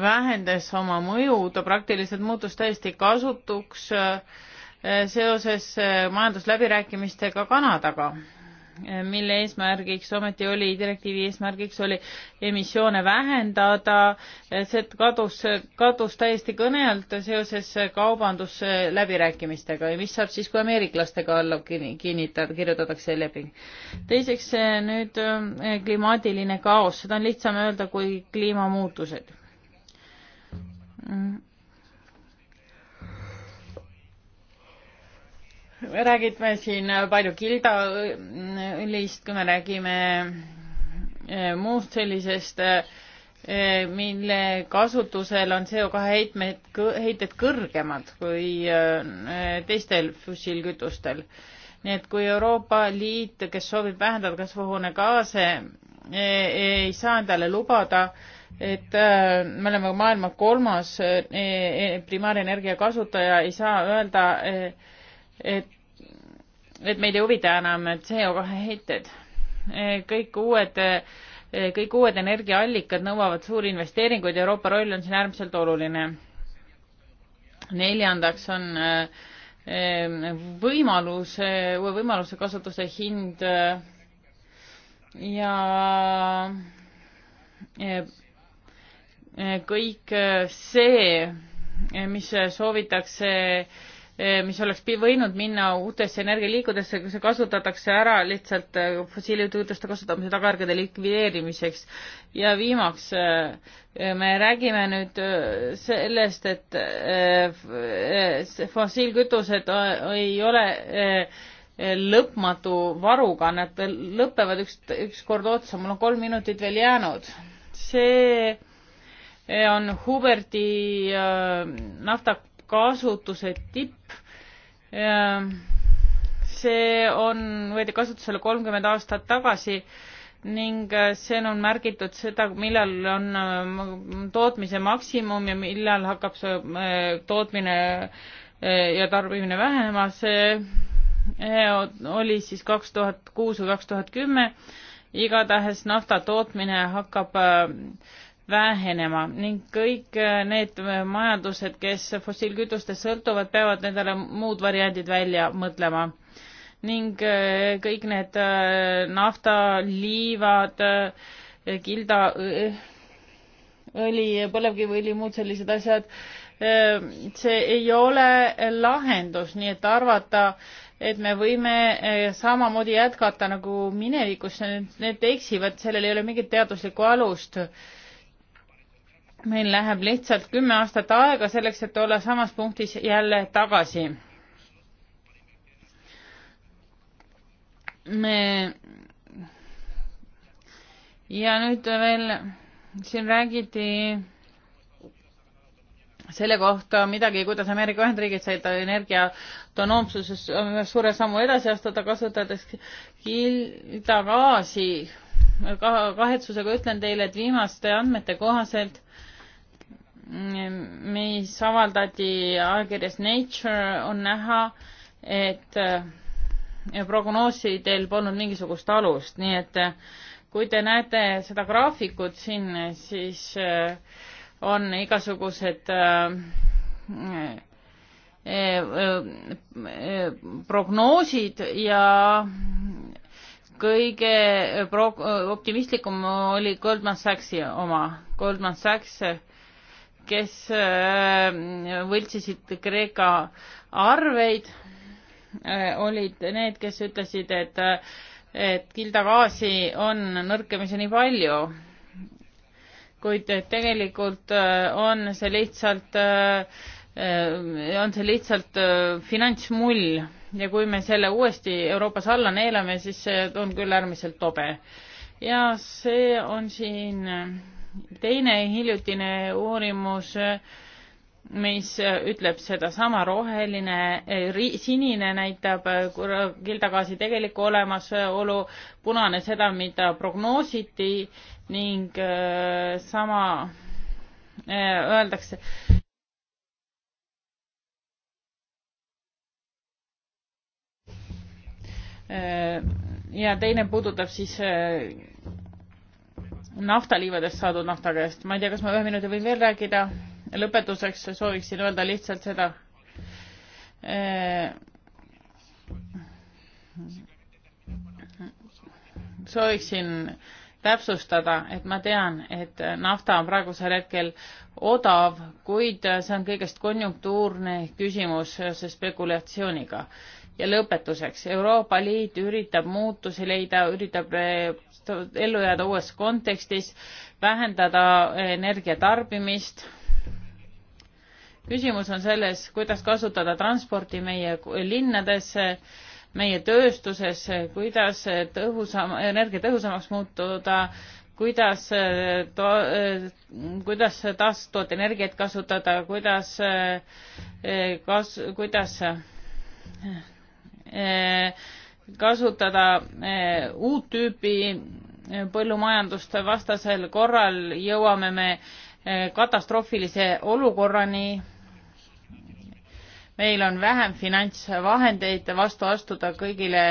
vähendas oma mõju, ta praktiliselt muutus täiesti kasutuks äh, seoses äh, majandusläbirääkimistega Kanadaga, äh, mille eesmärgiks ometi oli, direktiivi eesmärgiks oli emissioone vähendada, see kadus, kadus täiesti kõne alt seoses kaubandusläbirääkimistega ja mis saab siis, kui ameeriklastega alla kinnitada, kirjutatakse leping. teiseks nüüd klimaatiline kaos, seda on lihtsam öelda kui kliimamuutused Mm. räägime siin palju kildaõlist, äh, kui me räägime äh, muust sellisest, äh, mille kasutusel on CO2 heitmed, heited kõrgemad kui teistel fossiilkütustel. nii et kui Euroopa Liit, kes soovib vähendada kasvuhoonegaase, ei saa endale lubada äh, et äh, me oleme maailma kolmas äh, e-, e-, primaarenergia kasutaja, ei saa öelda, äh, et, et meid ei huvita enam CO2 heited. kõik uued, kõik uued energiaallikad nõuavad suuri investeeringuid, Euroopa roll on siin äärmiselt oluline. neljandaks on võimaluse, uue võimaluse kasutuse hind ja Eh, kõik eh, see, eh, mis soovitakse, mis oleks võinud minna uutesse energialiikudesse, see kasutatakse ära lihtsalt fossiilkütuste kasutamise tagajärgede likvideerimiseks. ja viimaks, me räägime nüüd sellest, et fossiilkütused ei ole lõpmatu varuga, nad lõpevad üks, ükskord otsa, mul on kolm minutit veel jäänud. see Eh, on Huberti eh, naftakasutuse tipp. Eh, see on, võeti kasutusele kolmkümmend aastat tagasi ning siin on märgitud seda, millal on tootmise maksimum ja millal hakkab see tootmine ja tarbimine vähenema, see oli siis kaks tuhat kuus või kaks tuhat kümme. igatahes nafta tootmine hakkab vähenema ning kõik äh, need äh, majandused, kes fossiilkütustest sõltuvad, peavad endale muud variandid välja mõtlema. ning äh, kõik need nafta, liivad, kilda, õli, põlevkiviõli, muud sellised asjad, see ei ole lahendus, nii et arvata, et me võime samamoodi jätkata nagu minevikus, need eksivad, sellel ei ole mingit teaduslikku alust meil läheb lihtsalt kümme aastat aega selleks, et olla samas punktis jälle tagasi. me ja nüüd veel siin räägiti selle kohta midagi, kuidas Ameerika Ühendriigid said energia autonoomsuses suure sammu edasi astuda, kasutades kildagaasi. kahetsusega ütlen teile, et viimaste andmete kohaselt mis avaldati ajakirjas Nature, on näha, et äh, prognoosidel polnud mingisugust alust, nii et äh, kui te näete seda graafikut siin, siis äh, on igasugused prognoosid ja kõige pro-, optimistlikum oli Goldman Sachsi oma. Goldman Sachs kes äh, võltsisid Kreeka arveid, äh, olid need, kes ütlesid, et, äh, et kildagaasi on nõrkemiseni palju. kuid tegelikult on see lihtsalt, on see lihtsalt finantsmull ja kui me selle uuesti Euroopas alla neelame, siis see on küll äärmiselt tobe. ja see on siin teine hiljutine uurimus, mis ütleb sedasama, roheline, sinine näitab kildagaasi tegelikku olemasolu, punane seda, mida prognoositi ning äh, sama äh, öeldakse äh, ja teine puudutab siis naftaliivadest saadud nafta käest. ma ei tea, kas ma ühe minuti võin veel rääkida. lõpetuseks sooviksin öelda lihtsalt seda. Eh, sooviksin täpsustada, et ma tean, et nafta on praegusel hetkel odav, kuid see on kõigest konjunktuurne küsimus seoses spekulatsiooniga ja lõpetuseks, Euroopa Liit üritab muutusi leida, üritab eh, ellu jääda uues kontekstis, vähendada eh, energia tarbimist. küsimus on selles, kuidas kasutada transporti meie linnades, meie tööstuses, kuidas eh, tõhusam, energiatõhusamaks muutuda, kuidas to-, kuidas taastuvat energiat kasutada, kuidas kas-, kuidas Eh, kasutada eh, uut tüüpi eh, põllumajandust, vastasel korral jõuame me katastroofilise olukorrani. meil on vähem finantsvahendeid vastu astuda kõigile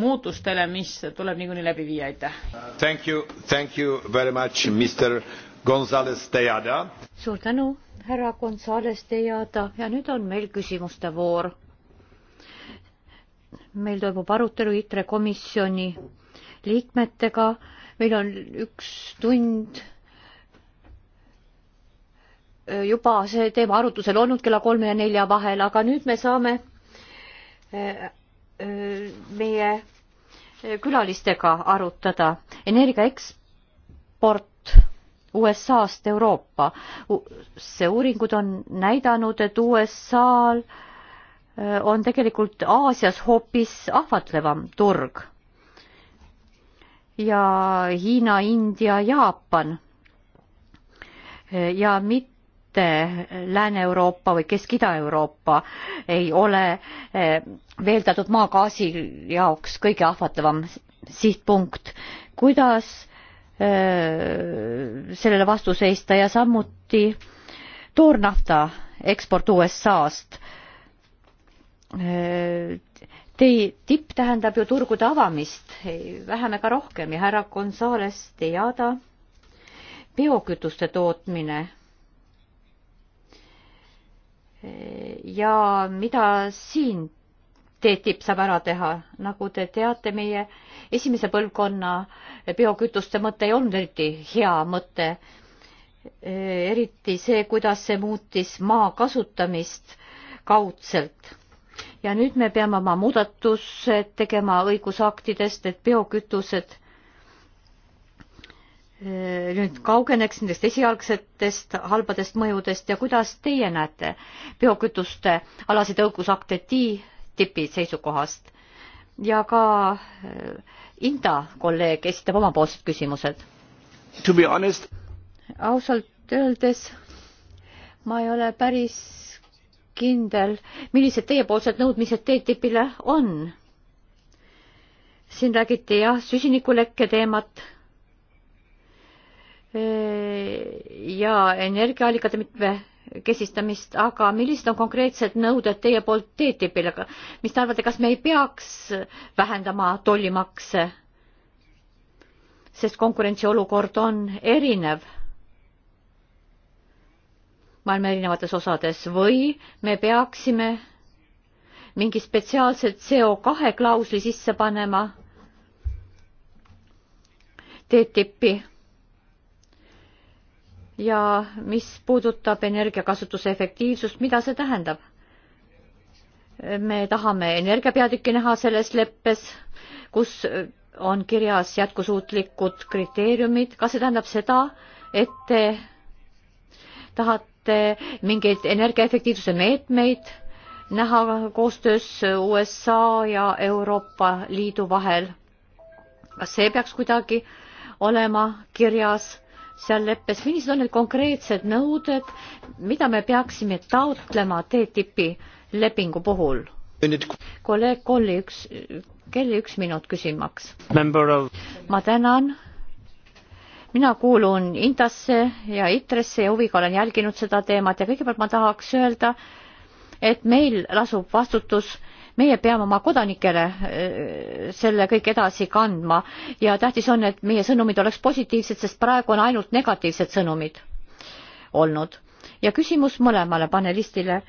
muutustele, mis tuleb niikuinii läbi viia, aitäh. Thank you, thank you very much, Mr Gonzales Tejada. suur tänu, härra Gonzales Tejada ja nüüd on meil küsimuste voor meil toimub arutelu ITRE komisjoni liikmetega, meil on üks tund juba see teema arutusel olnud kella kolme ja nelja vahel, aga nüüd me saame eh, eh, meie külalistega arutada energia eksport USA-st Euroopasse. uuringud on näidanud, et USA-l äh, on tegelikult Aasias hoopis ahvatlevam turg. ja Hiina, India, Jaapan ja mitte Lääne-Euroopa või Kesk-Ida-Euroopa ei ole eh, veeldatud maagaasi jaoks kõige ahvatlevam sihtpunkt. kuidas eh, sellele vastu seista ja samuti toornafta eksport USA-st Tei-, tipp tähendab ju turgude avamist, vähem ega rohkem ja härra Gonzales teada, biokütuste tootmine ja mida siin TTIP saab ära teha, nagu te teate, meie esimese põlvkonna biokütuste mõte ei olnud eriti hea mõte. eriti see, kuidas see muutis maa kasutamist kaudselt ja nüüd me peame oma muudatused tegema õigusaktidest, et biokütused äh, nüüd kaugeneks nendest esialgsetest halbadest mõjudest ja kuidas teie näete biokütuste alaseid õigusakte tipi seisukohast ja ka äh, Inta kolleeg esitab omapoolsed küsimused. ausalt öeldes ma ei ole päris kindel, millised teiepoolsed nõudmised TTIP-ile on. siin räägiti jah, süsinikulekke teemat eh, ja energiaallikate mitmekesistamist, aga millised on konkreetsed nõuded teie poolt TTIP-ile, mis te arvate, kas me ei peaks vähendama tollimakse? sest konkurentsiolukord on erinev maailma erinevates osades või me peaksime mingi spetsiaalse CO2 klausli sisse panema TTIP-i ja mis puudutab energiakasutuse efektiivsust, mida see tähendab? me tahame energiapeatükki näha selles leppes, kus on kirjas jätkusuutlikud kriteeriumid, kas see tähendab seda, et te tahate tahate mingeid energiaefektiivsuse meetmeid näha koostöös USA ja Euroopa Liidu vahel? kas see peaks kuidagi olema kirjas seal leppes, millised on need konkreetsed nõuded, mida me peaksime taotlema TTIP-i lepingu puhul? kolleeg Kolli üks, Kelly üks minut küsimaks. ma tänan mina kuulun Indasse ja Itresse ja huviga olen jälginud seda teemat ja kõigepealt ma tahaks öelda, et meil lasub vastutus, meie peame oma kodanikele äh, selle kõik edasi kandma ja tähtis on, et meie sõnumid oleks positiivsed, sest praegu on ainult negatiivsed sõnumid olnud. ja küsimus mõlemale panelistile.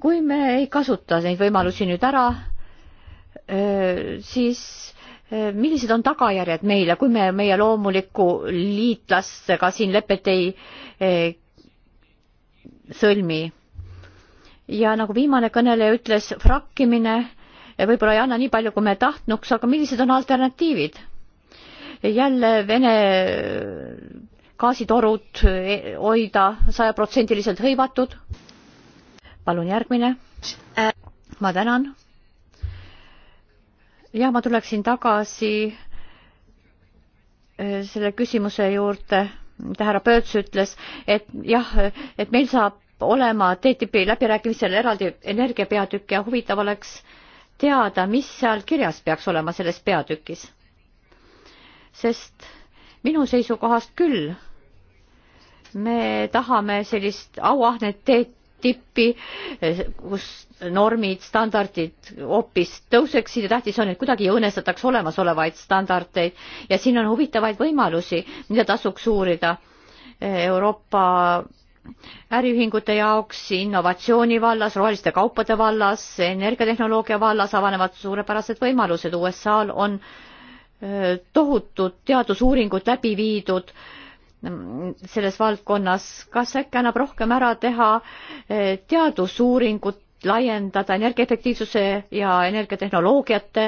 kui me ei kasuta neid võimalusi nüüd ära, äh, siis Äh, millised on tagajärjed meile, kui me meie loomuliku liitlastega siin lepet ei eh, sõlmi? ja nagu viimane kõneleja ütles, frakkimine äh, võib-olla ei anna nii palju, kui me tahtnuks, aga millised on alternatiivid? jälle Vene gaasitorud hoida sajaprotsendiliselt hõivatud. palun järgmine. ma tänan jah, ma tuleksin tagasi äh, selle küsimuse juurde, mida härra Pööts ütles, et jah, et meil saab olema TTIP läbirääkimistel eraldi energiapeatükk ja huvitav oleks teada, mis seal kirjas peaks olema selles peatükis. sest minu seisukohast küll me tahame sellist auahnet TTIP tippi, kus normid, standardid hoopis tõuseksid ja tähtis on, et kuidagi ei õõnestataks olemasolevaid standardeid ja siin on huvitavaid võimalusi, mida tasuks uurida Euroopa äriühingute jaoks innovatsiooni vallas, roheliste kaupade vallas, energiatehnoloogia vallas avanevad suurepärased võimalused, USA-l on tohutud teadusuuringud läbi viidud äh, selles valdkonnas, kas äkki annab rohkem ära teha eh, teadusuuringut, laiendada energiaefektiivsuse ja energiatehnoloogiate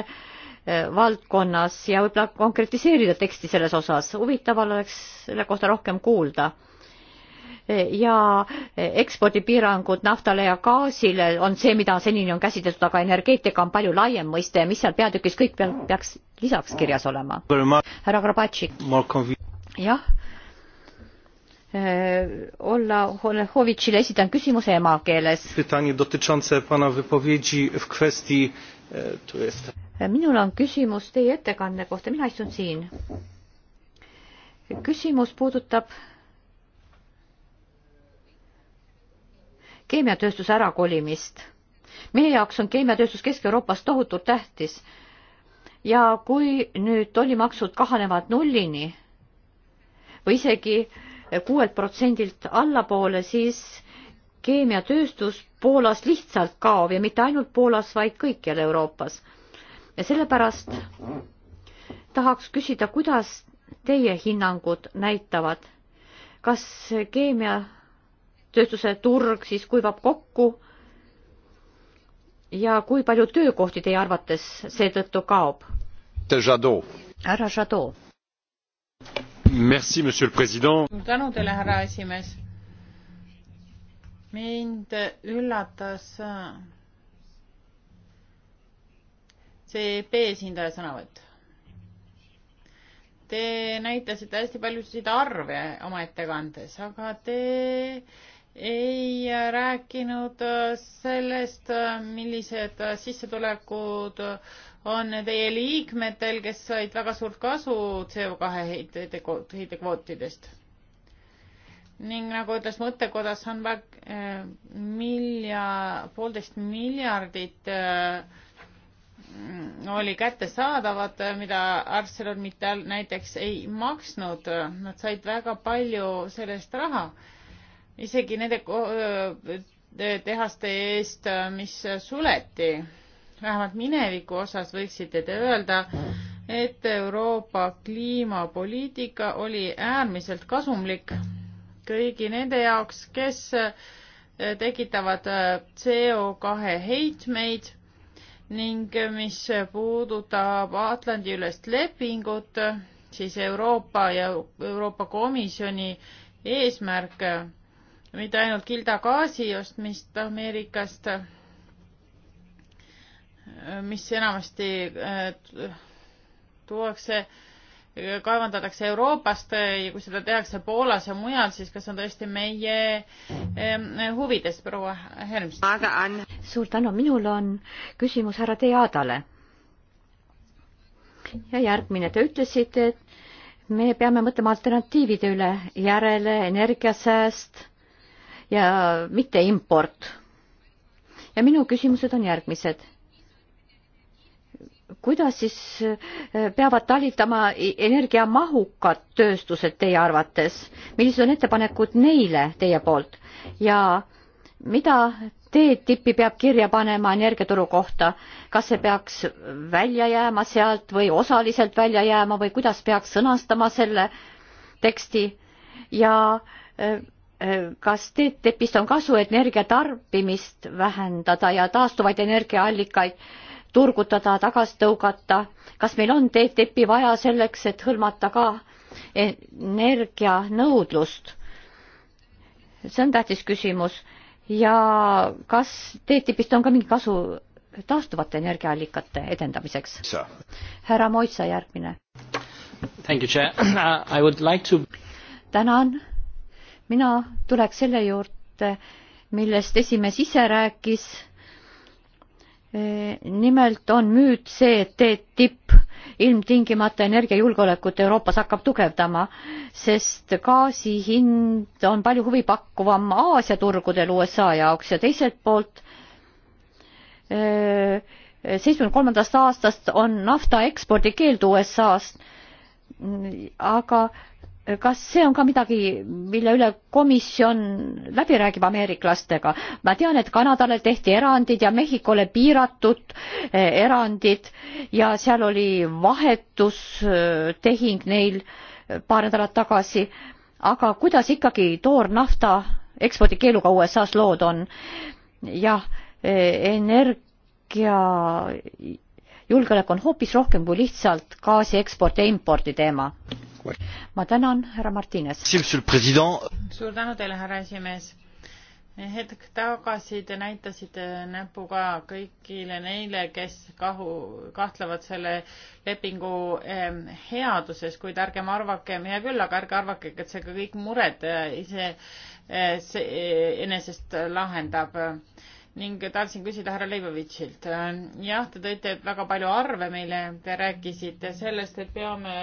eh, valdkonnas ja võib-olla konkretiseerida teksti selles osas, huvitaval oleks selle kohta rohkem kuulda. Eh, ja ekspordipiirangud naftale ja gaasile on see, mida senini on käsitletud, aga energeetika on palju laiem mõiste ja mis seal peatükis kõik peaks lisaks kirjas olema? härra Grabatšik. jah Äh, Olla Honechowicile esitan küsimuse emakeeles. Pytanie dotyczące pana wypowiedzi w kwestii e, tu jest. Äh, minul on küsimus teie ettekande kohta, mina istun siin. küsimus puudutab keemiatööstuse ärakolimist. meie jaoks on keemiatööstus Kesk-Euroopas tohutult tähtis. ja kui nüüd tollimaksud kahanevad nullini või isegi äh, kuuelt protsendilt allapoole, siis keemiatööstus Poolas lihtsalt kaob ja mitte ainult Poolas, vaid kõikjal Euroopas. ja sellepärast tahaks küsida, kuidas teie hinnangud näitavad, kas keemiatööstuse turg siis kuivab kokku ja kui palju töökohti teie arvates seetõttu kaob? härra Jadot tänu teile, härra esimees. mind üllatas CP äh, esindaja sõnavõtt. Te näitasite hästi paljusid arve oma ettekandes, aga te ei rääkinud sellest, millised sissetulekud on teie liikmetel, kes said väga suurt kasu CO2 heitekvootidest. ning nagu ütles mõttekoda Sandberg, äh, milja, poolteist miljardit äh, oli kättesaadavad, mida ArcelorMittal näiteks ei maksnud, nad said väga palju selle eest raha. isegi nende äh, tehaste eest, mis suleti vähemalt mineviku osas võiksite te öelda, et Euroopa kliimapoliitika oli äärmiselt kasumlik kõigi nende jaoks, kes eh, tekitavad eh, CO2 heitmeid ning eh, mis puudutab Atlandi-ülest lepingut, siis Euroopa ja Euroopa Komisjoni eesmärk mitte ainult kilda gaasi ostmist Ameerikast mis enamasti äh, tuuakse, kaevandatakse Euroopast äh, ja kui seda tehakse Poolas ja mujal, siis kas on tõesti meie äh, huvides, proua Helms? suur tänu, minul on küsimus härra Teadale. ja järgmine, te ütlesite, et me peame mõtlema alternatiivide üle, järele energiasääst ja mitte import. ja minu küsimused on järgmised kuidas siis äh, peavad talitama energiamahukad tööstused teie arvates, millised on ettepanekud neile teie poolt ja mida TTIP-i peab kirja panema energiaturu kohta, kas see peaks välja jääma sealt või osaliselt välja jääma või kuidas peaks sõnastama selle teksti ja äh, äh, kas TTIP-ist on kasu energiatarbimist vähendada ja taastuvaid energiaallikaid äh, turgutada, tagasi tõugata. kas meil on TTIP-i vaja selleks, et hõlmata ka energianõudlust? see on tähtis küsimus ja kas TTIP-ist on ka mingi kasu taastuvate energiaallikate edendamiseks? härra Moitsa, järgmine. Like to... tänan. mina tuleks selle juurde, millest esimees ise rääkis nimelt on müüt see, et TTIP ilmtingimata energiajulgeolekut Euroopas hakkab tugevdama, sest gaasi hind on palju huvipakkuvam Aasia turgudel USA jaoks ja teiselt poolt seitsmekümne kolmandast aastast on nafta ekspordikeeld USA-st, aga kas see on ka midagi, mille üle komisjon läbi räägib ameeriklastega? ma tean, et Kanadale tehti erandid ja Mehhikole piiratud eh, erandid ja seal oli vahetustehing neil eh, paar nädalat tagasi. aga kuidas ikkagi toornafta ekspordikeeluga USA-s lood on? jah, eh, energia julgeolek on hoopis rohkem kui lihtsalt gaasi ekspordi ja impordi teema. ma tänan, härra Martines. suur tänu teile, härra esimees. hetk tagasi te näitasite näpuga kõigile neile, kes kahu, kahtlevad selle lepingu ehm, headuses, kuid ärgem arvakem, hea küll, aga ärge arvake, et see ka kõik mured eh, ise eh, see eh, enesest lahendab ning tahtsin küsida härra Leibovitšilt. jah, te tõite väga palju arve meile, te rääkisite sellest, et peame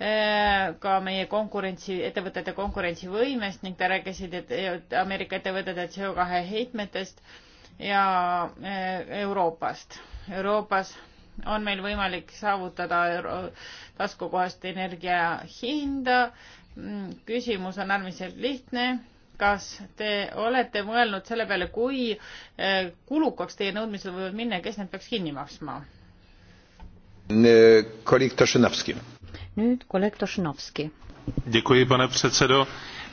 eh, ka meie konkurentsi, ettevõtete konkurentsivõimest ning te rääkisite, et Ameerika ettevõtete CO kahe heitmetest ja eh, Euroopast. Euroopas on meil võimalik saavutada taskukohast energia hinda. Mm, küsimus on äärmiselt lihtne kas te olete mõelnud selle peale, kui eh, kulukaks teie nõudmised võivad minna ja kes need peaks kinni maksma? kolleeg Tošenovski. nüüd kolleeg Tošenovski. Děkuji, pane předsedo.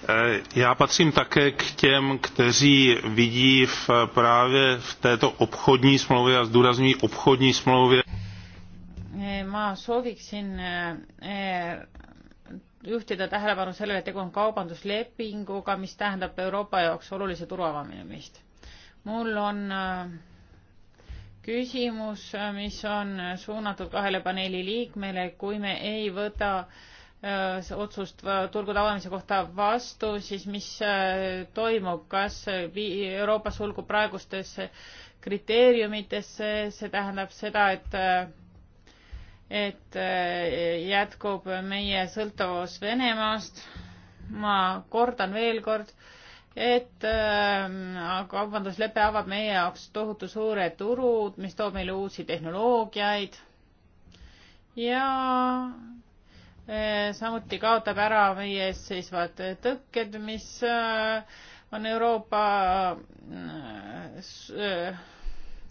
Eh, já patřím také k těm, kteří vidí v, právě v této obchodní smlouvě a zdůrazňují obchodní smlouvě. Eh, ma sooviksin juhtida tähelepanu sellele, et tegu on kaubanduslepinguga, mis tähendab Euroopa jaoks olulise turu avamist. mul on äh, küsimus, äh, mis on suunatud kahele paneeli liikmele, kui me ei võta äh, otsust turgude avamise kohta vastu, siis mis toimub, kas Euroopa sulgub praegustesse kriteeriumitesse, see tähendab seda, et et eh, jätkub meie sõltuvus Venemaast. ma kordan veel kord, et eh, kaubanduslepe avab meie jaoks tohutu suured turud, mis toob meile uusi tehnoloogiaid ja eh, samuti kaotab ära meie ees seisvad tõkked, mis on Euroopa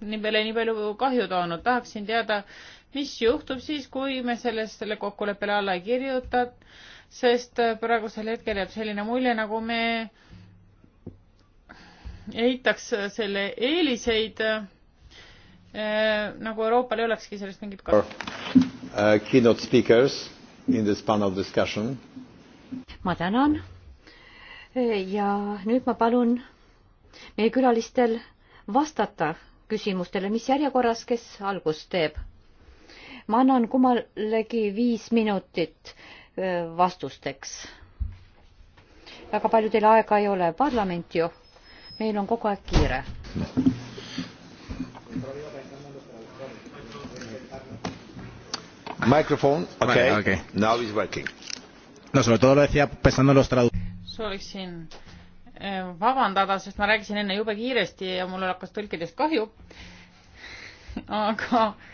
nii palju, nii palju kahju toonud. tahaksin teada, mis juhtub siis, kui me sellest, selle kokkuleppele alla ei kirjuta, sest praegusel hetkel jääb selline mulje, nagu me eitaks selle eeliseid äh,, nagu Euroopal ei olekski sellest mingit kasu uh,. Keynote speakers in this panel discussion. ma tänan ja nüüd ma palun meie külalistel vastata küsimustele, mis järjekorras, kes algust teeb ma annan kummalegi viis minutit vastusteks. väga palju teil aega ei ole, parlament ju, meil on kogu aeg kiire. Microphone, okay. Vale, okay. Now it's working. No, sobre todo lo decía pensando en los traductores. Sooviksin vabandada, sest ma rääkisin enne jube kiiresti ja mul hakkas tõlkidest kahju. aga äh,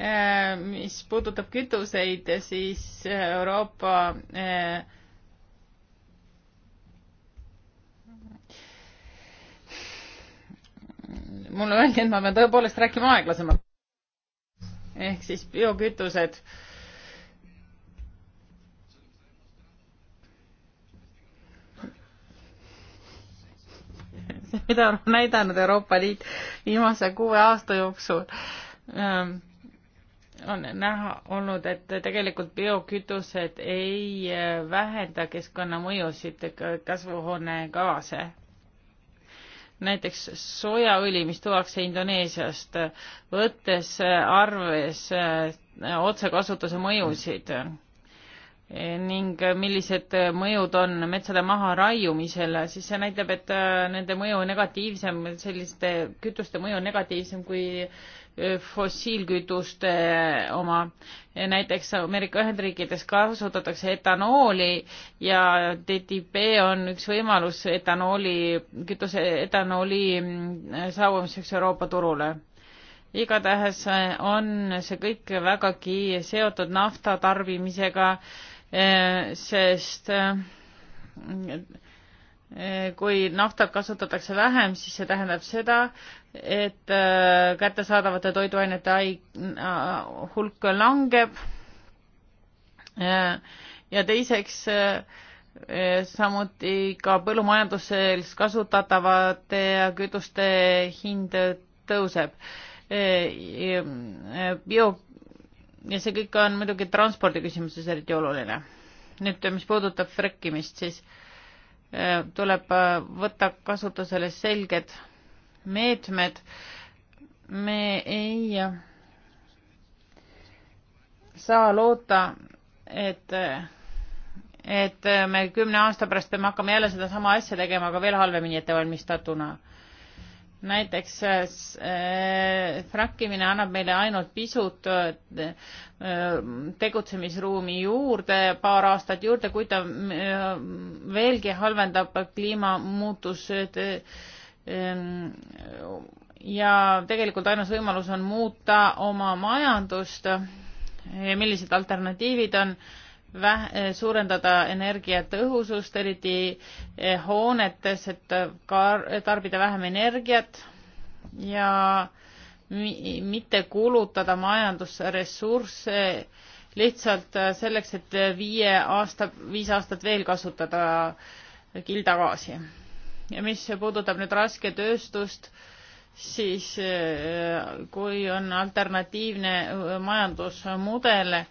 Äh, mis puudutab kütuseid, siis äh, Euroopa äh, mulle öeldi, et ma pean tõepoolest rääkima aeglasemalt. ehk siis biokütused. mida on näidanud Euroopa Liit viimase kuue aasta jooksul ähm, on näha olnud, et tegelikult biokütused ei vähenda keskkonnamõjusid kasvuhoonegaase. näiteks sojaõli, mis tuuakse Indoneesiast, võttes arves otsekasutuse mõjusid ning millised mõjud on metsade maharaiumisel, siis see näitab, et nende mõju on negatiivsem, selliste kütuste mõju on negatiivsem kui fossiilkütuste oma. näiteks Ameerika Ühendriikides kasutatakse etanooli ja TTIP on üks võimalus etanooli, kütuse etanooli mm, saabumiseks Euroopa turule. igatahes on see kõik vägagi seotud nafta tarbimisega, eh, sest eh, kui naftat kasutatakse vähem, siis see tähendab seda, et äh, kättesaadavate toiduainete äh, hulk langeb. Äh, ja teiseks samuti ka põllumajanduses kasutatavate kütuste hind tõuseb. bio ja see kõik on muidugi transpordi küsimuses eriti oluline. nüüd, mis puudutab frekkimist, siis tuleb võtta kasutusele selged meetmed. me ei saa loota, et, et me kümne aasta pärast peame hakkama jälle sedasama asja tegema, aga veel halvemini ettevalmistatuna. näiteks äh, frakkimine annab meile ainult pisut äh, tegutsemisruumi juurde, paar aastat juurde, kui ta äh, veelgi halvendab kliimamuutused äh, Ehm, ja tegelikult ainus võimalus on muuta oma majandust. millised alternatiivid on? Väh, eh, suurendada energiatõhusust, eriti eh, hoonetes, et kar-, tarbida vähem energiat ja mi-, mitte kulutada majandusressursse lihtsalt selleks, et viie aasta, viis aastat veel kasutada kildagaasi ja mis puudutab nüüd rasketööstust, siis äh, kui on alternatiivne äh, majandusmudel, äh,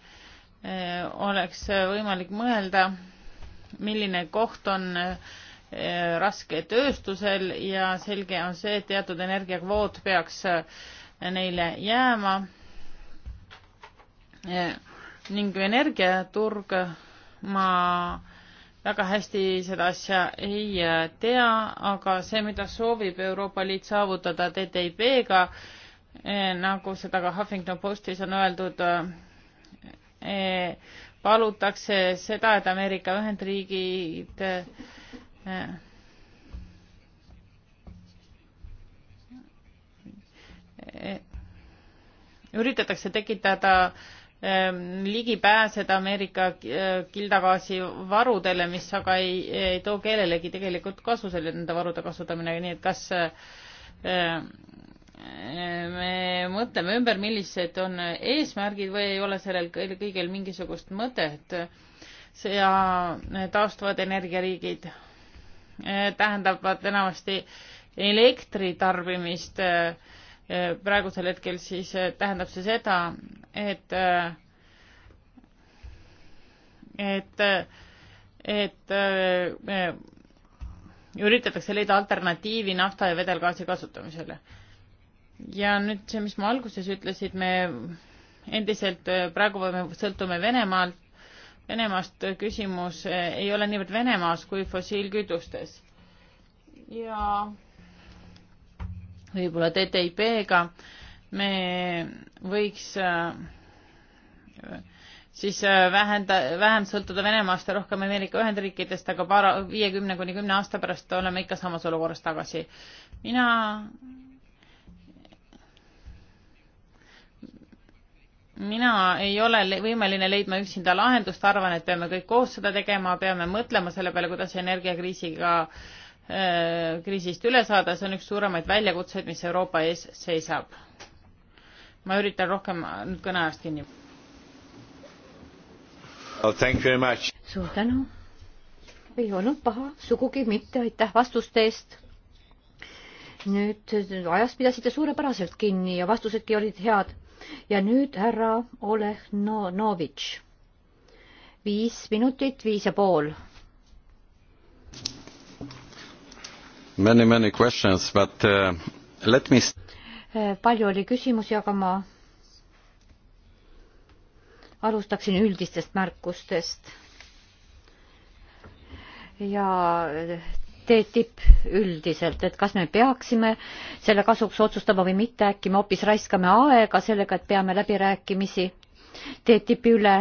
oleks võimalik mõelda, milline koht on rasketööstusel ja selge on see, et teatud energiakvoot peaks neile jääma. ning energiaturg, ma väga hästi seda asja ei äh, tea, aga see, mida soovib Euroopa Liit saavutada TTIP-ga, eh, nagu seda ka Huffington Postis on öeldud, eh, eh, palutakse seda, et Ameerika Ühendriigid üritatakse tekitada Ähm, ligi pääseda Ameerika äh, kildagaasi varudele, mis aga ei, ei too kellelegi tegelikult kasu, selle, nende varude kasutamine, nii et kas äh, me mõtleme ümber, millised on eesmärgid või ei ole sellel kõigil mingisugust mõtet ja taastuvad energiariigid äh, tähendavad enamasti elektritarbimist äh, Äh, praegusel hetkel siis äh, tähendab see seda, et äh, et et üritatakse leida alternatiivi nafta ja vedelgaasi kasutamisele. ja nüüd see, mis ma alguses ütlesin, me endiselt praegu me sõltume Venemaalt, Venemaast küsimus ei ole niivõrd Venemaas kui fossiilkütustes. ja võib-olla TTIP-ga me võiks äh, siis äh, vähenda, vähem sõltuda Venemaast ja rohkem Ameerika Ühendriikidest, aga paar, viiekümne kuni kümne aasta pärast oleme ikka samas olukorras tagasi. mina mina ei ole võimeline leidma üksinda lahendust, arvan, et peame kõik koos seda tegema, peame mõtlema selle peale, kuidas energiakriisiga äh, Äh, kriisist üle saada, see on üks suuremaid väljakutseid, mis Euroopa ees seisab. ma üritan rohkem nüüd kõneajast kinni well,. Oh, suur tänu. ei olnud paha, sugugi mitte, aitäh vastuste eest. nüüd ajast pidasite suurepäraselt kinni ja vastusedki olid head. ja nüüd härra Oleg Novitš. viis minutit, viis ja pool Many, many questions, but uh, let me äh, palju oli küsimusi, aga ma alustaksin üldistest märkustest. ja äh, TTIP üldiselt, et kas me peaksime selle kasuks otsustama või mitte, äkki me hoopis raiskame aega sellega, et peame läbirääkimisi TTIP-i üle,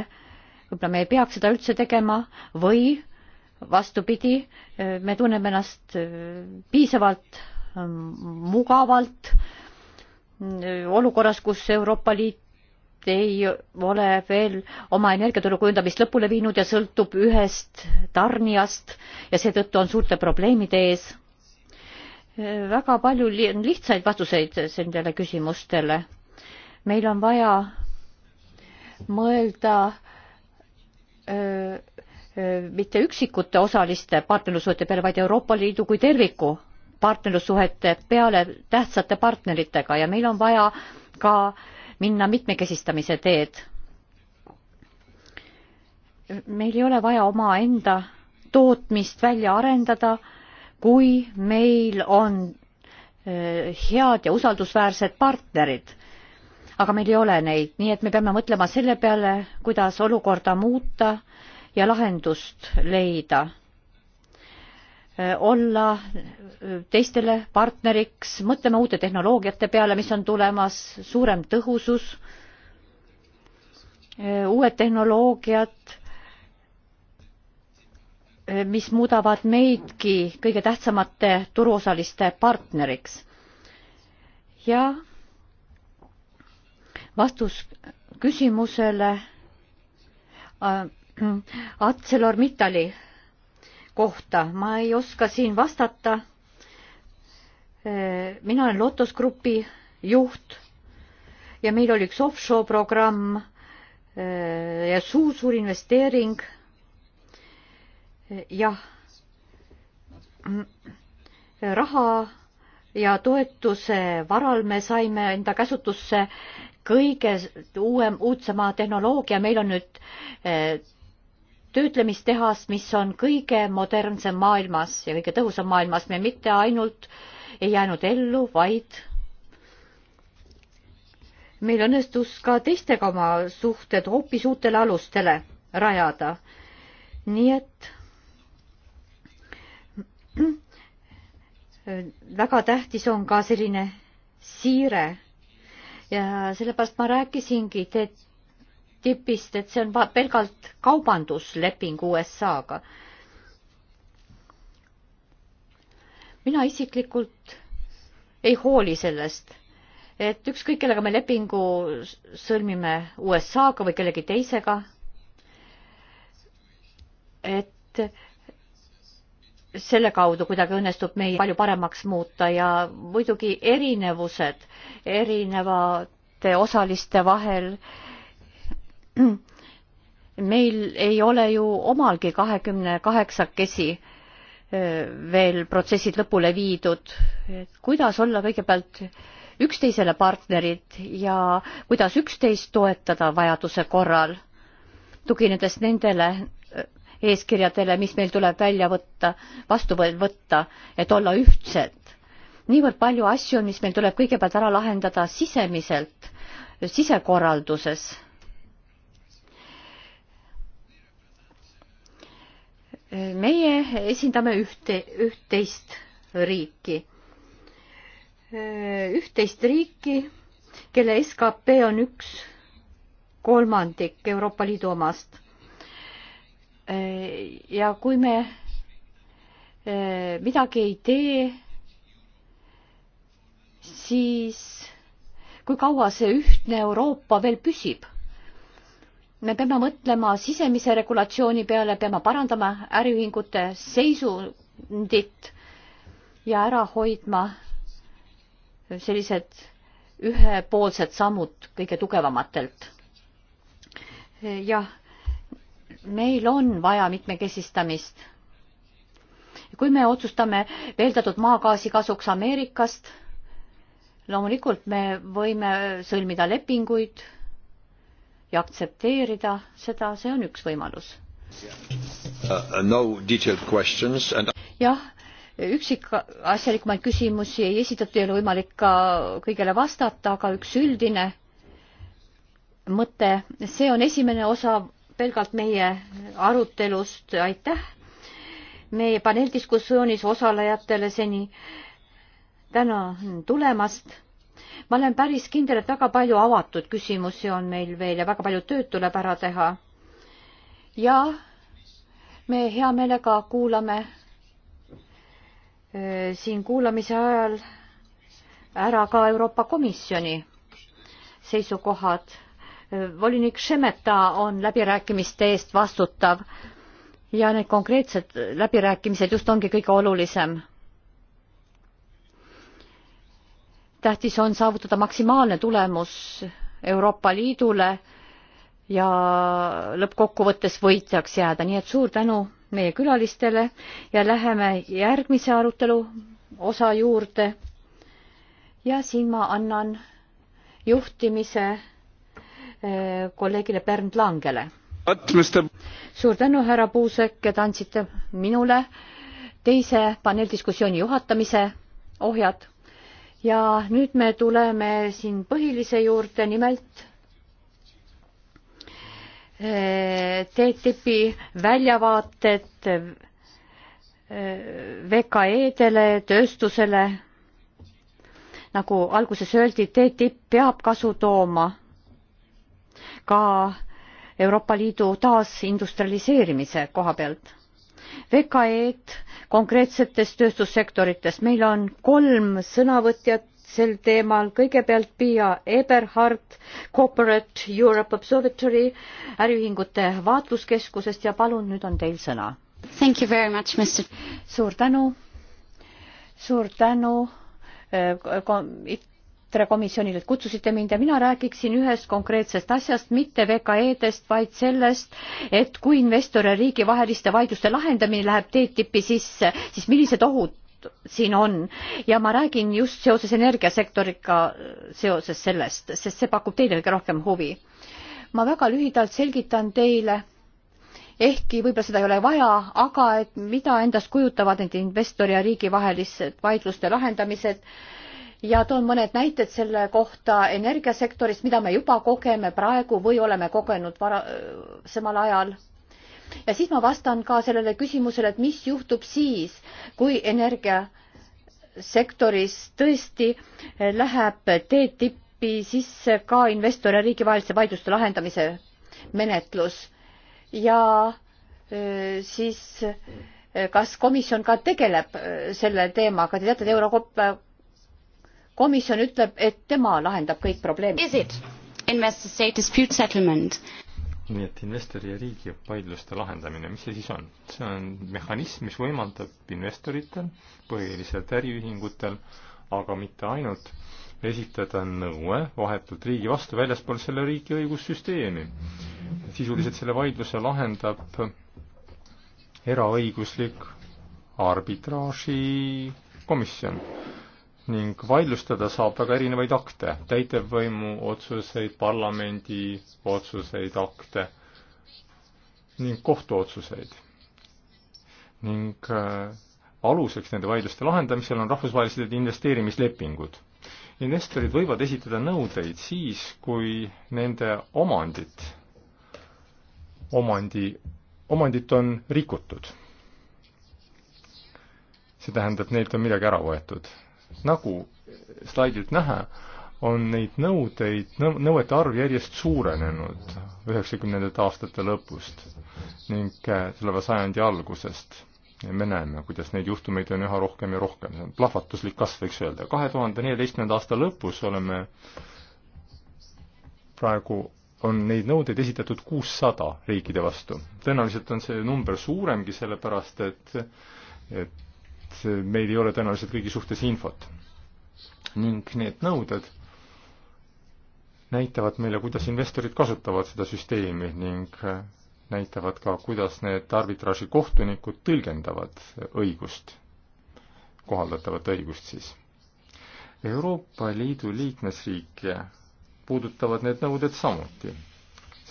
võib-olla me ei peaks seda üldse tegema või vastupidi, me tunneme ennast äh, piisavalt äh, mugavalt äh, olukorras, kus Euroopa Liit ei ole veel oma energiaturu kujundamist lõpule viinud ja sõltub ühest tarnijast ja seetõttu on suurte probleemide ees. väga palju on lihtsaid vastuseid nendele küsimustele. meil on vaja mõelda öö, Äh, mitte üksikute osaliste partnerlussuhete peale, vaid Euroopa Liidu kui terviku partnerlussuhete peale tähtsate partneritega ja meil on vaja ka minna mitmekesistamise teed. meil ei ole vaja omaenda tootmist välja arendada, kui meil on äh, head ja usaldusväärsed partnerid. aga meil ei ole neid, nii et me peame mõtlema selle peale, kuidas olukorda muuta ja lahendust leida. Äh, olla äh, teistele partneriks, mõtleme uute tehnoloogiate peale, mis on tulemas, suurem tõhusus, äh, uued tehnoloogiad mis muudavad meidki kõige tähtsamate turuosaliste partneriks. ja vastus küsimusele ArcelorMittali kohta ma ei oska siin vastata. Äh, mina olen Lotus Grupi juht ja meil oli üks offshore programm äh, ja suur-suur investeering. Äh, jah, raha ja toetuse varal me saime enda käsutusse kõige uuem, uudsema tehnoloogia, meil on nüüd töötlemistehast, mis on kõige modernsem maailmas ja kõige tõhusam maailmas. me mitte ainult ei jäänud ellu, vaid meil õnnestus ka teistega oma suhted hoopis uutele alustele rajada. nii et väga tähtis on ka selline siire ja sellepärast ma rääkisingi, et TTIP-ist, et see on pelgalt kaubandusleping USA-ga. mina isiklikult ei hooli sellest, et ükskõik, kellega me lepingu sõlmime USA-ga või kellegi teisega, et selle kaudu kuidagi õnnestub meie palju paremaks muuta ja muidugi erinevused erinevate osaliste vahel äh, meil ei ole ju omalgi kahekümne kaheksakesi veel protsessid lõpule viidud, et kuidas olla kõigepealt üksteisele partnerid ja kuidas üksteist toetada vajaduse korral, tuginedes nendele eeskirjadele, mis meil tuleb välja võtta, vastu võtta, et olla ühtsed. niivõrd palju asju on, mis meil tuleb kõigepealt ära lahendada sisemiselt, sisekorralduses meie esindame ühte, üht-teist riiki. üht-teist riiki, kelle skp on üks kolmandik Euroopa Liidu omast. ja kui me midagi ei tee, siis kui kaua see ühtne Euroopa veel püsib? me peame mõtlema sisemise regulatsiooni peale, peame parandama äriühingute seisundit ja ära hoidma sellised ühepoolsed sammud kõige tugevamatelt. jah, meil on vaja mitmekesistamist. kui me otsustame veeldatud maagaasi kasuks Ameerikast, loomulikult me võime sõlmida lepinguid ja aktsepteerida seda, see on üks võimalus. Uh, jah, üksikasjalikumaid küsimusi ei esitatud, ei ole võimalik ka kõigele vastata, aga üks üldine mõte, see on esimene osa pelgalt meie arutelust, aitäh meie paneeldiskussioonis osalejatele seni tänan tulemast ma olen päris kindel, et väga palju avatud küsimusi on meil veel ja väga palju tööd tuleb ära teha. ja me hea meelega kuulame äh, siin kuulamise ajal ära ka Euroopa Komisjoni seisukohad. Äh, volinik Šemeta on läbirääkimiste eest vastutav ja need konkreetsed läbirääkimised just ongi kõige olulisem tähtis on saavutada maksimaalne tulemus Euroopa Liidule ja lõppkokkuvõttes võitjaks jääda, nii et suur tänu meie külalistele ja läheme järgmise arutelu osa juurde. ja siin ma annan juhtimise eh, kolleegile Bernd Langele. suur tänu, härra Puusek, et andsite minule teise paneeldiskussiooni juhatamise ohjad ja nüüd me tuleme siin põhilise juurde, nimelt eh, TTIP-i väljavaated eh, VKE-dele, tööstusele. nagu alguses öeldi, TTIP peab kasu tooma ka Euroopa Liidu taasindustrialiseerimise koha pealt. VKE-d konkreetsetest tööstussektoritest. meil on kolm sõnavõtjat sel teemal, kõigepealt Piia Eberhard Corporate Europe Observatory äriühingute vaatluskeskusest ja palun, nüüd on teil sõna. Thank you very much, Mr. suur tänu, suur tänu eh, tere komisjonile, et kutsusite mind ja mina räägiksin ühest konkreetsest asjast, mitte VKE-dest, vaid sellest, et kui investor ja riigi vaheliste vaidluste lahendamine läheb TTIP-i sisse, siis millised ohud siin on ja ma räägin just seoses energiasektoriga seoses sellest, sest see pakub teile kõige rohkem huvi. ma väga lühidalt selgitan teile ehkki võib-olla seda ei ole vaja, aga et mida endast kujutavad need investori ja riigi vahelised vaidluste lahendamised ja toon mõned näited selle kohta energiasektorist, mida me juba kogeme praegu või oleme kogenud varasemal ajal. ja siis ma vastan ka sellele küsimusele, et mis juhtub siis, kui energiasektoris tõesti läheb TTIP-i sisse ka investori ja riigivaheliste vaidluste lahendamise menetlus ja siis kas komisjon ka tegeleb äh, selle teemaga, te teate, et Euroopa komisjon ütleb, et tema lahendab kõik probleemid. nii et investori ja riigi vaidluste lahendamine, mis see siis on? see on mehhanism, mis võimaldab investoritel, põhiliselt äriühingutel, aga mitte ainult, esitada nõue vahetult riigi vastu väljaspool selle riigi õigussüsteemi. sisuliselt selle vaidluse lahendab eraõiguslik arbitraaži komisjon ning vaidlustada saab väga erinevaid akte, täitevvõimu otsuseid, parlamendi otsuseid, akte ning kohtuotsuseid. ning äh, aluseks nende vaidluste lahendamisel on rahvusvahelised investeerimislepingud. investorid võivad esitada nõudeid siis, kui nende omandit, omandi, omandit on rikutud. see tähendab, neilt on midagi ära võetud nagu slaidilt näha, on neid nõudeid, nõuete arv järjest suurenenud üheksakümnendate aastate lõpust ning käesoleva sajandi algusest. ja me näeme, kuidas neid juhtumeid on üha rohkem ja rohkem, see on plahvatuslik kasv, võiks öelda. kahe tuhande neljateistkümnenda aasta lõpus oleme praegu on neid nõudeid esitatud kuussada riikide vastu. tõenäoliselt on see number suuremgi, sellepärast et, et et meil ei ole tõenäoliselt kõigi suhtes infot. ning need nõuded näitavad meile, kuidas investorid kasutavad seda süsteemi ning näitavad ka, kuidas need arbitraaži kohtunikud tõlgendavad õigust, kohaldatavat õigust siis. Euroopa Liidu liikmesriike puudutavad need nõuded samuti.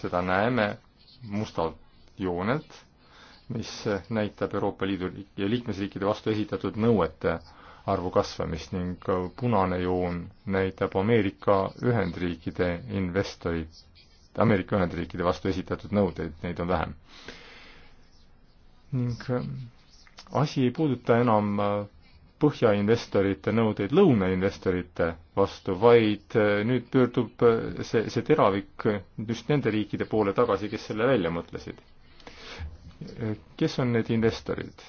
seda näeme mustalt joonelt mis näitab Euroopa Liidu ja liikmesriikide vastu esitatud nõuete arvu kasvamist ning punane joon näitab Ameerika Ühendriikide investorid, Ameerika Ühendriikide vastu esitatud nõudeid, neid on vähem. ning äh, asi ei puuduta enam äh, põhjainvestorite nõudeid lõunainvestorite vastu, vaid äh, nüüd pöördub see, see teravik just nende riikide poole tagasi, kes selle välja mõtlesid kes on need investorid?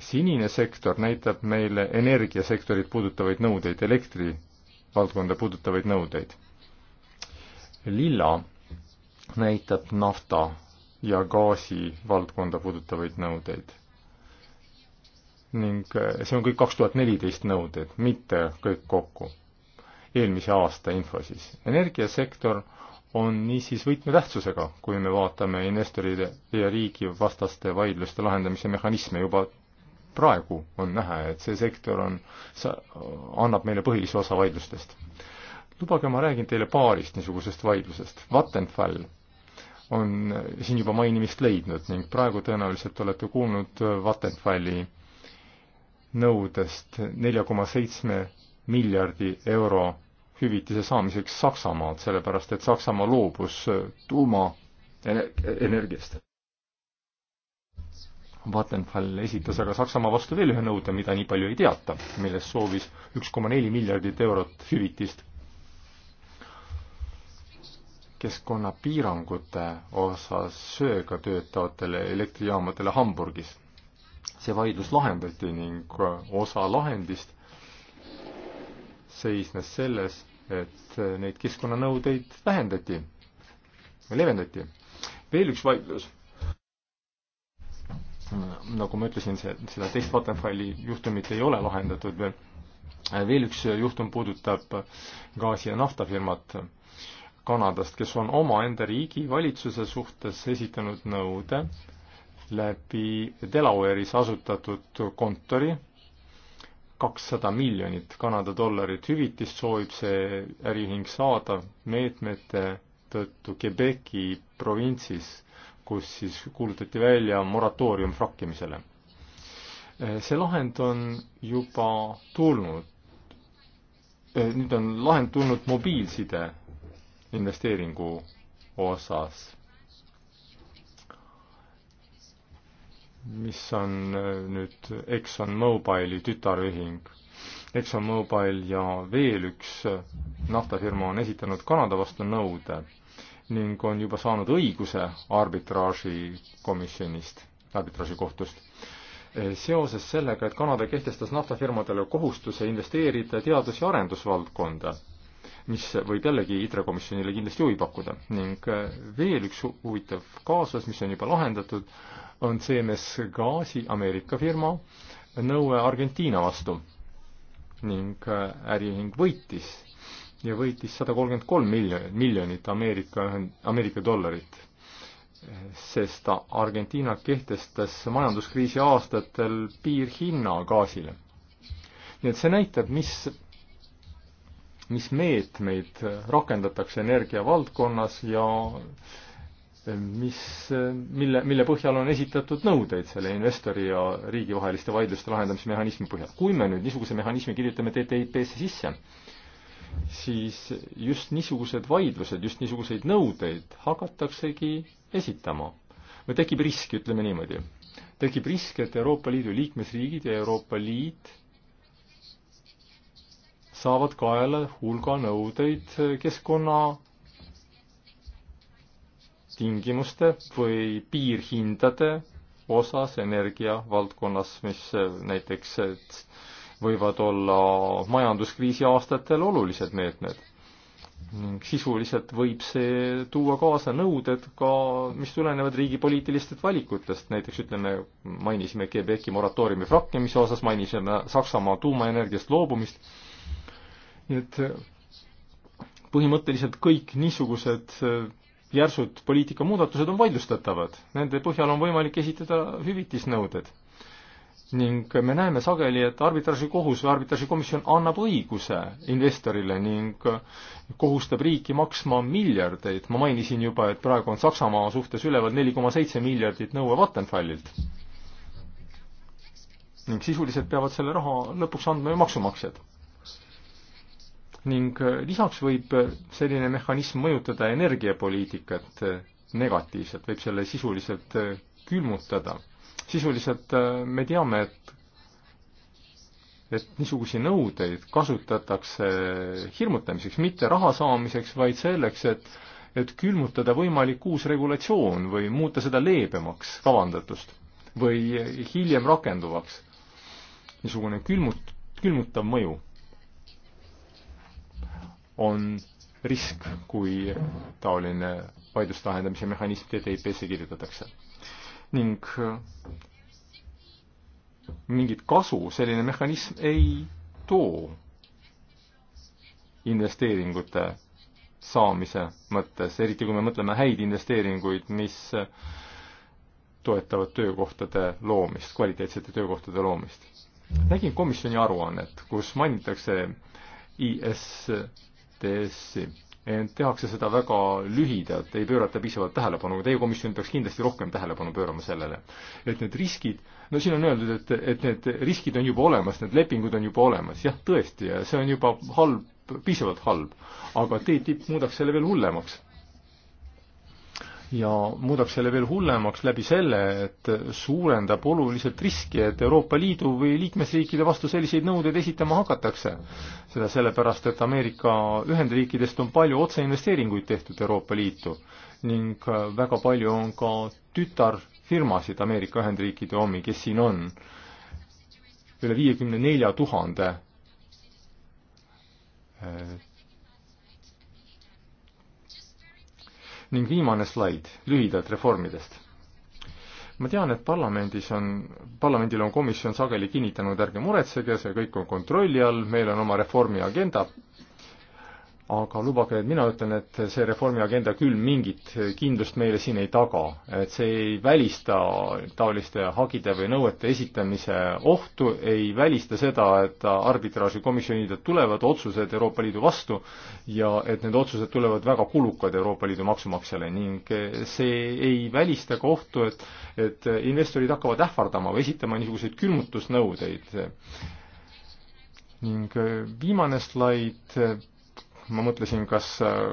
sinine sektor näitab meile energiasektorit puudutavaid nõudeid, elektri valdkonda puudutavaid nõudeid. lilla näitab nafta ja gaasi valdkonda puudutavaid nõudeid. ning see on kõik kaks tuhat neliteist nõuded, mitte kõik kokku. eelmise aasta info siis. energiasektor on niisiis võtmetähtsusega, kui me vaatame investoride ja riigi vastaste vaidluste lahendamise mehhanisme juba praegu on näha, et see sektor on, annab meile põhilise osa vaidlustest. lubage, ma räägin teile paarist niisugusest vaidlusest. Vattenfall on siin juba mainimist leidnud ning praegu tõenäoliselt olete kuulnud Vattenfalli nõudest nelja koma seitsme miljardi euro hüvitise saamiseks Saksamaalt, sellepärast et Saksamaa loobus äh, tuumaenergiast. Vattenfall esitas aga Saksamaa vastu veel ühe nõude, mida nii palju ei teata, milles soovis üks koma neli miljardit eurot hüvitist. keskkonnapiirangute osas söega töötavatele elektrijaamadele Hamburgis. see vaidlus lahendati ning osa lahendist seisnes selles, et neid keskkonnanõudeid vähendati, leevendati. veel üks vaidlus. nagu ma ütlesin, see, seda teist Vattenfalli juhtumit ei ole lahendatud veel. veel üks juhtum puudutab gaasi- ja naftafirmat Kanadast, kes on omaenda riigi valitsuse suhtes esitanud nõude läbi Delaware'is asutatud kontori kakssada miljonit Kanada dollarit hüvitist soovib see äriühing saada meetmete tõttu Quebeci provintsis, kus siis kuulutati välja moratoorium frakkimisele. see lahend on juba tulnud, nüüd on lahend tulnud mobiilside investeeringu osas mis on äh, nüüd Exxon Mobile'i tütarühing. Exxon Mobile ja veel üks äh, naftafirma on esitanud Kanada vastu nõude ning on juba saanud õiguse arbitraaži komisjonist, arbitraaži kohtust. Äh, seoses sellega, et Kanada kehtestas naftafirmadele kohustuse investeerida teadus- ja arendusvaldkonda, mis võib jällegi ITRE komisjonile kindlasti huvi pakkuda ning veel üks huvitav kaasas, mis on juba lahendatud, on CMS Gaasi Ameerika firma nõue Argentiina vastu ning äh, äriühing võitis ja võitis sada kolmkümmend kolm miljonit, miljonit Ameerika, Ameerika dollarit, sest Argentiina kehtestas majanduskriisi aastatel piirhinna gaasile. nii et see näitab, mis, mis meetmeid rakendatakse energia valdkonnas ja äh, mis, mille, mille põhjal on esitatud nõudeid selle investori ja riigi vaheliste vaidluste lahendamise mehhanismi põhjal. kui me nüüd niisuguse mehhanismi kirjutame TTIP-sse sisse, siis just niisugused vaidlused, just niisuguseid nõudeid hakataksegi esitama. või tekib risk, ütleme niimoodi. tekib risk, et Euroopa Liidu liikmesriigid ja Euroopa Liit saavad kaela hulga nõudeid keskkonna tingimuste või piirhindade osas energia valdkonnas, mis eh, näiteks võivad olla majanduskriisi aastatel olulised meetmed. ning sisuliselt võib see tuua kaasa nõuded ka, mis tulenevad riigi poliitilistest valikutest, näiteks ütleme, mainisime Quebeci moratooriumi frakkimise osas, mainisime Saksamaa tuumaenergiast loobumist, nii et põhimõtteliselt kõik niisugused eh, järsud poliitikamuudatused on vaidlustatavad, nende põhjal on võimalik esitada hüvitisnõuded. ning me näeme sageli, et arbitraažikohus või arbitraažikomisjon annab õiguse investorile ning kohustab riiki maksma miljardeid, ma mainisin juba, et praegu on Saksamaa suhtes üleval neli koma seitse miljardit nõue Vattenfallilt. ning sisuliselt peavad selle raha lõpuks andma ju maksumaksjad ning äh, lisaks võib äh, selline mehhanism mõjutada energiapoliitikat äh, negatiivselt, võib selle sisuliselt külmutada. sisuliselt me teame, et et niisugusi nõudeid kasutatakse hirmutamiseks, mitte raha saamiseks, vaid selleks, et et külmutada võimalik uus regulatsioon või muuta seda leebemaks kavandatust või hiljem rakenduvaks. niisugune külmut-, külmutav mõju on risk, kui taoline vaidluste lahendamise mehhanism TTIP-sse kirjutatakse. ning äh, mingit kasu selline mehhanism ei too investeeringute saamise mõttes, eriti kui me mõtleme häid investeeringuid, mis äh, toetavad töökohtade loomist, kvaliteetsete töökohtade loomist. nägin komisjoni aruannet, kus mainitakse IS ETS-i ent tehakse seda väga lühidalt, ei pöörata piisavalt tähelepanu, teie komisjon peaks kindlasti rohkem tähelepanu pöörama sellele. et need riskid, no siin on öeldud, et, et need riskid on juba olemas, need lepingud on juba olemas, jah, tõesti, ja see on juba halb, piisavalt halb, aga TTIP muudaks selle veel hullemaks ja muudab selle veel hullemaks läbi selle, et suurendab oluliselt riski, et Euroopa Liidu või liikmesriikide vastu selliseid nõudeid esitama hakatakse. seda sellepärast, et Ameerika Ühendriikidest on palju otseinvesteeringuid tehtud Euroopa Liitu ning väga palju on ka tütarfirmasid Ameerika Ühendriikide omi, kes siin on. üle viiekümne nelja tuhande ning viimane slaid lühidalt reformidest. ma tean, et parlamendis on, parlamendil on komisjon sageli kinnitanud, ärge muretsege, see kõik on kontrolli all, meil on oma reformi agenda aga lubage, et mina ütlen, et see reformi agenda küll mingit kindlust meile siin ei taga, et see ei välista taoliste hagide või nõuete esitamise ohtu, ei välista seda, et arbitraažikomisjonidelt tulevad otsused Euroopa Liidu vastu ja et need otsused tulevad väga kulukad Euroopa Liidu maksumaksjale ning see ei välista ka ohtu, et, et investorid hakkavad ähvardama või esitama niisuguseid külmutusnõudeid. ning viimane slaid ma mõtlesin, kas,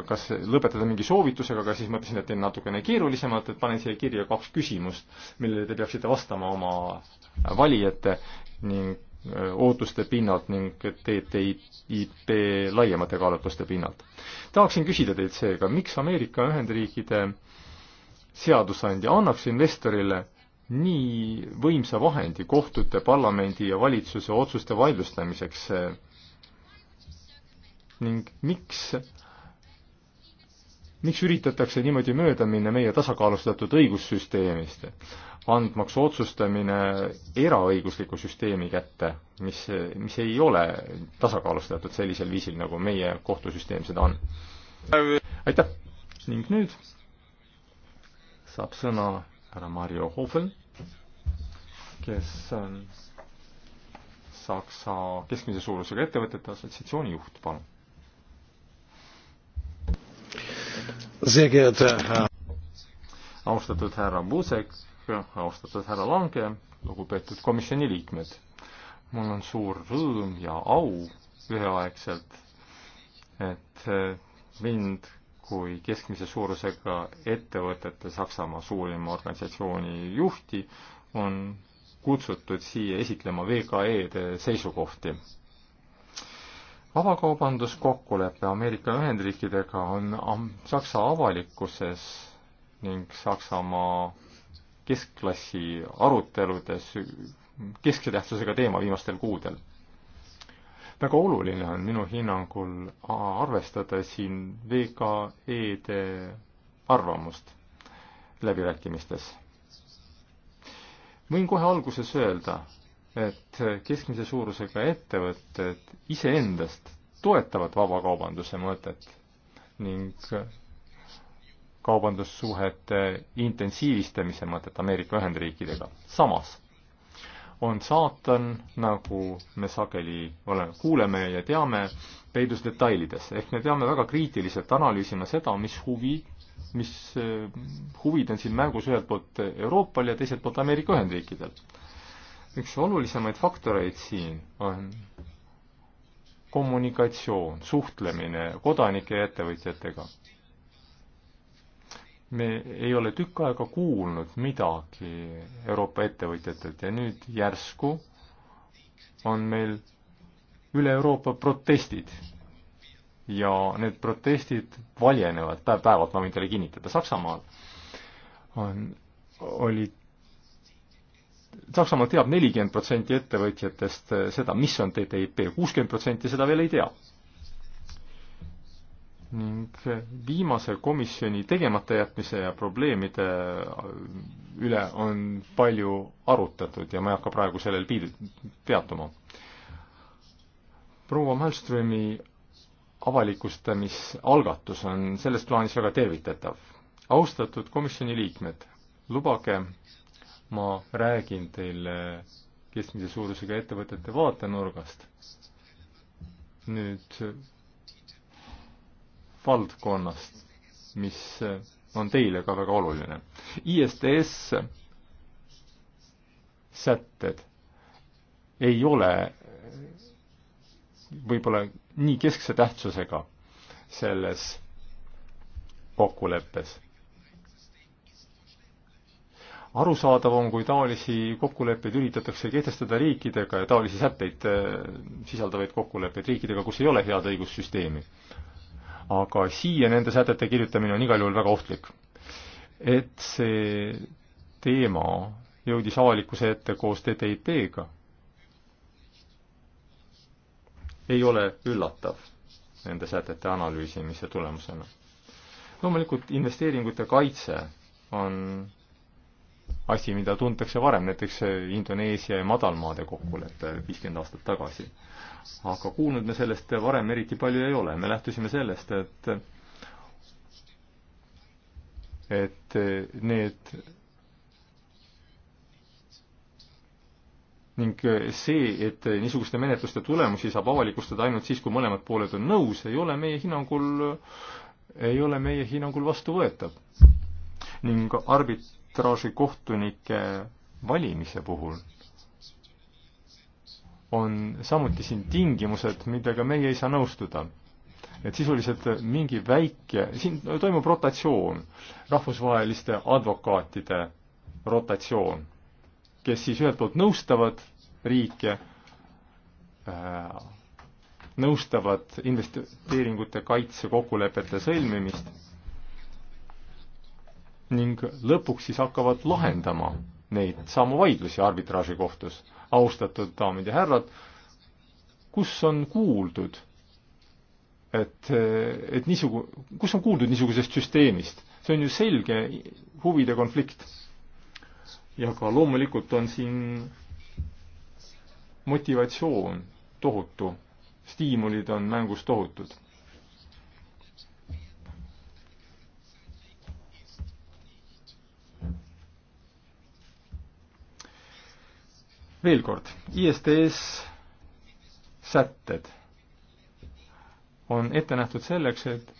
kas lõpetada mingi soovitusega, aga siis mõtlesin, et teen natukene keerulisemalt, et panen siia kirja kaks küsimust, millele te peaksite vastama oma valijate ning ootuste pinnalt ning TTIP laiemate kaalutluste pinnalt. tahaksin küsida teilt seega, miks Ameerika Ühendriikide seadusandja annaks investorile nii võimsa vahendi kohtute, parlamendi ja valitsuse otsuste vaidlustamiseks ning miks, miks üritatakse niimoodi mööda minna meie tasakaalustatud õigussüsteemist, andmaks otsustamine eraõigusliku süsteemi kätte, mis, mis ei ole tasakaalustatud sellisel viisil, nagu meie kohtusüsteem seda on. aitäh ning nüüd saab sõna härra Mario Hofen, kes on Saksa keskmise suurusega ettevõtete assotsiatsiooni juht, palun. austatud härra Buzek, austatud härra Lange, lugupeetud komisjoni liikmed. mul on suur rõõm ja au üheaegselt, et eh, mind kui keskmise suurusega ettevõtete Saksamaa suurima organisatsiooni juhti on kutsutud siia esitlema VKE-de seisukohti vabakaubanduskokkulepe Ameerika Ühendriikidega on Saksa avalikkuses ning Saksamaa keskklassi aruteludes keskse tähtsusega teema viimastel kuudel. väga oluline on minu hinnangul arvestada siin VKE-de arvamust läbirääkimistes. võin kohe alguses öelda, et keskmise suurusega ettevõtted iseendast toetavad vabakaubanduse mõtet ning kaubandussuhete intensiivistamise mõtet Ameerika Ühendriikidega. samas on saatan, nagu me sageli oleme, kuuleme ja teame, peidus detailides, ehk me peame väga kriitiliselt analüüsima seda, mis huvid, mis eh, huvid on siin mängus ühelt poolt Euroopal ja teiselt poolt Ameerika Ühendriikidel üks olulisemaid faktoreid siin on kommunikatsioon, suhtlemine kodanike ja ettevõtjatega. me ei ole tükk aega kuulnud midagi Euroopa ettevõtjatelt ja nüüd järsku on meil üle Euroopa protestid. ja need protestid valjenevad päev-päevalt, ma võin teile kinnitada, Saksamaal on, olid Saksamaal teab nelikümmend protsenti ettevõtjatest eh, seda, mis on TTIP, kuuskümmend protsenti seda veel ei tea. ning eh, viimase komisjoni tegemata jätmise ja probleemide eh, üle on palju arutatud ja ma ei hakka praegu sellel piir-, peatuma. proua Malmströmi avalikustamisalgatus on selles plaanis väga tervitatav. austatud komisjoni liikmed, lubage ma räägin teile keskmise suurusega ettevõtete vaatenurgast. nüüd valdkonnast, mis on teile ka väga oluline. ISTS sätted ei ole võib-olla nii keskse tähtsusega selles kokkuleppes arusaadav on, kui taolisi kokkuleppeid üritatakse kehtestada riikidega ja taolisi sätteid äh, sisaldavaid kokkuleppeid riikidega, kus ei ole head õigussüsteemi. aga siia nende sätete kirjutamine on igal juhul väga ohtlik. et see teema jõudis avalikkuse ette koos TTIP-ga, ei ole üllatav nende sätete analüüsimise tulemusena. loomulikult investeeringute kaitse on asi, mida tuntakse varem, näiteks Indoneesia ja madalmaade kokkulepe viiskümmend aastat tagasi. aga kuulnud me sellest varem eriti palju ei ole, me lähtusime sellest, et et need ning see, et niisuguste menetluste tulemusi saab avalikustada ainult siis, kui mõlemad pooled on nõus, ei ole meie hinnangul, ei ole meie hinnangul vastuvõetav. ning arbit-, arbitraažikohtunike valimise puhul on samuti siin tingimused, millega meie ei saa nõustuda. et sisuliselt mingi väike, siin toimub rotatsioon, rahvusvaheliste advokaatide rotatsioon, kes siis ühelt poolt nõustavad riike äh,, nõustavad investeeringute kaitse kokkulepete sõlmimist ning lõpuks siis hakkavad lahendama neid samu vaidlusi arbitraaži kohtus. austatud daamid ja härrad, kus on kuuldud, et, et niisugu-, kus on kuuldud niisugusest süsteemist? see on ju selge huvide konflikt. ja ka loomulikult on siin motivatsioon tohutu, stiimulid on mängus tohutud veel kord, ISDS sätted on ette nähtud selleks, et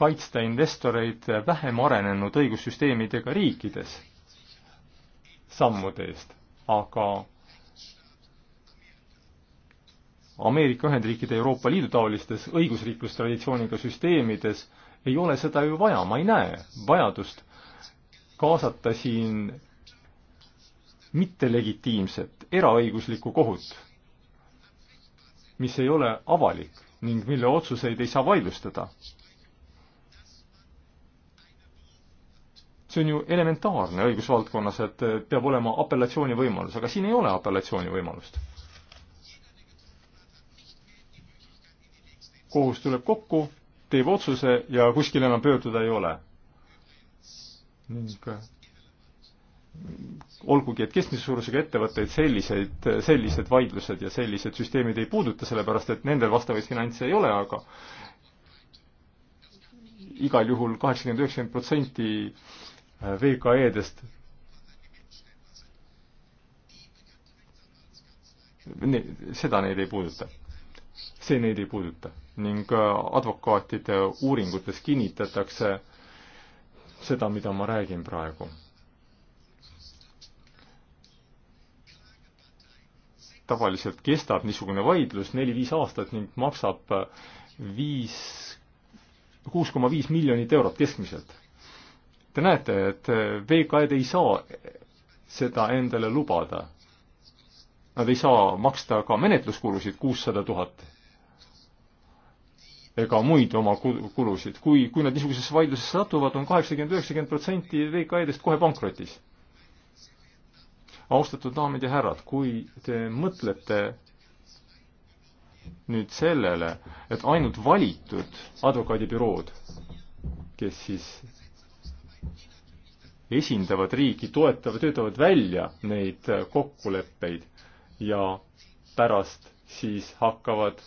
kaitsta investoreid vähem arenenud õigussüsteemidega riikides sammude eest, aga Ameerika Ühendriikide Euroopa Liidu taolistes õigusriiklustraditsiooniga süsteemides ei ole seda ju vaja, ma ei näe vajadust kaasata siin mittelegitiimset eraõiguslikku kohut, mis ei ole avalik ning mille otsuseid ei saa vaidlustada. see on ju elementaarne õigusvaldkonnas, et peab olema apellatsiooni võimalus, aga siin ei ole apellatsiooni võimalust. kohus tuleb kokku, teeb otsuse ja kuskile enam pöörduda ei ole. ning olgugi, et keskmise suurusega ettevõtteid selliseid, sellised vaidlused ja sellised süsteemid ei puuduta, sellepärast et nendel vastavaid finantse ei ole, aga igal juhul kaheksakümmend, üheksakümmend protsenti äh, VKE-dest seda neid ei puuduta. see neid ei puuduta ning äh, advokaatide uuringutes kinnitatakse seda, mida ma räägin praegu tavaliselt kestab niisugune vaidlus neli-viis aastat ning maksab viis, kuus koma viis miljonit eurot keskmiselt. Te näete, et VKE-d ei saa seda endale lubada. Nad ei saa maksta ka menetluskulusid kuussada tuhat ega muid oma kulusid. kui, kui nad niisugusesse vaidlusesse satuvad on, on kaheksakümmend, üheksakümmend protsenti VKE-dest kohe pankrotis austatud daamid ja härrad, kui te mõtlete nüüd sellele, et ainult valitud advokaadibürood, kes siis esindavad riiki, toetavad, töötavad välja neid kokkuleppeid ja pärast siis hakkavad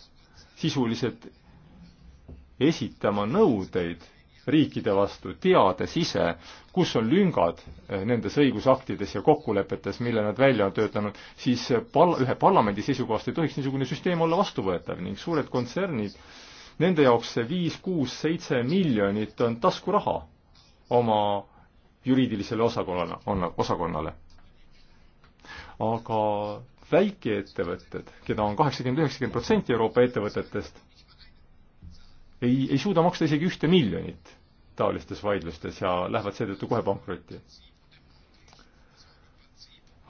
sisuliselt esitama nõudeid riikide vastu, teades ise, kus on lüngad eh, nendes õigusaktides ja kokkulepetes, mille nad välja on töötanud, siis eh, pal-, ühe parlamendi seisukohast ei tohiks niisugune süsteem olla vastuvõetav ning suured kontsernid, nende jaoks see viis, kuus, seitse miljonit on taskuraha oma juriidilisele osakonnale, on-, osakonnale. aga väikeettevõtted, keda on kaheksakümmend, üheksakümmend protsenti Euroopa ettevõtetest, ei, ei suuda maksta isegi ühte miljonit taolistes vaidlustes ja lähevad seetõttu kohe pankrotti.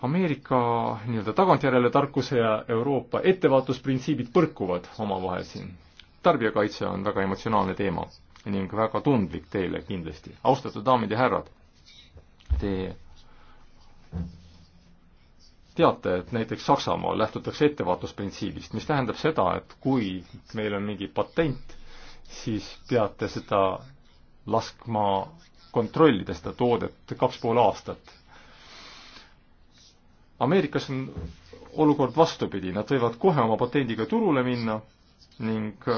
Ameerika nii-öelda tagantjärele tarkuse ja Euroopa ettevaatusprintsiibid põrkuvad omavahel siin. tarbijakaitse on väga emotsionaalne teema ning väga tundlik teile kindlasti. austatud daamid ja härrad, te teate, et näiteks Saksamaal lähtutakse ettevaatusprintsiibist, mis tähendab seda, et kui meil on mingi patent, siis peate seda laskma kontrollida, seda toodet kaks pool aastat. Ameerikas on olukord vastupidi, nad võivad kohe oma patendiga turule minna ning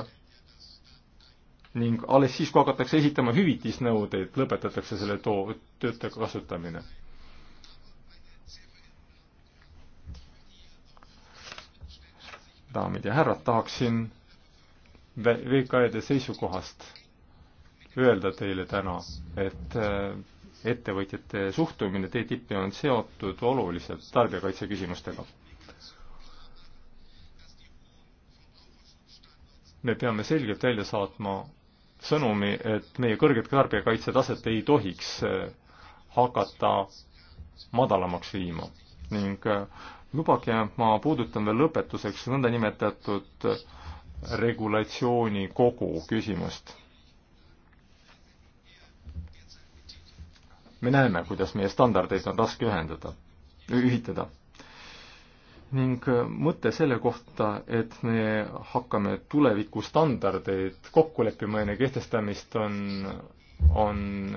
ning alles siis, kui hakatakse esitama hüvitisnõudeid, lõpetatakse selle too, töötaja kasutamine. daamid ja härrad, tahaksin VKE-de seisukohast öelda teile täna, et äh, ettevõtjate suhtumine TTIP-i on seotud oluliselt tarbijakaitse küsimustega. me peame selgelt välja saatma sõnumi, et meie kõrget tarbijakaitsetaset ei tohiks äh, hakata madalamaks viima ning äh, lubage, ma puudutan veel lõpetuseks nõndanimetatud äh, regulatsiooni kogu küsimust. me näeme, kuidas meie standardeid on raske ühendada, ühitada. ning mõte selle kohta, et me hakkame tuleviku standardeid kokku leppima enne kehtestamist, on, on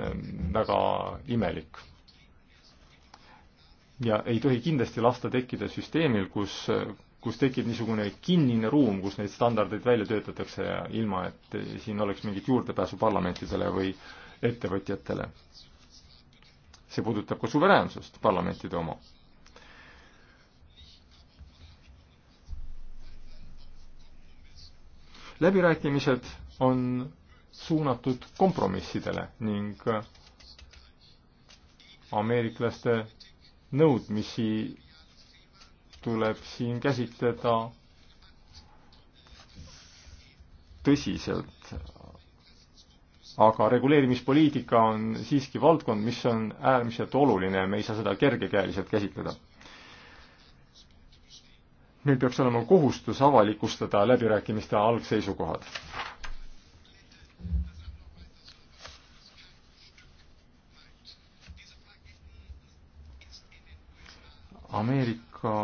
väga imelik ja ei tohi kindlasti lasta tekkida süsteemil, kus kus tekib niisugune kinnine ruum, kus neid standardeid välja töötatakse ja ilma, et siin oleks mingit juurdepääsu parlamentidele või ettevõtjatele. see puudutab ka suveräänsust, parlamentide oma. läbirääkimised on suunatud kompromissidele ning ameeriklaste nõudmisi tuleb siin käsitleda tõsiselt. aga reguleerimispoliitika on siiski valdkond, mis on äärmiselt oluline ja me ei saa seda kergekäeliselt käsitleda. meil peaks olema kohustus avalikustada läbirääkimiste algseisukohad. Ameerika ka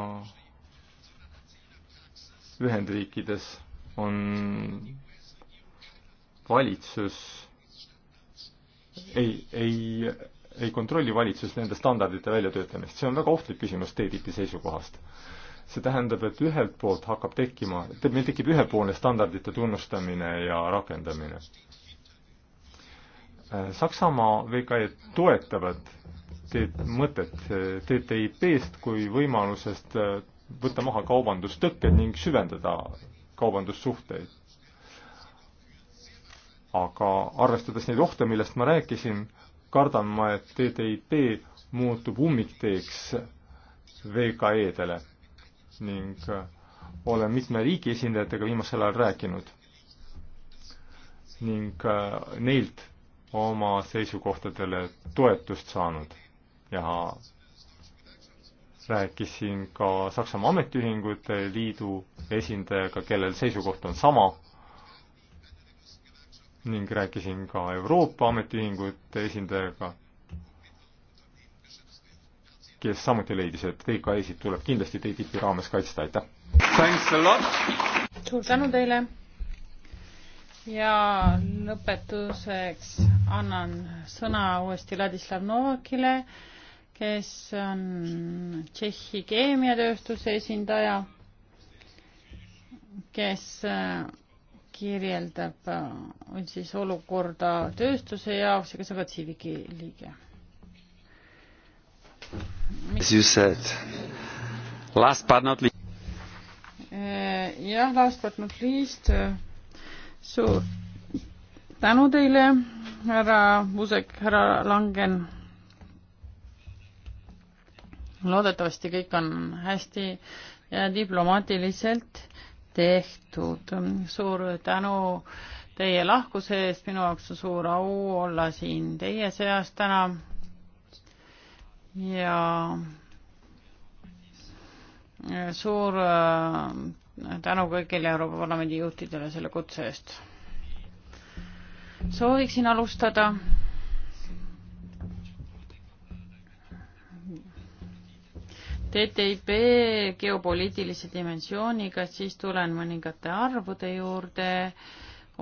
Ühendriikides on valitsus ei, ei, ei kontrolli valitsus nende standardite väljatöötamist, see on väga ohtlik küsimus TTIP-i seisukohast. see tähendab, et ühelt poolt hakkab tekkima, meil tekib ühepoolne standardite tunnustamine ja rakendamine. Saksamaa VKE toetavad teed mõtet TTIP-st e kui võimalusest äh, võtta maha kaubandustõkked ning süvendada kaubandussuhteid. aga arvestades neid ohte, millest ma rääkisin, kardan ma, et TTIP muutub ummikteeks VKE-dele ning äh, olen mitme riigi esindajatega viimasel ajal rääkinud ning äh, neilt oma seisukohtadele toetust saanud ja rääkisin ka Saksamaa Ametiühingute Liidu esindajaga, kellel seisukoht on sama, ning rääkisin ka Euroopa Ametiühingute esindajaga, kes samuti leidis, et VKE-sid tuleb kindlasti TTIP-i raames kaitsta, aitäh! suur tänu teile ja lõpetuseks annan sõna uuesti Ladislav Novakile, kes on Tšehhi keemiatööstuse esindaja, kes äh, kirjeldab äh, siis olukorda tööstuse jaoks ja kes on ka Tsiviki liige. As you said, last but not least. Äh, jah, last but not least, suur tänu teile, härra Musek, härra Langen loodetavasti kõik on hästi ja diplomaatiliselt tehtud. suur tänu teie lahkuse eest, minu jaoks on suur au olla siin teie seas täna ja suur äh, tänu kõigile Euroopa Parlamendi juhtidele selle kutse eest. sooviksin alustada TTIP geopoliitilise dimensiooniga, siis tulen mõningate arvude juurde,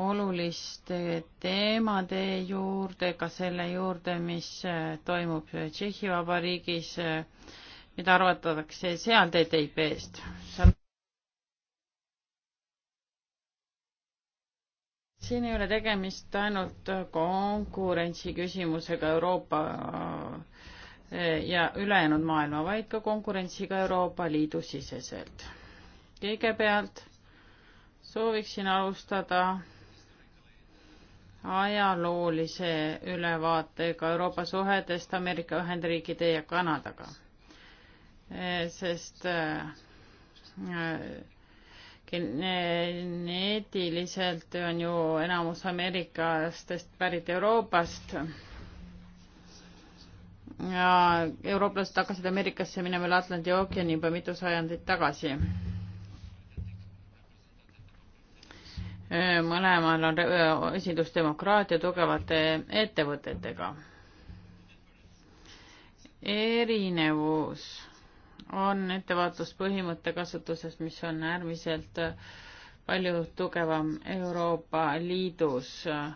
oluliste teemade juurde, ka selle juurde, mis äh, toimub Tšehhi Vabariigis, äh, mida arvatakse seal TTIP-st. siin ei ole tegemist ainult konkurentsi küsimusega Euroopa äh, ja ülejäänud maailma, vaid ka konkurentsiga Euroopa Liidu siseselt. kõigepealt sooviksin alustada ajaloolise ülevaatega Euroopa suhetest Ameerika Ühendriikide ja Kanadaga, sest äh, äh, geneetiliselt on ju enamus ameeriklastest pärit Euroopast ja eurooplased hakkasid Ameerikasse minema üle Atlandi ookeani juba mitu sajandit tagasi. mõlemal on äh, esindus demokraatia tugevate ettevõtetega. erinevus on ettevaatuspõhimõtte kasutusest, mis on äärmiselt äh, palju tugevam Euroopa Liidus äh,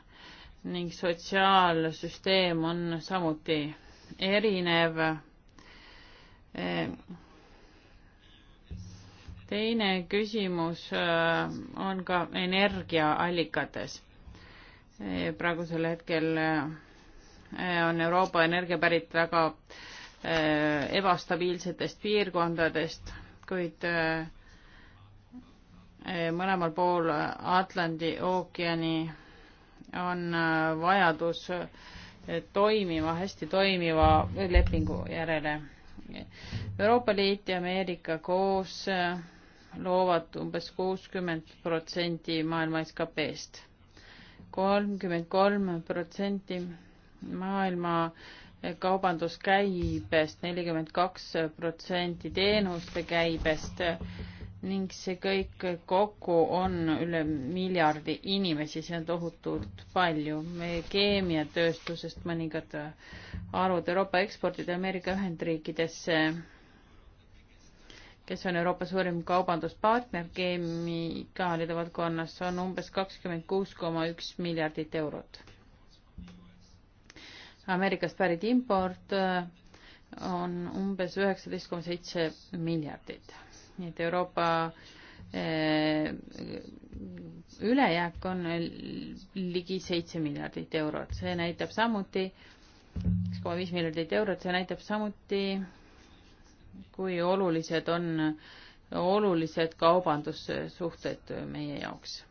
ning sotsiaalsüsteem on samuti erinev. teine küsimus äh, on ka energiaallikates. Äh, praegusel hetkel äh, on Euroopa energia pärit väga ebastabiilsetest piirkondadest, kuid mõlemal pool Atlandi ookeani on vajadus äh, toimiva, hästi toimiva lepingu järele. Euroopa Liit ja Ameerika koos äh, loovad umbes kuuskümmend protsenti maailma SKP-st, kolmkümmend kolm protsenti maailma äh, kaubanduskäibest, nelikümmend kaks protsenti teenuste käibest ning see kõik kokku on üle miljardi inimesi, see on tohutult palju. meie keemiatööstusest mõningad arvud Euroopa ekspordid Ameerika Ühendriikidesse, kes on Euroopa suurim kaubanduspartner keemikaalide valdkonnas, on umbes kakskümmend kuus koma üks miljardit eurot. Ameerikast pärit import äh, on umbes üheksateist koma seitse miljardit nii et Euroopa eh, ülejääk on ligi seitse miljardit eurot, see näitab samuti, üks koma viis miljardit eurot, see näitab samuti, kui olulised on, olulised kaubandussuhted meie jaoks.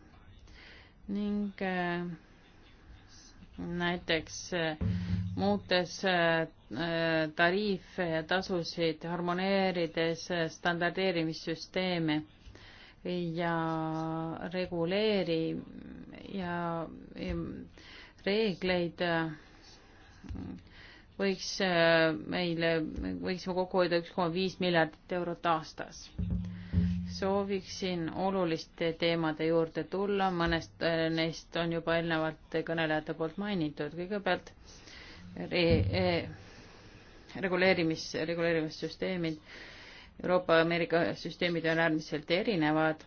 ning eh, näiteks äh, muutes äh, äh, tariife ja tasusid, harmoneerides äh, standardeerimissüsteeme ja reguleeri- ja, ja reegleid võiks meile, võiksime kokku hoida üks koma viis miljardit eurot aastas. sooviksin oluliste teemade juurde tulla, mõnest neist on juba eelnevalt kõnelejate poolt mainitud. kõigepealt äh, re, e, reguleerimis, reguleerimissüsteemid, Euroopa ja Ameerika süsteemid on äärmiselt erinevad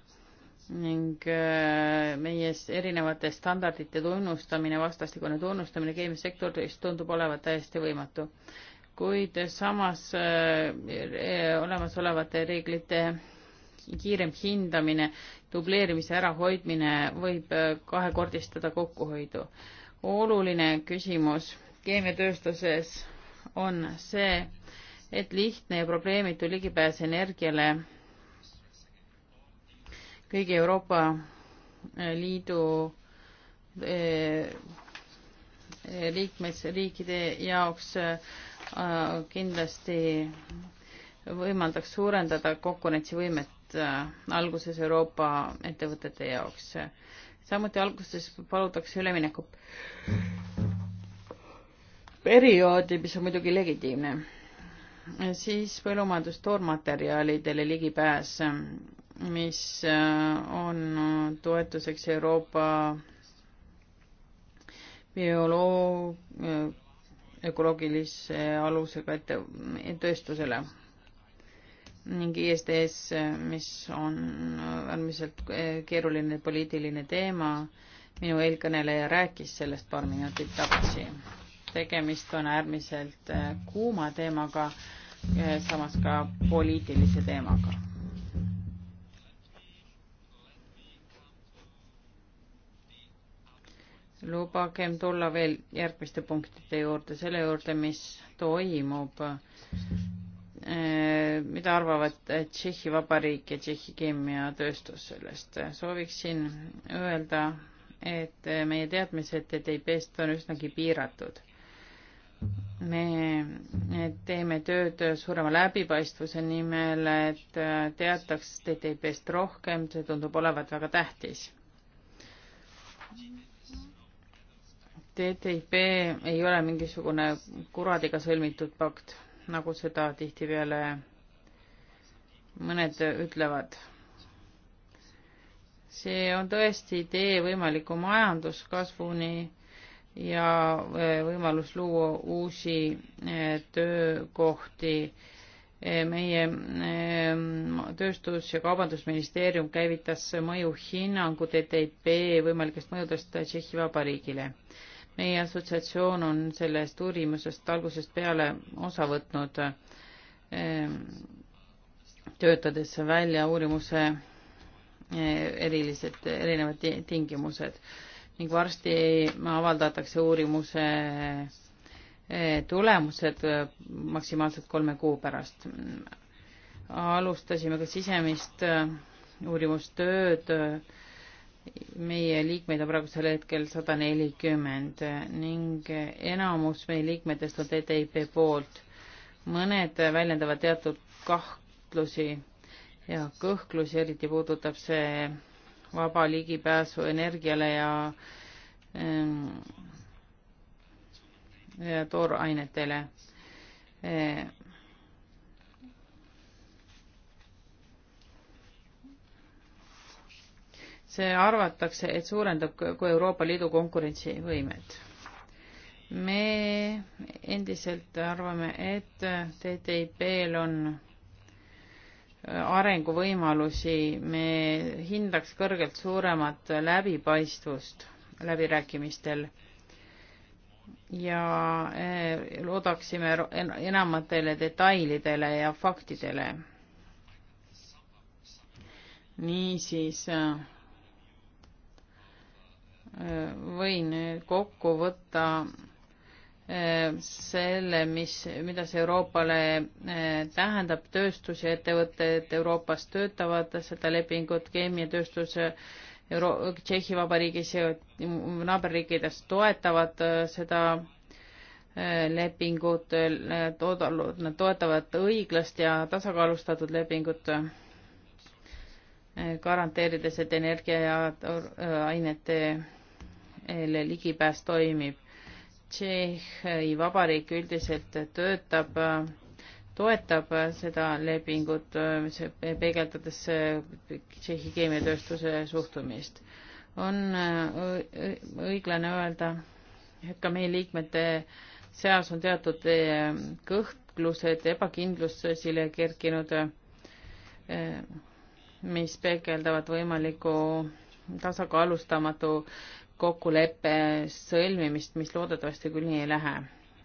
ning e, meie erinevate standardite tunnustamine, vastastikune tunnustamine keemiasektoris tundub olevat täiesti võimatu. kuid samas e, e, olemasolevate reeglite kiirem hindamine, dubleerimise ärahoidmine võib kahekordistada kokkuhoidu. oluline küsimus keemiatööstuses on see, et lihtne ja probleemitu ligipääs energiale kõigi Euroopa eh, Liidu eh, eh, liikmesriikide jaoks kindlasti võimaldaks suurendada konkurentsivõimet alguses Euroopa ettevõtete jaoks. samuti alguses palutakse üleminekut perioodi, mis on muidugi legitiimne. siis põllumajandus-toormaterjalidele ligipääs, mis äh, on toetuseks Euroopa bioloog-, ökoloogilise alusega ette, tööstusele ning ISDS, mis on äärmiselt äh, keeruline poliitiline teema. minu eelkõneleja rääkis sellest paar minutit tagasi tegemist on äärmiselt äh, kuuma teemaga, äh, samas ka poliitilise teemaga. lubagem tulla veel järgmiste punktide juurde, selle juurde, mis toimub, äh, mida arvavad Tšehhi Vabariik ja Tšehhi keemiatööstus sellest. sooviksin öelda, et meie teadmised EDIP-st on üsnagi piiratud me teeme tööd suurema läbipaistvuse nimel, et teataks TTIP-st rohkem, see tundub olevat väga tähtis. TTIP ei ole mingisugune kuradiga sõlmitud pakt, nagu seda tihtipeale mõned ütlevad. see on tõesti tee võimaliku majanduskasvuni ja e, võimalus luua uusi e, töökohti. E, meie tööstus- ja kaubandusministeerium käivitas mõjuhinnangu TTIP võimalikest mõjudest Tšehhi Vabariigile. meie assotsiatsioon on sellest uurimusest algusest peale osa võtnud, töötades välja uurimuse erilised, erinevad tingimused ning varsti avaldatakse uurimuse eh, tulemused eh, maksimaalselt kolme kuu pärast. alustasime ka sisemist eh, uurimustööd. meie liikmeid on praegusel hetkel sada nelikümmend ning enamus meie liikmetest on TTIP poolt. mõned väljendavad teatud kahtlusi ja kõhklusi, eriti puudutab see vaba ligipääsu energiale ja, ähm, ja toorainetele. Äh, see arvatakse, et suurendab ka Euroopa Liidu konkurentsivõimet. me endiselt arvame, et TTIP-l on arenguvõimalusi, me hindaks kõrgelt suuremat läbipaistvust läbirääkimistel ja eh, loodaksime enamatele detailidele ja faktidele. niisiis eh, võin kokku võtta Äh, selle, mis, mida see Euroopale äh, tähendab, tööstus ja ettevõtted Euroopas töötavad seda lepingut, keemiatööstus äh, Euro-, Tšehhi Vabariigis ja naaberriikides toetavad seda lepingut, nad toetavad õiglast ja tasakaalustatud lepingut, garanteerides, et energia ja ainete ligipääs toimib Tšehhi Vabariik üldiselt töötab, toetab seda lepingut, peegeldades Tšehhi keemiatööstuse suhtumist. on õiglane öelda, et ka meie liikmete seas on teatud kõhklused, ebakindlus esile kerkinud, mis peegeldavad võimalikku tasakaalustamatu kokkuleppe sõlmimist, mis loodetavasti küll nii ei lähe.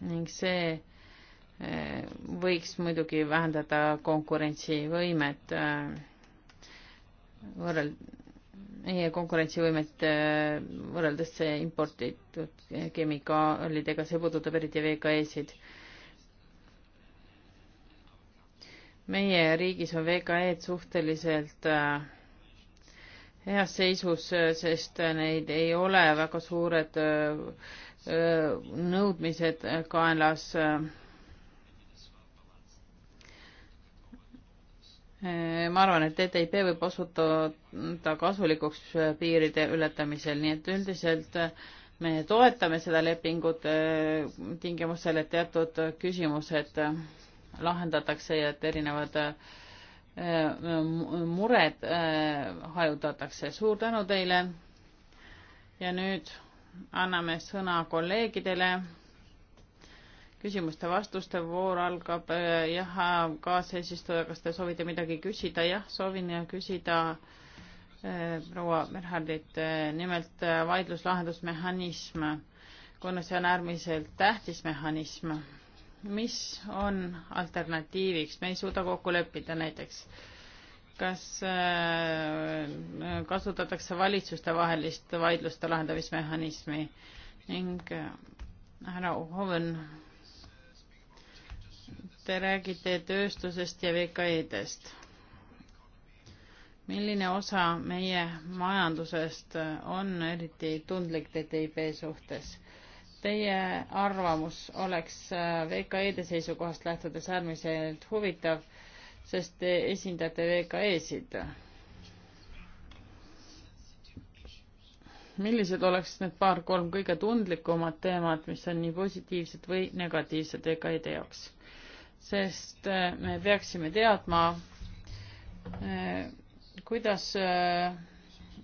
ning see eh, võiks muidugi vähendada konkurentsivõimet eh, võrreld-, meie konkurentsivõimet eh, võrreldes imporditud kemikaalidega, see puudutab eriti VKE-sid. meie riigis on VKE-d suhteliselt äh, heas seisus, äh, sest äh, neid ei ole väga suured äh, nõudmised kaelas. ma arvan, et TTIP võib osutuda kasulikuks piiride ületamisel, nii et üldiselt me toetame seda lepingut tingimusel, et teatud küsimused lahendatakse ja et erinevad äh, Äh, mured äh, hajutatakse. suur tänu teile. ja nüüd anname sõna kolleegidele. küsimuste-vastuste voor algab. Äh, jah, kaasesistuja, kas te soovite midagi küsida? jah, soovin küsida proua Merhardit, nimelt vaidluslahendusmehhanism, kuna see on äärmiselt tähtis mehhanism mis on alternatiiviks, me ei suuda kokku leppida näiteks, kas äh, kasutatakse valitsustevahelist vaidluste lahendamismehhanismi ning äh, härra Ohoven, te räägite tööstusest ja VKE-dest milline osa meie majandusest on eriti tundlik TTIP suhtes. Teie arvamus oleks äh, VKE-de seisukohast lähtudes äärmiselt huvitav, sest te esindate VKE-sid. millised oleks need paar-kolm kõige tundlikumad teemad, mis on nii positiivsed või negatiivsed VKE-de jaoks? sest äh, me peaksime teadma, äh, kuidas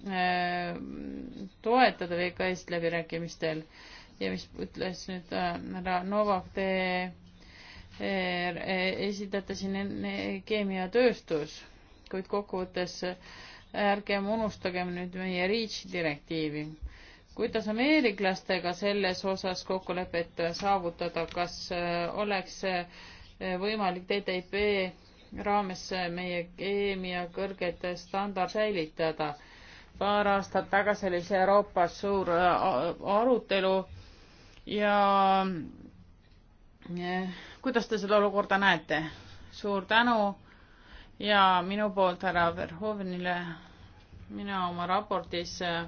toetada VKS läbirääkimistel ja mis ütles nüüd äh, härra äh, Novak, te äh, esitate siin keemiatööstus, kuid kokkuvõttes äh, ärgem unustagem nüüd meie REACH direktiivi. kuidas ameeriklastega selles osas kokkulepet saavutada, kas oleks võimalik TTIP raames meie keemia kõrged standard säilitada? paar aastat tagasi oli see Euroopas suur arutelu ja eh, kuidas te seda olukorda näete? suur tänu ja minu poolt härra Verhovenile. mina oma raportis eh,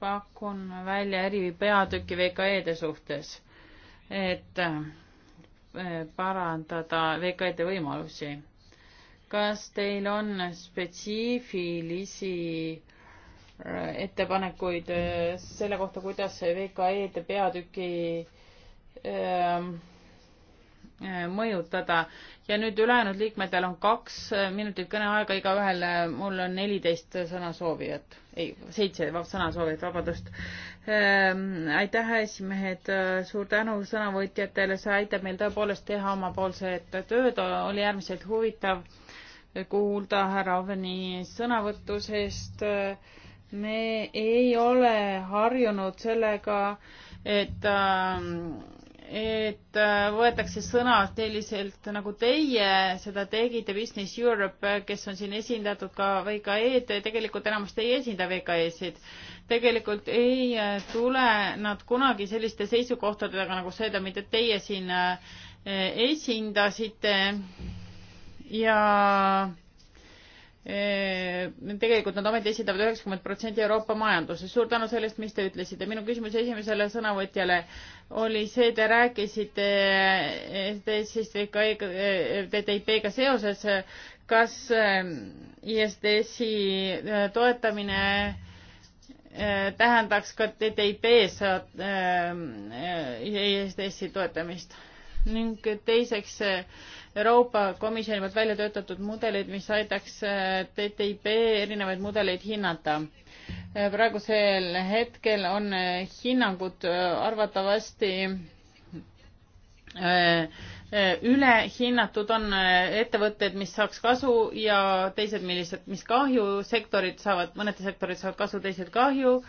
pakun välja eripeatüki VKE-de suhtes, et eh, parandada VKE-de võimalusi. kas teil on spetsiifilisi Äh, ettepanekuid äh, selle kohta, kuidas VKE-de peatüki ähm, äh, mõjutada ja nüüd ülejäänud liikmetel on kaks minutit kõneaega igaühel, mul on neliteist sõnasoovijat, ei, seitse sõnasoovijat, vabandust. Ähm, aitäh, esimehed, suur tänu sõnavõtjatele, see aitab meil tõepoolest teha omapoolset tööd, oli äärmiselt huvitav kuulda härra Oveni sõnavõtusest äh, me ei ole harjunud sellega, et, ähm, et äh, võetakse sõna selliselt nagu teie seda tegite, Business Europe, kes on siin esindatud ka VKE-d, tegelikult enamasti ei esinda VKE-sid. tegelikult ei äh, tule nad kunagi selliste seisukohtadega nagu seda, mida teie siin äh, esindasite ja tegelikult nad ometi esindavad üheksakümmend protsenti Euroopa majanduse. suur tänu sellest, mis te ütlesite. minu küsimus esimesele sõnavõtjale oli see, te rääkisite eh, te siis ikka e eh, TTIP-ga seoses, kas ISDS-i eh, toetamine tähendaks ka TTIP-s ISDS-i toetamist ning teiseks Euroopa Komisjoni poolt välja töötatud mudeleid, mis aitaks äh, TTIP erinevaid mudeleid hinnata. Äh, praegusel hetkel on äh, hinnangud arvatavasti ülehinnatud on ettevõtted, mis saaks kasu ja teised, millised, mis kahju, sektorid saavad, mõned sektorid saavad kasu, teised kahju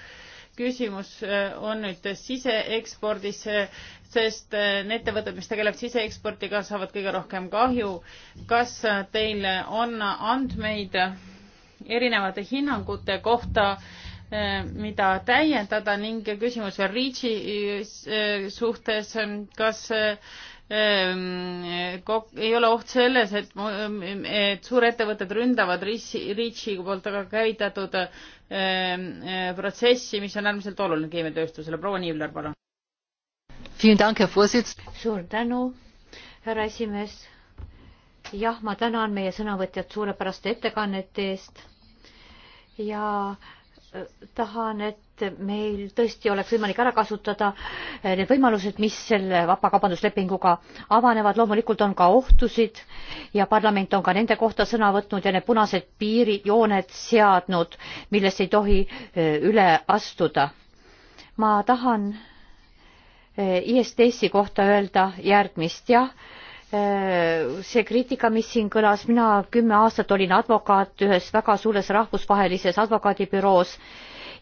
küsimus äh, on nüüd siseekspordis, äh, sest äh, need ettevõtted, mis tegelevad siseekspordiga, saavad kõige rohkem kahju. kas teil on andmeid erinevate hinnangute kohta, mida täiendada ning küsimus veel REACH-i suhtes, kas Ehm, ei ole oht selles, et, et suurettevõtted ründavad Reachi poolt aga käivitatud ehm, eh, protsessi, mis on äärmiselt oluline keemiatööstusele. proua Niivler, palun. suur tänu, härra esimees. jah, ma tänan meie sõnavõtjat suurepäraste ettekannete eest ja eh, tahan, et et meil tõesti oleks võimalik ära kasutada eh, need võimalused, mis selle vabakaubanduslepinguga avanevad. loomulikult on ka ohtusid ja parlament on ka nende kohta sõna võtnud ja need punased piirid, jooned seadnud, millest ei tohi eh, üle astuda. ma tahan eh, ISDS-i kohta öelda järgmist, jah see kriitika, mis siin kõlas, mina kümme aastat olin advokaat ühes väga suures rahvusvahelises advokaadibüroos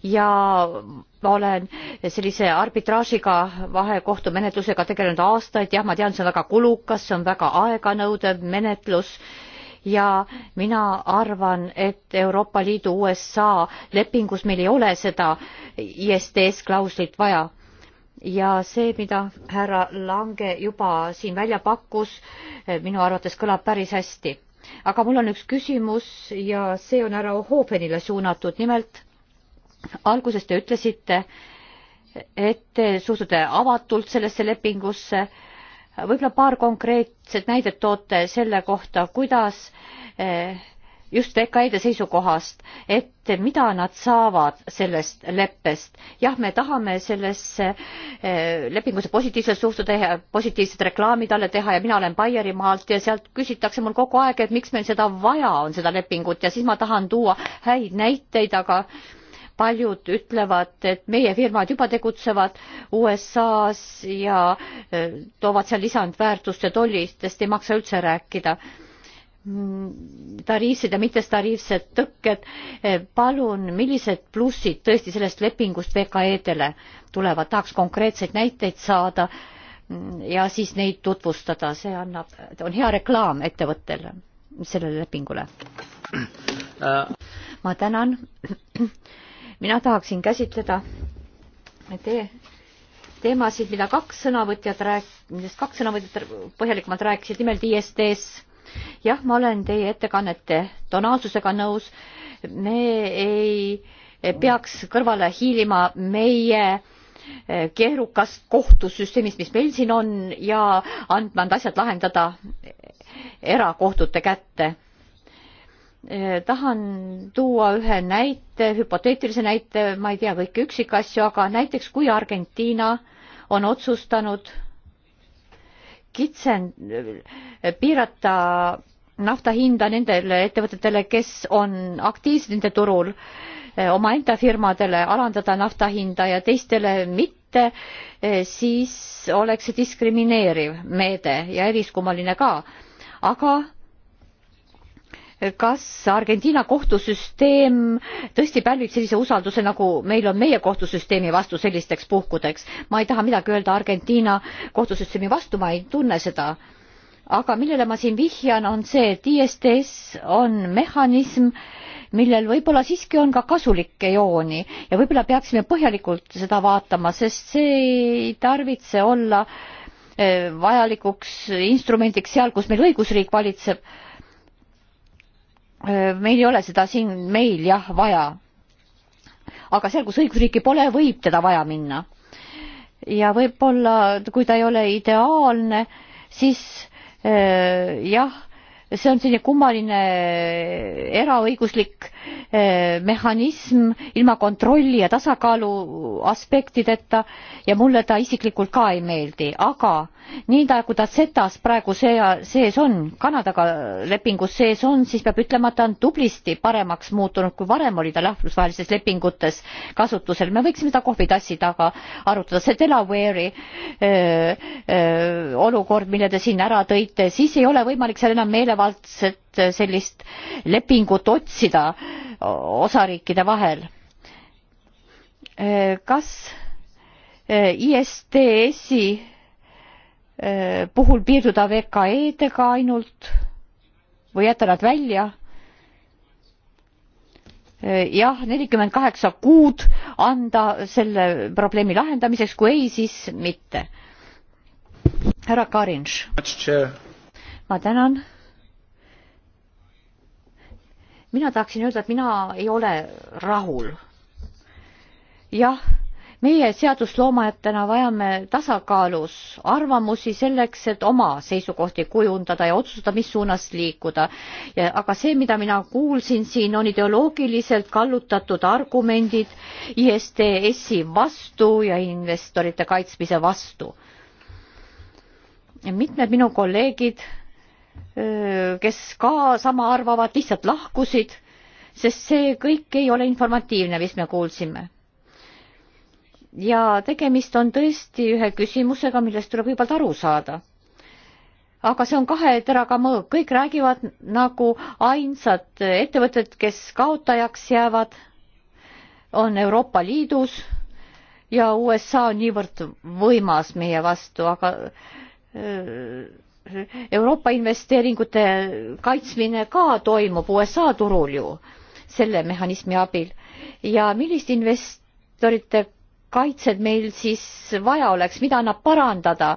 ja ma olen sellise arbitraažiga vahekohtumenetlusega tegelenud aastaid, jah, ma tean, see on väga kulukas, see on väga aeganõudev menetlus ja mina arvan, et Euroopa Liidu USA lepingus meil ei ole seda ISDS klauslit vaja ja see, mida härra Lange juba siin välja pakkus, minu arvates kõlab päris hästi. aga mul on üks küsimus ja see on härra Hobenile suunatud, nimelt alguses te ütlesite, et te suhtute avatult sellesse lepingusse. võib-olla paar konkreetset näidet toote selle kohta, kuidas eh, just VKI-de seisukohast, et mida nad saavad sellest leppest. jah, me tahame sellesse eh, lepingusse positiivselt suhtuda ja positiivset reklaami talle teha ja mina olen Baierimaalt ja sealt küsitakse mul kogu aeg, et miks meil seda vaja on, seda lepingut ja siis ma tahan tuua häid näiteid, aga äh, paljud ütlevad, et meie firmad juba tegutsevad USA-s ja e, toovad seal lisandväärtust ja tollidest ei maksa üldse rääkida mm, tariifsed ja mittestariifsed tõkked. E, palun, millised plussid tõesti sellest lepingust VKE-dele tulevad, tahaks konkreetseid näiteid saada mm, ja siis neid tutvustada, see annab, on hea reklaam ettevõttele, sellele lepingule. Äh. ma tänan mina tahaksin käsitleda te teemasid, mida kaks sõnavõtjat rääk-, millest kaks sõnavõtjat põhjalikumalt rääkisid, nimelt ISTS. jah, ma olen teie ettekannete tonaalsusega nõus, me ei peaks kõrvale hiilima meie eh, keerukast kohtusüsteemist, mis meil siin on ja andma need asjad lahendada erakohtute kätte Eh, tahan tuua ühe näite, hüpoteetilise näite, ma ei tea kõiki üksikasju, aga näiteks kui Argentiina on otsustanud kitsen-, eh, piirata nafta hinda nendele ettevõtetele, kes on aktiivsed nende turul, eh, omaenda firmadele alandada nafta hinda ja teistele mitte, siis oleks see diskrimineeriv meede ja eriskummaline ka. aga kas Argentiina kohtusüsteem tõesti pälvib sellise usalduse, nagu meil on meie kohtusüsteemi vastu sellisteks puhkudeks? ma ei taha midagi öelda Argentiina kohtusüsteemi vastu, ma ei tunne seda. aga millele ma siin vihjan, on see, et ISTS on mehhanism, millel võib-olla siiski on ka kasulikke jooni ja võib-olla peaksime põhjalikult seda vaatama, sest see ei tarvitse olla eh, vajalikuks instrumendiks seal, kus meil õigusriik valitseb Äh, meil ei ole seda siin meil jah vaja. aga seal, kus õigusriiki pole, võib teda vaja minna. ja võib-olla, kui ta ei ole ideaalne, siis äh, jah see on selline kummaline eraõiguslik eh, mehhanism ilma kontrolli ja tasakaalu aspektideta ja mulle ta isiklikult ka ei meeldi aga nii ta nagu kui ta setas praegu see sees on kanadaga lepingus sees on siis peab ütlema et ta on tublisti paremaks muutunud kui varem oli ta rahvusvahelistes lepingutes kasutusel me võiksime seda kohvitassi taga arutada see delaware'i öö, eh, öö, eh, olukord mille te siin ära tõite siis ei ole võimalik seal enam meelevaldselt vägivaldset eh, sellist lepingut otsida osariikide vahel. Eh, kas ISDS-i eh, puhul piirduda VKE-dega ainult või jätta nad välja? jah, nelikümmend kaheksa kuud anda selle probleemi lahendamiseks, kui ei, siis mitte. härra Karinš. ma tänan mina tahaksin öelda, et mina ei ole rahul. jah, meie seadusloomajatena vajame tasakaalus arvamusi selleks, et oma seisukohti kujundada ja otsustada, mis suunas liikuda. aga see, mida mina kuulsin siin, on ideoloogiliselt kallutatud argumendid ISDS-i vastu ja investorite kaitsmise vastu. mitmed minu kolleegid kes ka sama arvavad, lihtsalt lahkusid, sest see kõik ei ole informatiivne, mis me kuulsime. ja tegemist on tõesti ühe küsimusega, millest tuleb kõigepealt aru saada. aga see on kahe teraga mõõg, kõik räägivad nagu ainsad ettevõtted, kes kaotajaks jäävad, on Euroopa Liidus ja USA on niivõrd võimas meie vastu, aga öö, Euroopa investeeringute kaitsmine ka toimub USA turul ju selle mehhanismi abil ja millist investorite kaitset meil siis vaja oleks, mida annab parandada?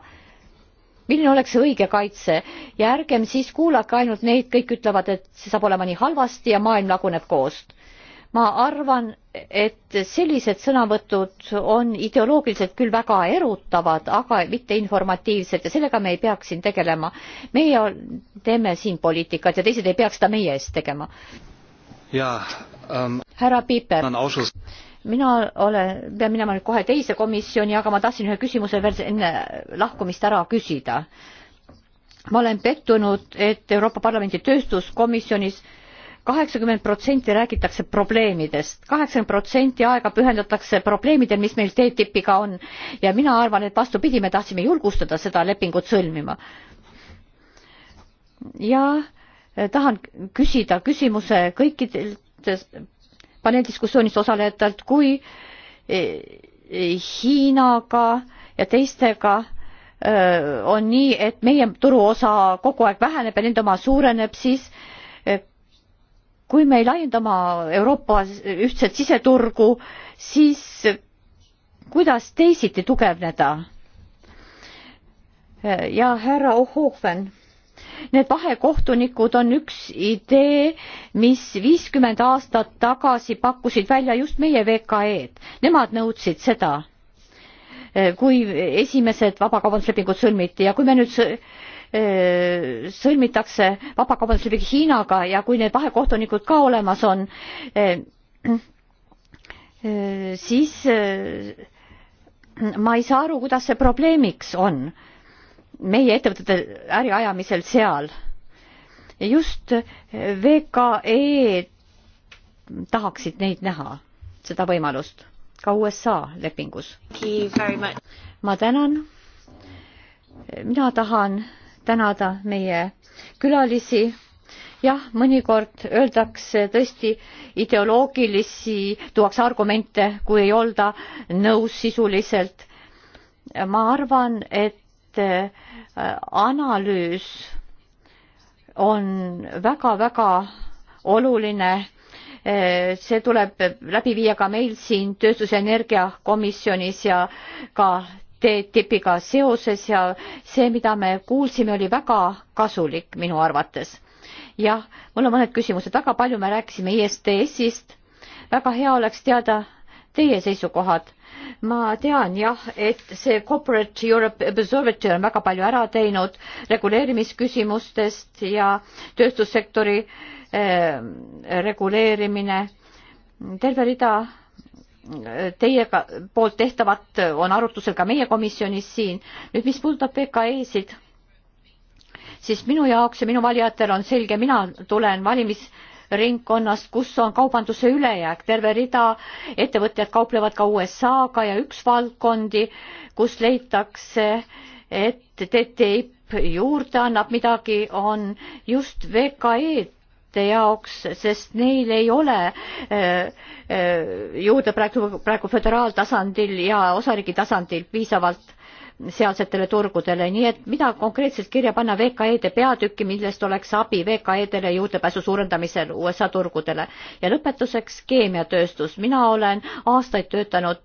milline oleks see õige kaitse ja ärgem siis kuulake ainult neid, kõik ütlevad, et see saab olema nii halvasti ja maailm laguneb koost ma arvan, et sellised sõnavõtud on ideoloogiliselt küll väga erutavad, aga mitte informatiivsed ja sellega me ei peaks siin tegelema. meie teeme siin poliitikat ja teised ei peaks seda meie eest tegema. Ähm, härra Piiper, mina olen, pean minema nüüd kohe teise komisjoni, aga ma tahtsin ühe küsimuse veel enne lahkumist ära küsida. ma olen pettunud, et Euroopa Parlamendi tööstuskomisjonis kaheksakümmend protsenti räägitakse probleemidest kaheksakümmend protsenti aega pühendatakse probleemidel mis meil ttip'iga on ja mina arvan et vastupidi me tahtsime julgustada seda lepingut sõlmima ja eh, tahan küsida küsimuse kõikidelt paneeldiskussioonis osalejatelt kui eh, hiinaga ja teistega eh, on nii et meie turuosa kogu aeg väheneb ja nende oma suureneb siis kui me ei laienda oma Euroopa ühtset siseturgu, siis kuidas teisiti tugevneda? ja härra Ohoven, need vahekohtunikud on üks idee, mis viiskümmend aastat tagasi pakkusid välja just meie VKE-d, nemad nõudsid seda kui esimesed vabakaubanduslepingud sõlmiti ja kui me nüüd sõlmitakse vabakaubandusleping Hiinaga ja kui need vahekohtunikud ka olemas on, siis ma ei saa aru, kuidas see probleemiks on meie ettevõtete äriajamisel seal. just VKE tahaksid neid näha, seda võimalust, ka USA lepingus. ma tänan. mina tahan tänada meie külalisi. jah, mõnikord öeldakse tõesti ideoloogilisi, tuuakse argumente, kui ei olda nõus sisuliselt. ma arvan, et äh, analüüs on väga-väga oluline äh, see tuleb läbi viia ka meil siin tööstuse energiakomisjonis ja ka TTIP-iga seoses ja see, mida me kuulsime, oli väga kasulik minu arvates. jah, mul on mõned küsimused, väga palju me rääkisime ISDS-ist, väga hea oleks teada teie seisukohad. ma tean jah, et see Corporate Europe Observatory on väga palju ära teinud reguleerimisküsimustest ja tööstussektori eh, reguleerimine, terve rida teie poolt tehtavat on arutusel ka meie komisjonis siin. nüüd, mis puudutab VKE-sid, siis minu jaoks ja minu valijatel on selge, mina tulen valimisringkonnast, kus on kaubanduse ülejääk, terve rida ettevõtjad kauplevad ka USA-ga ja üks valdkondi, kus leitakse, et TTIP juurde annab midagi, on just VKE-d ettevõtete jaoks, sest neil ei ole äh, äh, juurde praegu, praegu föderaaltasandil ja osariigi tasandil piisavalt sealsetele turgudele, nii et mida konkreetselt kirja panna VKE-de peatükki, millest oleks abi VKE-dele juurdepääsu suurendamisel USA turgudele. ja lõpetuseks keemiatööstus, mina olen aastaid töötanud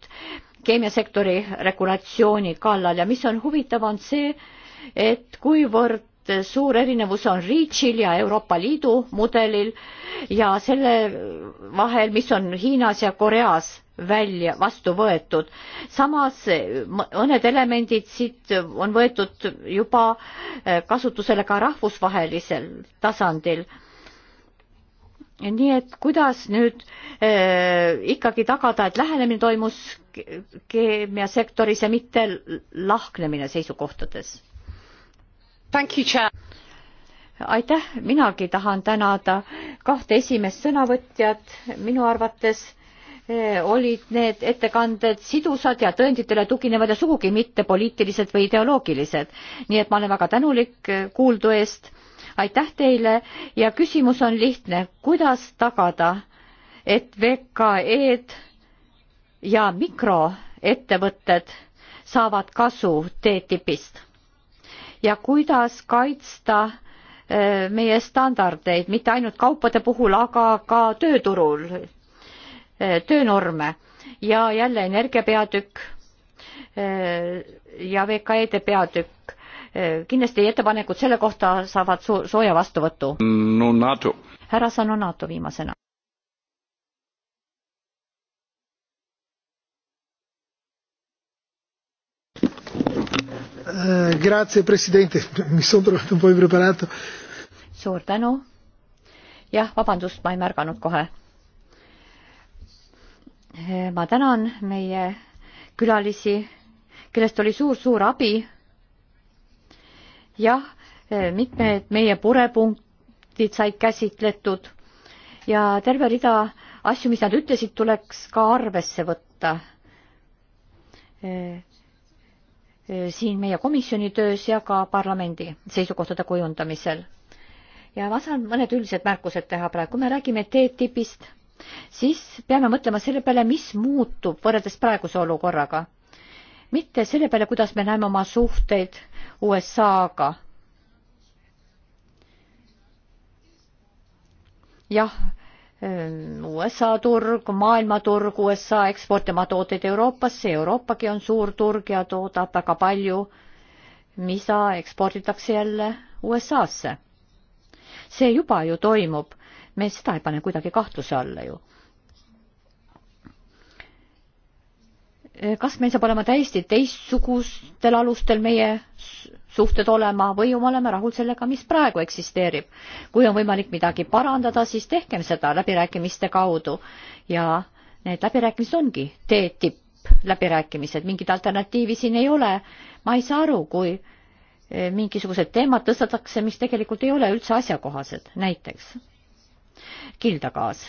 keemiasektori regulatsiooni kallal ja mis on huvitav, on see, et kuivõrd et suur erinevus on REACHil ja Euroopa Liidu mudelil ja selle vahel, mis on Hiinas ja Koreas välja, vastu võetud. samas mõned elemendid siit on võetud juba eh, kasutusele ka rahvusvahelisel tasandil nii et kuidas nüüd äh, ikkagi tagada, et lähenemine toimus keemiasektoris ja mitte lahknemine seisukohtades? aitäh, minagi tahan tänada kahte esimest sõnavõtjat, minu arvates eh, olid need ettekanded sidusad ja tõenditele tuginevad ja sugugi mitte poliitilised või ideoloogilised. nii et ma olen väga tänulik eh, kuuldu eest. aitäh teile ja küsimus on lihtne, kuidas tagada, et VKE-d ja mikroettevõtted saavad kasu TTIP-ist? ja kuidas kaitsta eh, meie standardeid, mitte ainult kaupade puhul, aga ka tööturul, eh, töönorme ja jälle energia peatükk eh, ja VKE-de peatükk. kindlasti ettepanekud selle kohta saavad sooja vastuvõtu no,. härra Sanonato viimasena. äh,. Grazie, president, mis on tulnud, on preparato. suur tänu. jah, vabandust, ma ei märganud kohe. Eh, ma tänan meie külalisi, kellest oli suur-suur abi. jah, eh, mitmed meie purepunktid said käsitletud ja terve rida asju, mis nad ütlesid, tuleks ka arvesse võtta siin meie komisjoni töös ja ka parlamendi seisukohtade kujundamisel. ja ma saan mõned üldised märkused teha praegu, kui me räägime TTIP-ist, siis peame mõtlema selle peale, mis muutub võrreldes praeguse olukorraga. mitte selle peale, kuidas me näeme oma suhteid USA-ga. jah Ehm, USA turg, maailmaturg, USA eksport tema tooteid Euroopasse, Euroopagi on suur turg ja toodab väga palju, mida eksporditakse jälle USA-sse. see juba ju toimub, me seda ei pane kuidagi kahtluse alla ju kas meil saab olema täiesti teistsugustel alustel meie suhted olema või me oleme rahul sellega, mis praegu eksisteerib. kui on võimalik midagi parandada, siis tehkem seda läbirääkimiste kaudu ja need läbirääkimised ongi tee tipp läbirääkimised, mingit alternatiivi siin ei ole. ma ei saa aru, kui eh, mingisugused teemad tõstetakse, mis tegelikult ei ole üldse asjakohased, näiteks kildagaas.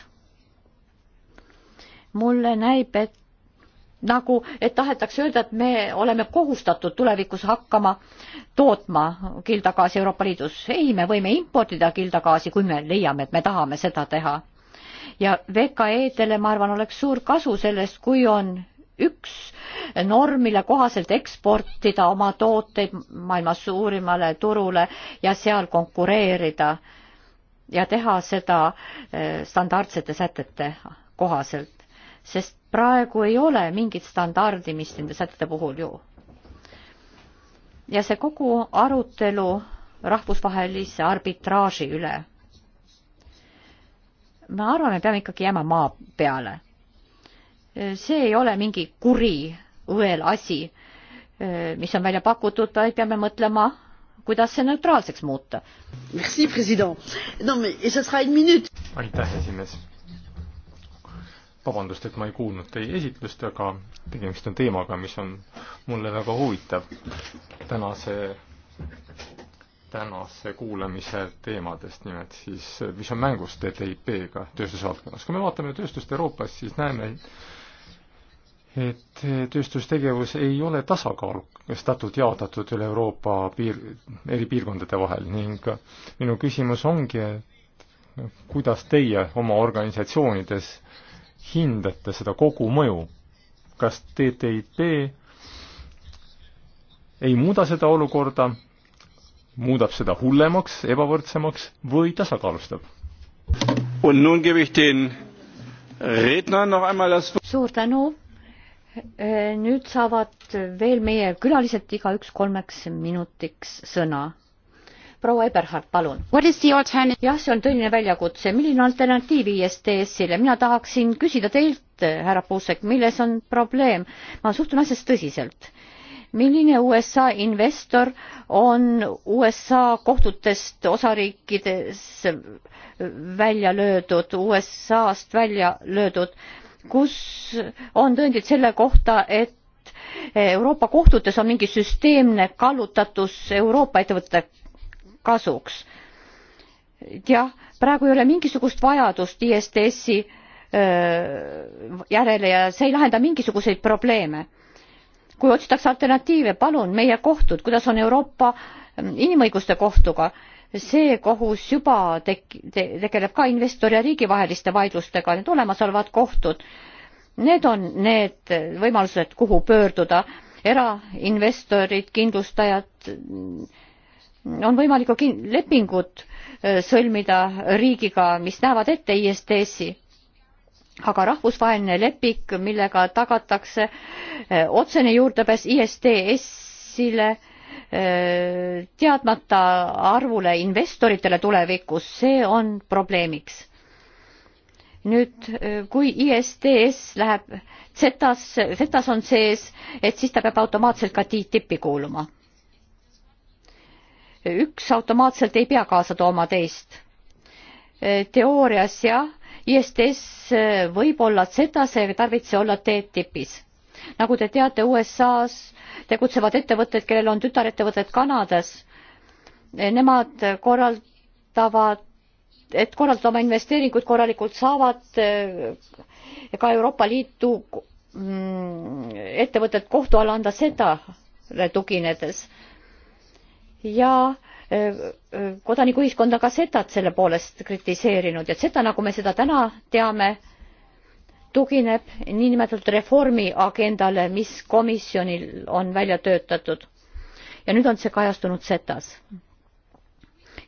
mulle näib, et nagu, et tahetakse öelda, et me oleme kohustatud tulevikus hakkama tootma kildagaasi Euroopa Liidus. ei, me võime importida kildagaasi, kui me leiame, et me tahame seda teha. ja VKE-dele, ma arvan, oleks suur kasu sellest, kui on üks norm, mille kohaselt eksportida oma tooteid maailma suurimale turule ja seal konkureerida ja teha seda eh, standardsete sätete kohaselt sest praegu ei ole mingit standardimist nende sätete puhul ju. ja see kogu arutelu rahvusvahelise arbitraaži üle. ma arvan, me peame ikkagi jääma maa peale. see ei ole mingi kuri õel asi, mis on välja pakutud, vaid peame mõtlema kuidas see neutraalseks muuta. aitäh, esimees vabandust, et ma ei kuulnud teie esitlust, aga tegemist on teemaga, mis on mulle väga huvitav tänase, tänase kuulamise teemadest, nimelt siis, mis on mängus TTIP-ga tööstusvaldkonnas. kui me vaatame tööstust Euroopas, siis näeme, et tööstustegevus ei ole tasakaalustatud jaotatud üle Euroopa piir, eri piirkondade vahel ning minu küsimus ongi, et kuidas teie oma organisatsioonides äh, hindate seda kogumõju? kas TTIP ei muuda seda olukorda, muudab seda hullemaks, ebavõrdsemaks või tasakaalustab? suur tänu. Äh, nüüd saavad veel meie külalised igaüks kolmeks minutiks sõna proua Eberhard, palun. jah, see on tõeline väljakutse, milline alternatiiv ISTS-ile, mina tahaksin küsida teilt, härra Puusek, milles on probleem, ma suhtun asjasse tõsiselt milline USA investor on USA kohtutest osariikides välja löödud, USA-st välja löödud, kus on tõendid selle kohta, et Euroopa kohtutes on mingi süsteemne kallutatus Euroopa ettevõtete kasuks. jah, praegu ei ole mingisugust vajadust ISDS-i järele ja see ei lahenda mingisuguseid probleeme. kui otsitakse alternatiive, palun, meie kohtud, kuidas on Euroopa Inimõiguste Kohtuga, see kohus juba tek- te,, tegeleb ka investori ja riigi vaheliste vaidlustega, need olemasolevad kohtud, need on need võimalused, kuhu pöörduda, erainvestorid, kindlustajad, on võimalik ka lepingud äh, sõlmida riigiga mis näevad ette isdsi aga rahvusvaheline leping millega tagatakse äh, otsene juurdepääs isdsile äh, teadmata arvule investoritele tulevikus see on probleemiks nüüd kui ISDS läheb ZETAS, ZETAS on sees, et siis ta peab automaatselt ka TTIP-i kuuluma üks automaatselt ei pea kaasa tooma teist. teoorias jah, ISTS võib olla zetas, ei tarvitse olla T-tipis. nagu te teate, USA-s tegutsevad ettevõtted, kellel on tütarettevõtted Kanadas, nemad korraldavad et korraldada oma investeeringuid korralikult saavad eh, ka Euroopa Liidu mm, ettevõtted kohtu alla anda seda tuginedes ja kodanikuühiskond on ka setat selle poolest kritiseerinud ja seta nagu me seda täna teame tugineb niinimetatud reformi agendale mis komisjonil on välja töötatud ja nüüd on see kajastunud setas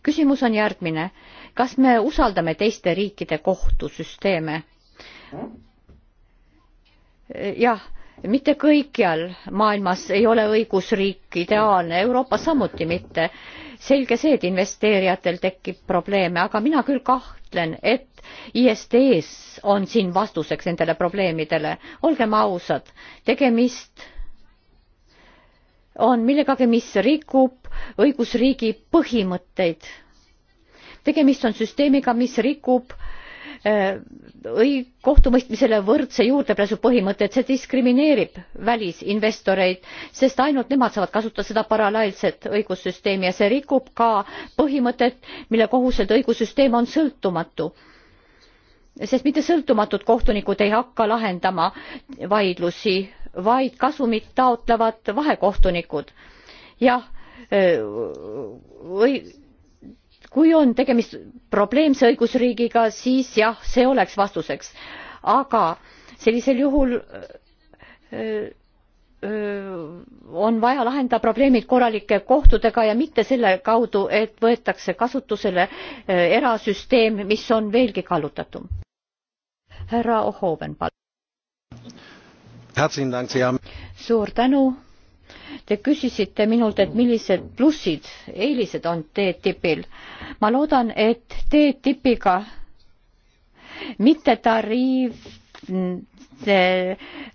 küsimus on järgmine kas me usaldame teiste riikide kohtusüsteeme jah mitte kõikjal maailmas ei ole õigusriik ideaalne euroopas samuti mitte selge see et investeerijatel tekib probleeme aga mina küll kahtlen et isds on siin vastuseks nendele probleemidele olgem ausad tegemist on millegagi mis rikub õigusriigi põhimõtteid tegemist on süsteemiga mis rikub äh, Äh, õi-, kohtumõistmisele võrdse juurdepääsu põhimõtet, see diskrimineerib välisinvestoreid, sest ainult nemad saavad kasutada seda paralleelset õigussüsteemi ja see rikub ka põhimõtet, mille kohuselt õigussüsteem on sõltumatu sest mitte sõltumatud kohtunikud ei hakka lahendama vaidlusi vaid kasumit taotlevad vahekohtunikud jah äh, õi- kui on tegemist probleemse õigusriigiga siis jah see oleks vastuseks aga sellisel juhul öö, äh, öö, äh, on vaja lahendada probleemid korralike kohtudega ja mitte selle kaudu et võetakse kasutusele äh, erasüsteem mis on veelgi kallutatum. härra Ohoven palun. suur tänu Te küsisite minult, et millised plussid, eelised on TTIP-il. ma loodan, et TTIP-iga mittetariifne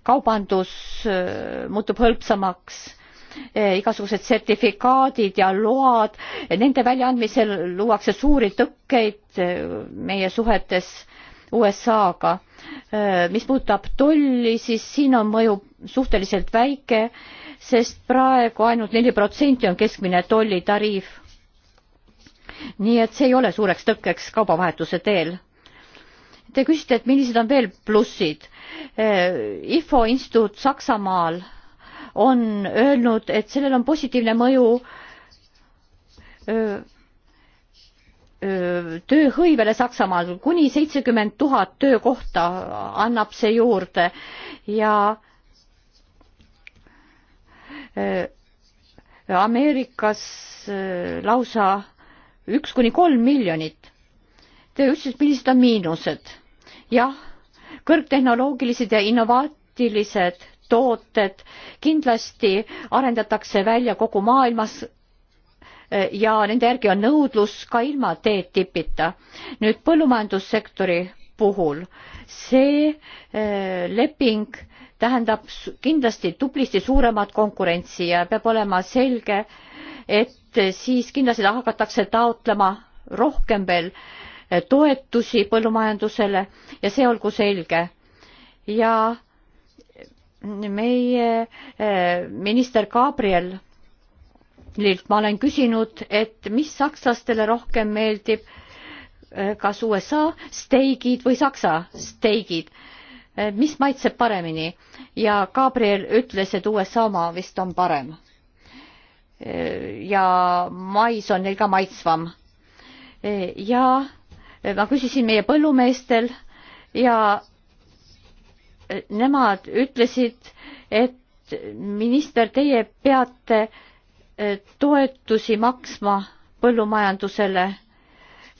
kaubandus äh, muutub hõlpsamaks äh, igasugused sertifikaadid ja load nende väljaandmisel luuakse suuri tõkkeid äh, meie suhetes USA-ga. Äh, mis puudutab tolli, siis siin on mõju suhteliselt väike, sest praegu ainult neli protsenti on keskmine tollitariif. nii et see ei ole suureks tõkkeks kaubavahetuse teel. Te küsite, et millised on veel plussid. Äh, IFO instituut Saksamaal on öelnud, et sellel on positiivne mõju öö, äh, tööhõivele Saksamaal kuni seitsekümmend tuhat töökohta annab see juurde ja Ameerikas lausa üks kuni kolm miljonit. Te ütlesite, millised on miinused? jah, kõrgtehnoloogilised ja innovaatilised tooted kindlasti arendatakse välja kogu maailmas ja nende järgi on nõudlus ka ilma TTIP-ita. nüüd põllumajandussektori puhul see äh, leping tähendab kindlasti tublisti suuremat konkurentsi ja peab olema selge, et siis kindlasti hakatakse taotlema rohkem veel äh, toetusi põllumajandusele ja see olgu selge. ja meie äh, minister Gabriel Lilt ma olen küsinud, et mis sakslastele rohkem meeldib, eh, kas USA steigid või Saksa steigid, eh, mis maitseb paremini ja Gabriel ütles, et USA oma vist on parem. Eh, ja mais on neil ka maitsvam. ja ma küsisin meie põllumeestel ja nemad ütlesid, et minister, teie peate äh, Eh, toetusi maksma põllumajandusele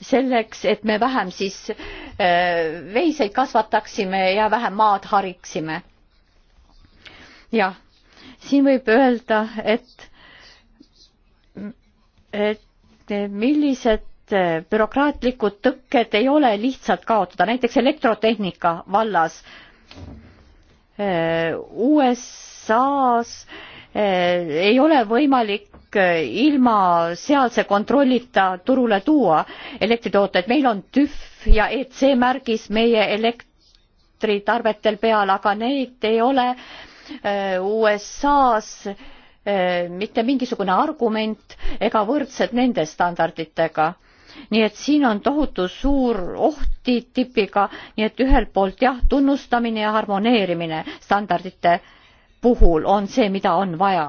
selleks, et me vähem siis eh, veiseid kasvataksime ja vähem maad hariksime. jah, siin võib öelda, et, et millised eh, bürokraatlikud tõkked ei ole lihtsalt kaotada, näiteks elektrotehnika vallas. USA-s Eh, ei ole võimalik eh, ilma sealse kontrollita turule tuua elektritooteid. meil on tühv ja ec märgis meie elektritarvetel peal aga neid ei ole eh, usas mitte mingisugune argument ega võrdsed nende standarditega nii et siin on tohutu suur oht TTIP-iga, nii et ühelt poolt jah, tunnustamine ja harmoneerimine standardite puhul on see mida on vaja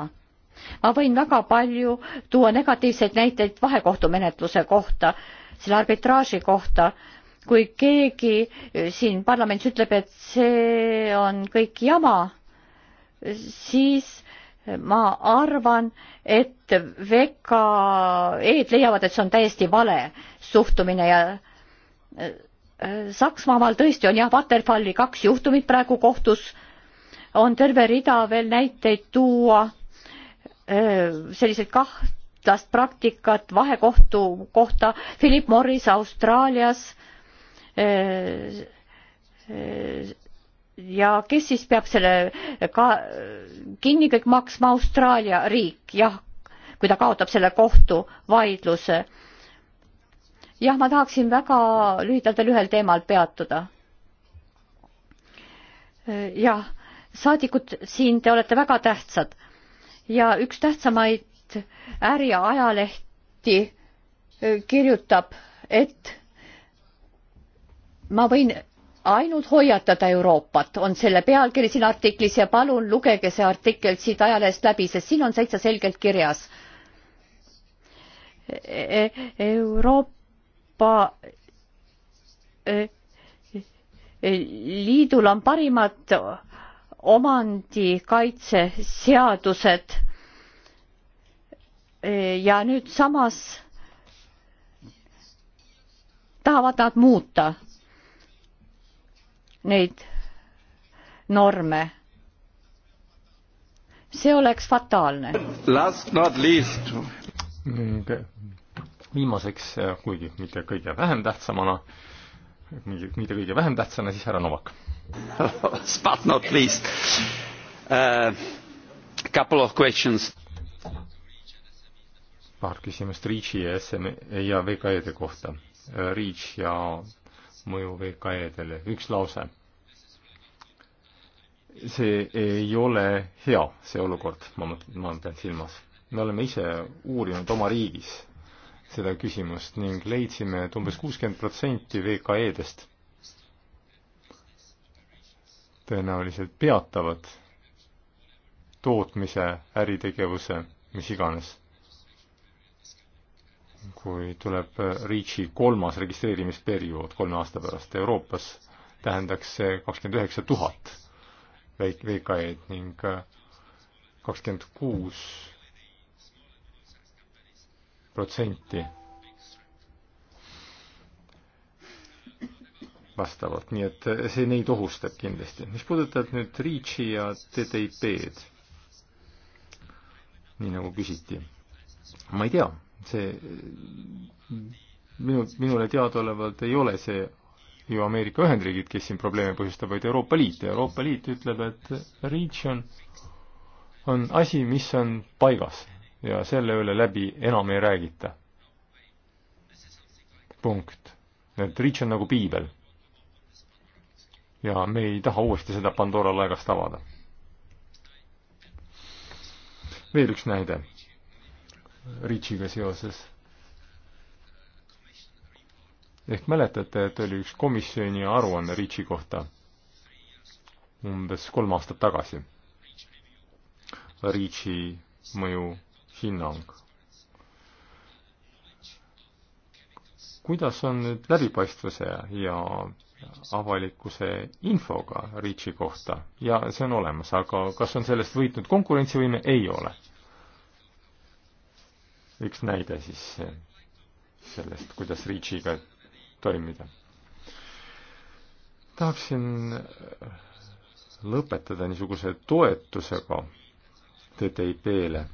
ma võin väga palju tuua negatiivseid näiteid vahekohtumenetluse kohta selle arbitraaži kohta kui keegi siin parlamendis ütleb et see on kõik jama siis ma arvan et VKE-d leiavad et see on täiesti vale suhtumine ja äh, Saksamaal tõesti on jah Waterfalli kaks juhtumit praegu kohtus on terve rida veel näiteid tuua, selliseid kahtlast praktikat vahekohtu kohta Philip Morris Austraalias. ja kes siis peab selle ka kinni kõik maksma, Austraalia riik, jah, kui ta kaotab selle kohtuvaidluse jah, ma tahaksin väga lühidalt veel ühel teemal peatuda. jah, saadikud siin, te olete väga tähtsad ja üks tähtsamaid äriajalehti eh, kirjutab, et ma võin ainult hoiatada Euroopat, on selle pealkiri siin artiklis ja palun lugege see artikkel siit ajalehest läbi, sest siin on täitsa selgelt kirjas e. Euroopa e, e- Liidul on parimad omandikaitseseadused ja nüüd samas tahavad nad muuta neid norme. see oleks fataalne. Last not least. viimaseks, kuigi mitte kõige vähem tähtsamana, mitte kõige vähem tähtsana, siis härra Novak But not least uh,, couple of questions. paar küsimust REACH-i ja SM- e ja VKE-de kohta. Uh, REACH ja mõju VKE-dele, üks lause. see ei ole hea, see olukord, ma mõtlen, ma pean silmas. me oleme ise uurinud oma riigis seda küsimust ning leidsime et, et umbes kuuskümmend protsenti VKE-dest tõenäoliselt peatavad tootmise, äritegevuse, mis iganes. kui tuleb REACH-i kolmas registreerimisperiood kolme aasta pärast Euroopas, tähendaks see kakskümmend üheksa tuhat väik-, VKE-d ning äh, kakskümmend kuus protsenti vastavalt, nii et see neid ohustab kindlasti. mis puudutab nüüd REACH-i ja TTIP-d, nii nagu küsiti, ma ei tea, see minu, minule teadaolevalt ei ole see ju Ameerika Ühendriigid, kes siin probleeme põhjustab, vaid Euroopa Liit ja Euroopa Liit ütleb, et REACH on, on asi, mis on paigas ja selle üle läbi enam ei räägita. punkt. et REACH on nagu piibel ja me ei taha uuesti seda Pandora laegast avada. veel üks näide Richiga seoses. ehk mäletate, et oli üks komisjoni aruanne Richi kohta umbes kolm aastat tagasi. Richi mõju hinnang. kuidas on nüüd läbipaistvuse ja avalikkuse infoga REACH-i kohta ja see on olemas, aga kas on sellest võitnud konkurentsivõime, ei ole. üks näide siis sellest, kuidas REACH-iga toimida. tahaksin lõpetada niisuguse toetusega TTIP-le,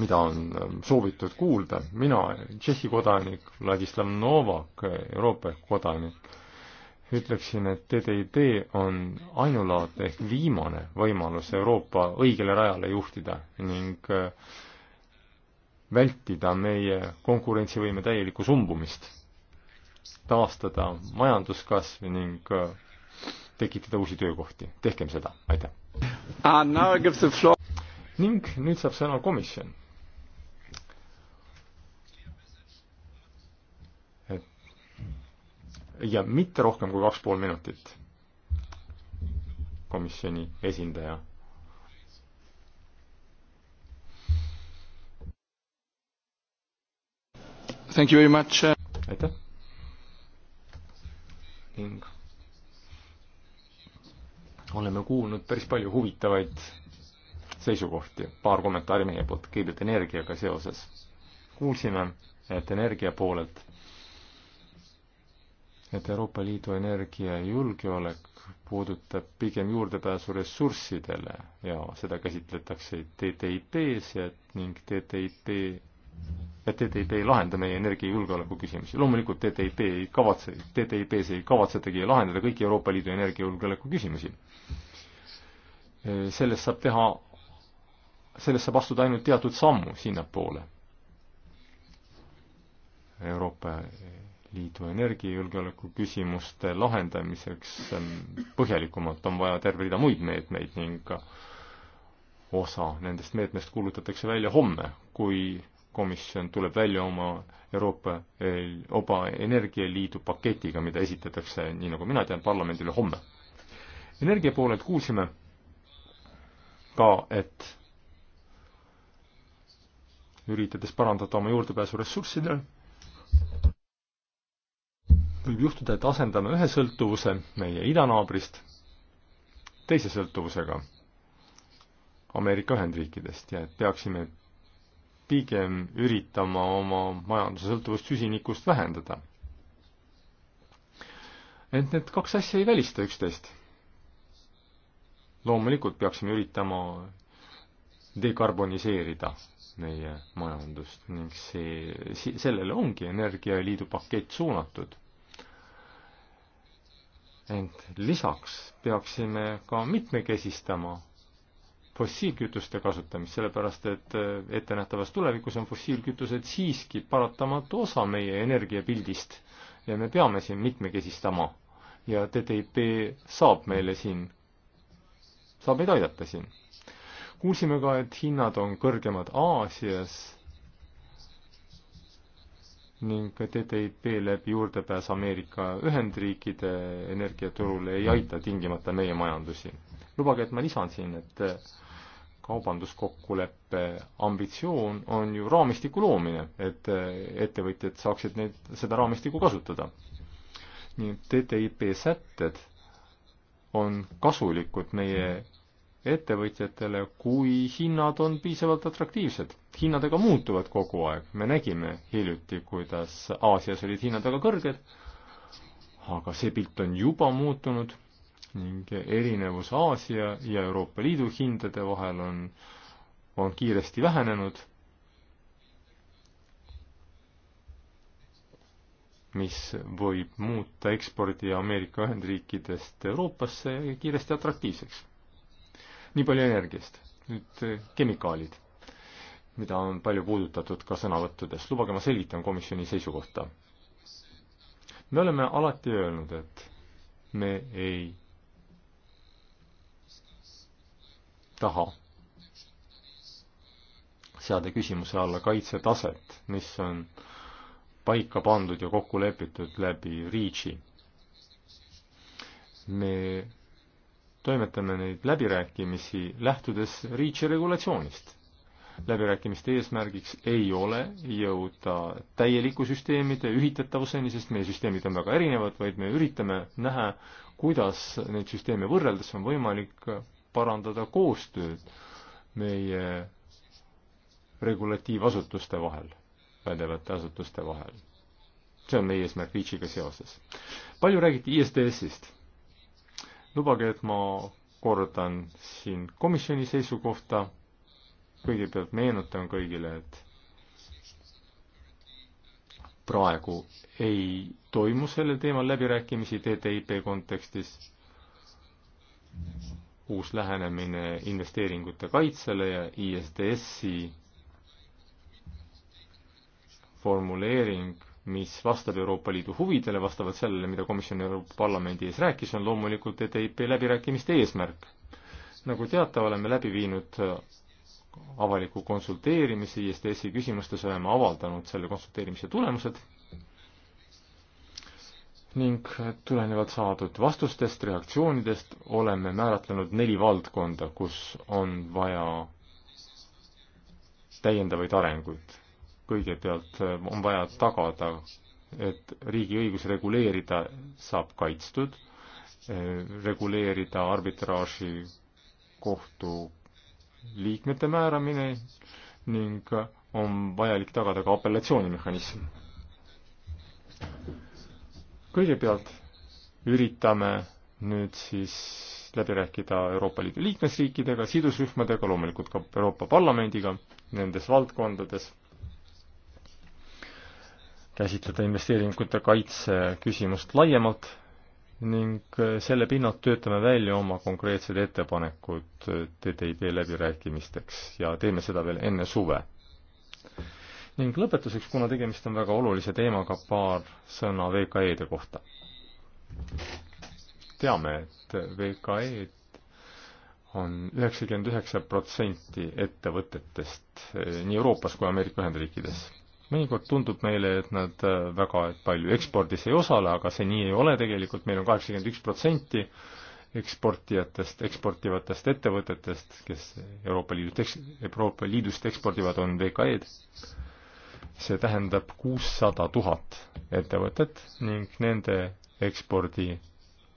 mida on soovitud kuulda, mina, Tšehhi kodanik, Vladislav Novak, Euroopa kodanik ütleksin, et TTIP on ainulaadne ehk viimane võimalus Euroopa õigele rajale juhtida ning äh, vältida meie konkurentsivõime täielikku sumbumist, taastada majanduskasv ning äh, tekitada uusi töökohti. tehkem seda, aitäh! ning nüüd saab sõna komisjon. ja mitte rohkem kui kaks pool minutit. komisjoni esindaja. Thank you very much. Uh, aitäh. ning oleme kuulnud päris palju huvitavaid seisukohti, paar kommentaari meie poolt, kõigepealt energiaga seoses. kuulsime, et energia poolelt et Euroopa Liidu energiajulgeolek puudutab pigem juurdepääsu ressurssidele ja seda käsitletakse TTIP-s ja ning TTIP et TTIP ei lahenda meie energiajulgeoleku küsimusi. loomulikult TTIP ei kavatse, TTIP-s ei kavatsetagi lahendada kõiki Euroopa Liidu energiajulgeoleku küsimusi. sellest saab teha, sellest saab astuda ainult teatud sammu sinnapoole. Euroopa Liidu energiajulgeoleku küsimuste lahendamiseks põhjalikumalt on vaja terve rida muid meetmeid ning osa nendest meetmest kuulutatakse välja homme, kui komisjon tuleb välja oma Euroopa, oma Energialiidu paketiga, mida esitatakse, nii nagu mina tean, parlamendile homme. energia poolelt kuulsime ka, et üritades parandada oma juurdepääsu ressurssidele võib juhtuda, et asendame ühe sõltuvuse meie idanaabrist teise sõltuvusega Ameerika Ühendriikidest ja et peaksime pigem üritama oma majanduse sõltuvust süsinikust vähendada. ent need kaks asja ei välista üksteist. loomulikult peaksime üritama dekarboniseerida meie majandust ning see, see, sellele ongi Energialiidu pakett suunatud ent lisaks peaksime ka mitmekesistama fossiilkütuste kasutamist, sellepärast et äh, ettenähtavas tulevikus on fossiilkütused siiski paratamatu osa meie energiapildist ja me peame siin mitmekesistama ja TTIP saab meile siin, saab meid aidata siin. kuulsime ka, et hinnad on kõrgemad Aasias ning TTIP läb juurdepääs Ameerika Ühendriikide energiaturule ei aita tingimata meie majandusi. lubage, et ma lisan siin, et kaubanduskokkuleppe ambitsioon on ju raamistiku loomine, et ettevõtjad saaksid neid, seda raamistikku kasutada. nii et TTIP sätted on kasulikud meie ettevõtjatele, kui hinnad on piisavalt atraktiivsed. hinnad aga muutuvad kogu aeg, me nägime hiljuti, kuidas Aasias olid hinnad väga kõrged, aga see pilt on juba muutunud ning erinevus Aasia ja Euroopa Liidu hindade vahel on, on kiiresti vähenenud, mis võib muuta ekspordi Ameerika Ühendriikidest Euroopasse kiiresti atraktiivseks nii palju energiast. nüüd eh, kemikaalid, mida on palju puudutatud ka sõnavõttudes. lubage, ma selgitan komisjoni seisukohta. me oleme alati öelnud, et me ei taha seada küsimuse alla kaitsetaset, mis on paika pandud ja kokku lepitud läbi REACH-i. me toimetame neid läbirääkimisi lähtudes REACH-i regulatsioonist. läbirääkimiste eesmärgiks ei ole jõuda täieliku süsteemide ühitatavuseni, sest meie süsteemid on väga erinevad, vaid me üritame näha, kuidas neid süsteeme võrreldes on võimalik parandada koostööd meie regulatiivasutuste vahel, pädevate asutuste vahel. see on meie eesmärk REACH-iga seoses. palju räägiti ISDS-ist lubage, et ma kordan siin komisjoni seisukohta. kõigepealt meenutan kõigile, et praegu ei toimu sellel teemal läbirääkimisi TTIP kontekstis. uus lähenemine investeeringute kaitsele ja ISDS-i formuleering mis vastab Euroopa Liidu huvidele, vastavalt sellele, mida komisjon Euroopa Parlamendi ees rääkis, on loomulikult ETIP läbirääkimiste eesmärk. nagu teate, oleme läbi viinud äh, avaliku konsulteerimise ISTS-i küsimustes, oleme avaldanud selle konsulteerimise tulemused ning tulenevalt saadud vastustest, reaktsioonidest oleme määratlenud neli valdkonda, kus on vaja täiendavaid arenguid kõigepealt eh, on vaja tagada, et riigi õigus reguleerida saab kaitstud, eh, reguleerida arbitraaži kohtu liikmete määramine ning on vajalik tagada ka apellatsioonimehhanism. kõigepealt üritame nüüd siis läbi rääkida Euroopa Liidu liikmesriikidega, sidusrühmadega, loomulikult ka Euroopa Parlamendiga nendes valdkondades käsitleda investeeringute kaitse küsimust laiemalt ning selle pinnalt töötame välja oma konkreetsed ettepanekud TTIP läbirääkimisteks ja teeme seda veel enne suve. ning lõpetuseks, kuna tegemist on väga olulise teemaga, paar sõna VKE-de kohta. teame, et VKE-d on üheksakümmend üheksa protsenti ettevõtetest nii Euroopas kui Ameerika Ühendriikides mõnikord tundub meile, et nad äh, väga palju ekspordis ei osale, aga see nii ei ole tegelikult, meil on kaheksakümmend üks protsenti eksportijatest, eksportivatest ettevõtetest, kes Euroopa Liidust eks-, Euroopa Liidust ekspordivad, on VKE-d. see tähendab kuussada tuhat ettevõtet ning nende ekspordi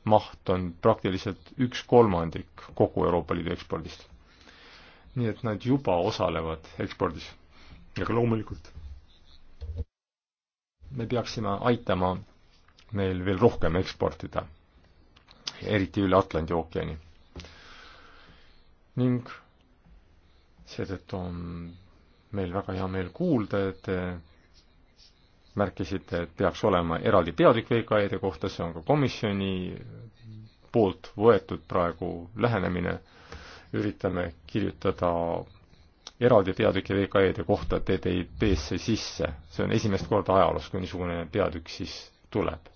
maht on praktiliselt üks kolmandik kogu Euroopa Liidu ekspordist. nii et nad juba osalevad ekspordis. aga loomulikult me peaksime aitama neil veel rohkem eksportida, eriti üle Atlandi ookeani. ning seetõttu on meil väga hea meel kuulda, et te märkisite, et peaks olema eraldi peatükk VKE-de kohta, see on ka komisjoni poolt võetud praegu lähenemine, üritame kirjutada eraldi peatüki VKE-de kohta TTIP-sse sisse. see on esimest korda ajaloos, kui niisugune peatükk siis tuleb.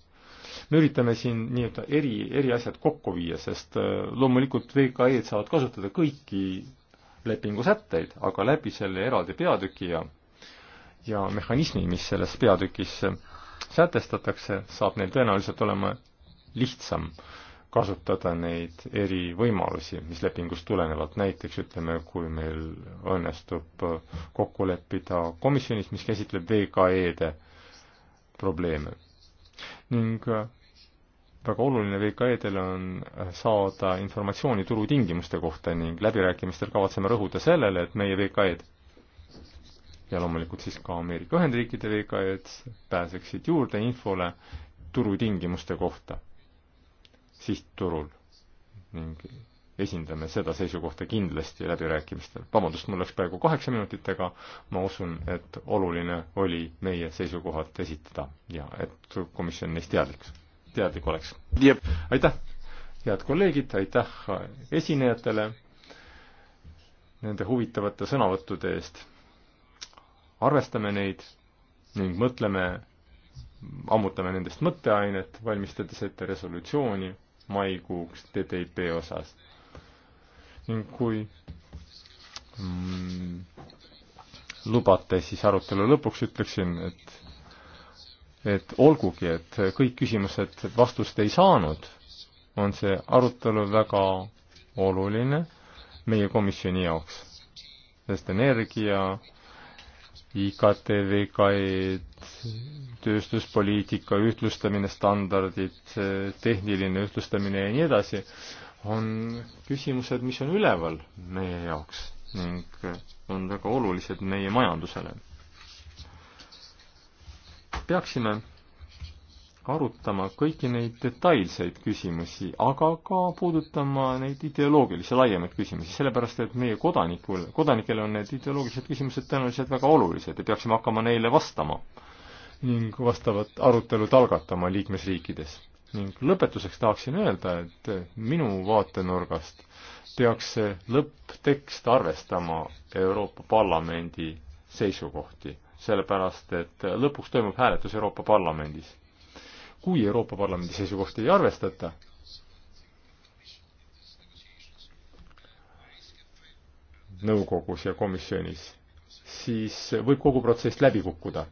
me üritame siin nii-öelda eri, eri asjad kokku viia, sest äh, loomulikult VKE-d saavad kasutada kõiki lepingusätteid, aga läbi selle eraldi peatüki ja ja mehhanismi, mis selles peatükis äh, sätestatakse, saab neil tõenäoliselt olema lihtsam kasutada neid eri võimalusi, mis lepingust tulenevad, näiteks ütleme, kui meil õnnestub kokku leppida komisjonis, mis käsitleb VKE-de probleeme. ning väga oluline VKE-del on saada informatsiooni turutingimuste kohta ning läbirääkimistel kavatseme rõhuda sellele, et meie VKE-d ja loomulikult siis ka Ameerika Ühendriikide VKE-d pääseksid juurde infole turutingimuste kohta sihtturul ning esindame seda seisukohta kindlasti läbirääkimistel. vabandust, mul läks praegu kaheksa minutit, aga ma usun, et oluline oli meie seisukohad esitada ja et komisjon neist teadlik, teadlik oleks. aitäh, head kolleegid, aitäh esinejatele nende huvitavate sõnavõttude eest. arvestame neid ning mõtleme, ammutame nendest mõtteainet, valmistades ette resolutsiooni maikuuks TTIP osas. ning kui mm, lubate, siis arutelu lõpuks ütleksin, et et olgugi, et kõik küsimused vastust ei saanud, on see arutelu väga oluline meie komisjoni jaoks, sest energia äh, IKT, VKE-d, tööstuspoliitika ühtlustamine, standardid, tehniline ühtlustamine ja nii edasi, on küsimused, mis on üleval meie jaoks ning on väga olulised meie majandusele. peaksime arutama kõiki neid detailseid küsimusi, aga ka puudutama neid ideoloogilisi laiemaid küsimusi, sellepärast et meie kodanikul, kodanikele on need ideoloogilised küsimused tõenäoliselt väga olulised ja peaksime hakkama neile vastama ning vastavat arutelud algatama liikmesriikides. ning lõpetuseks tahaksin öelda, et minu vaatenurgast peaks see lõpptekst arvestama Euroopa Parlamendi seisukohti, sellepärast et lõpuks toimub hääletus Euroopa Parlamendis kui Euroopa Parlamendi seisukohti ei arvestata, nõukogus ja komisjonis, siis võib kogu protsess läbi kukkuda,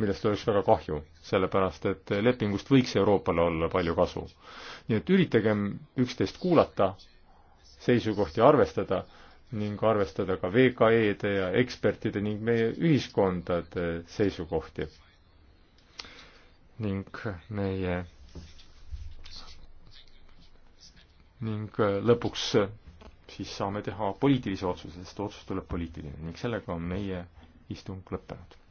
millest oleks väga kahju, sellepärast et lepingust võiks Euroopale olla palju kasu. nii et üritagem üksteist kuulata, seisukohti arvestada ning arvestada ka VKE-de ja ekspertide ning meie ühiskondade seisukohti ning meie ning lõpuks siis saame teha poliitilise otsuse, sest otsus tuleb poliitiline ning sellega on meie istung lõppenud.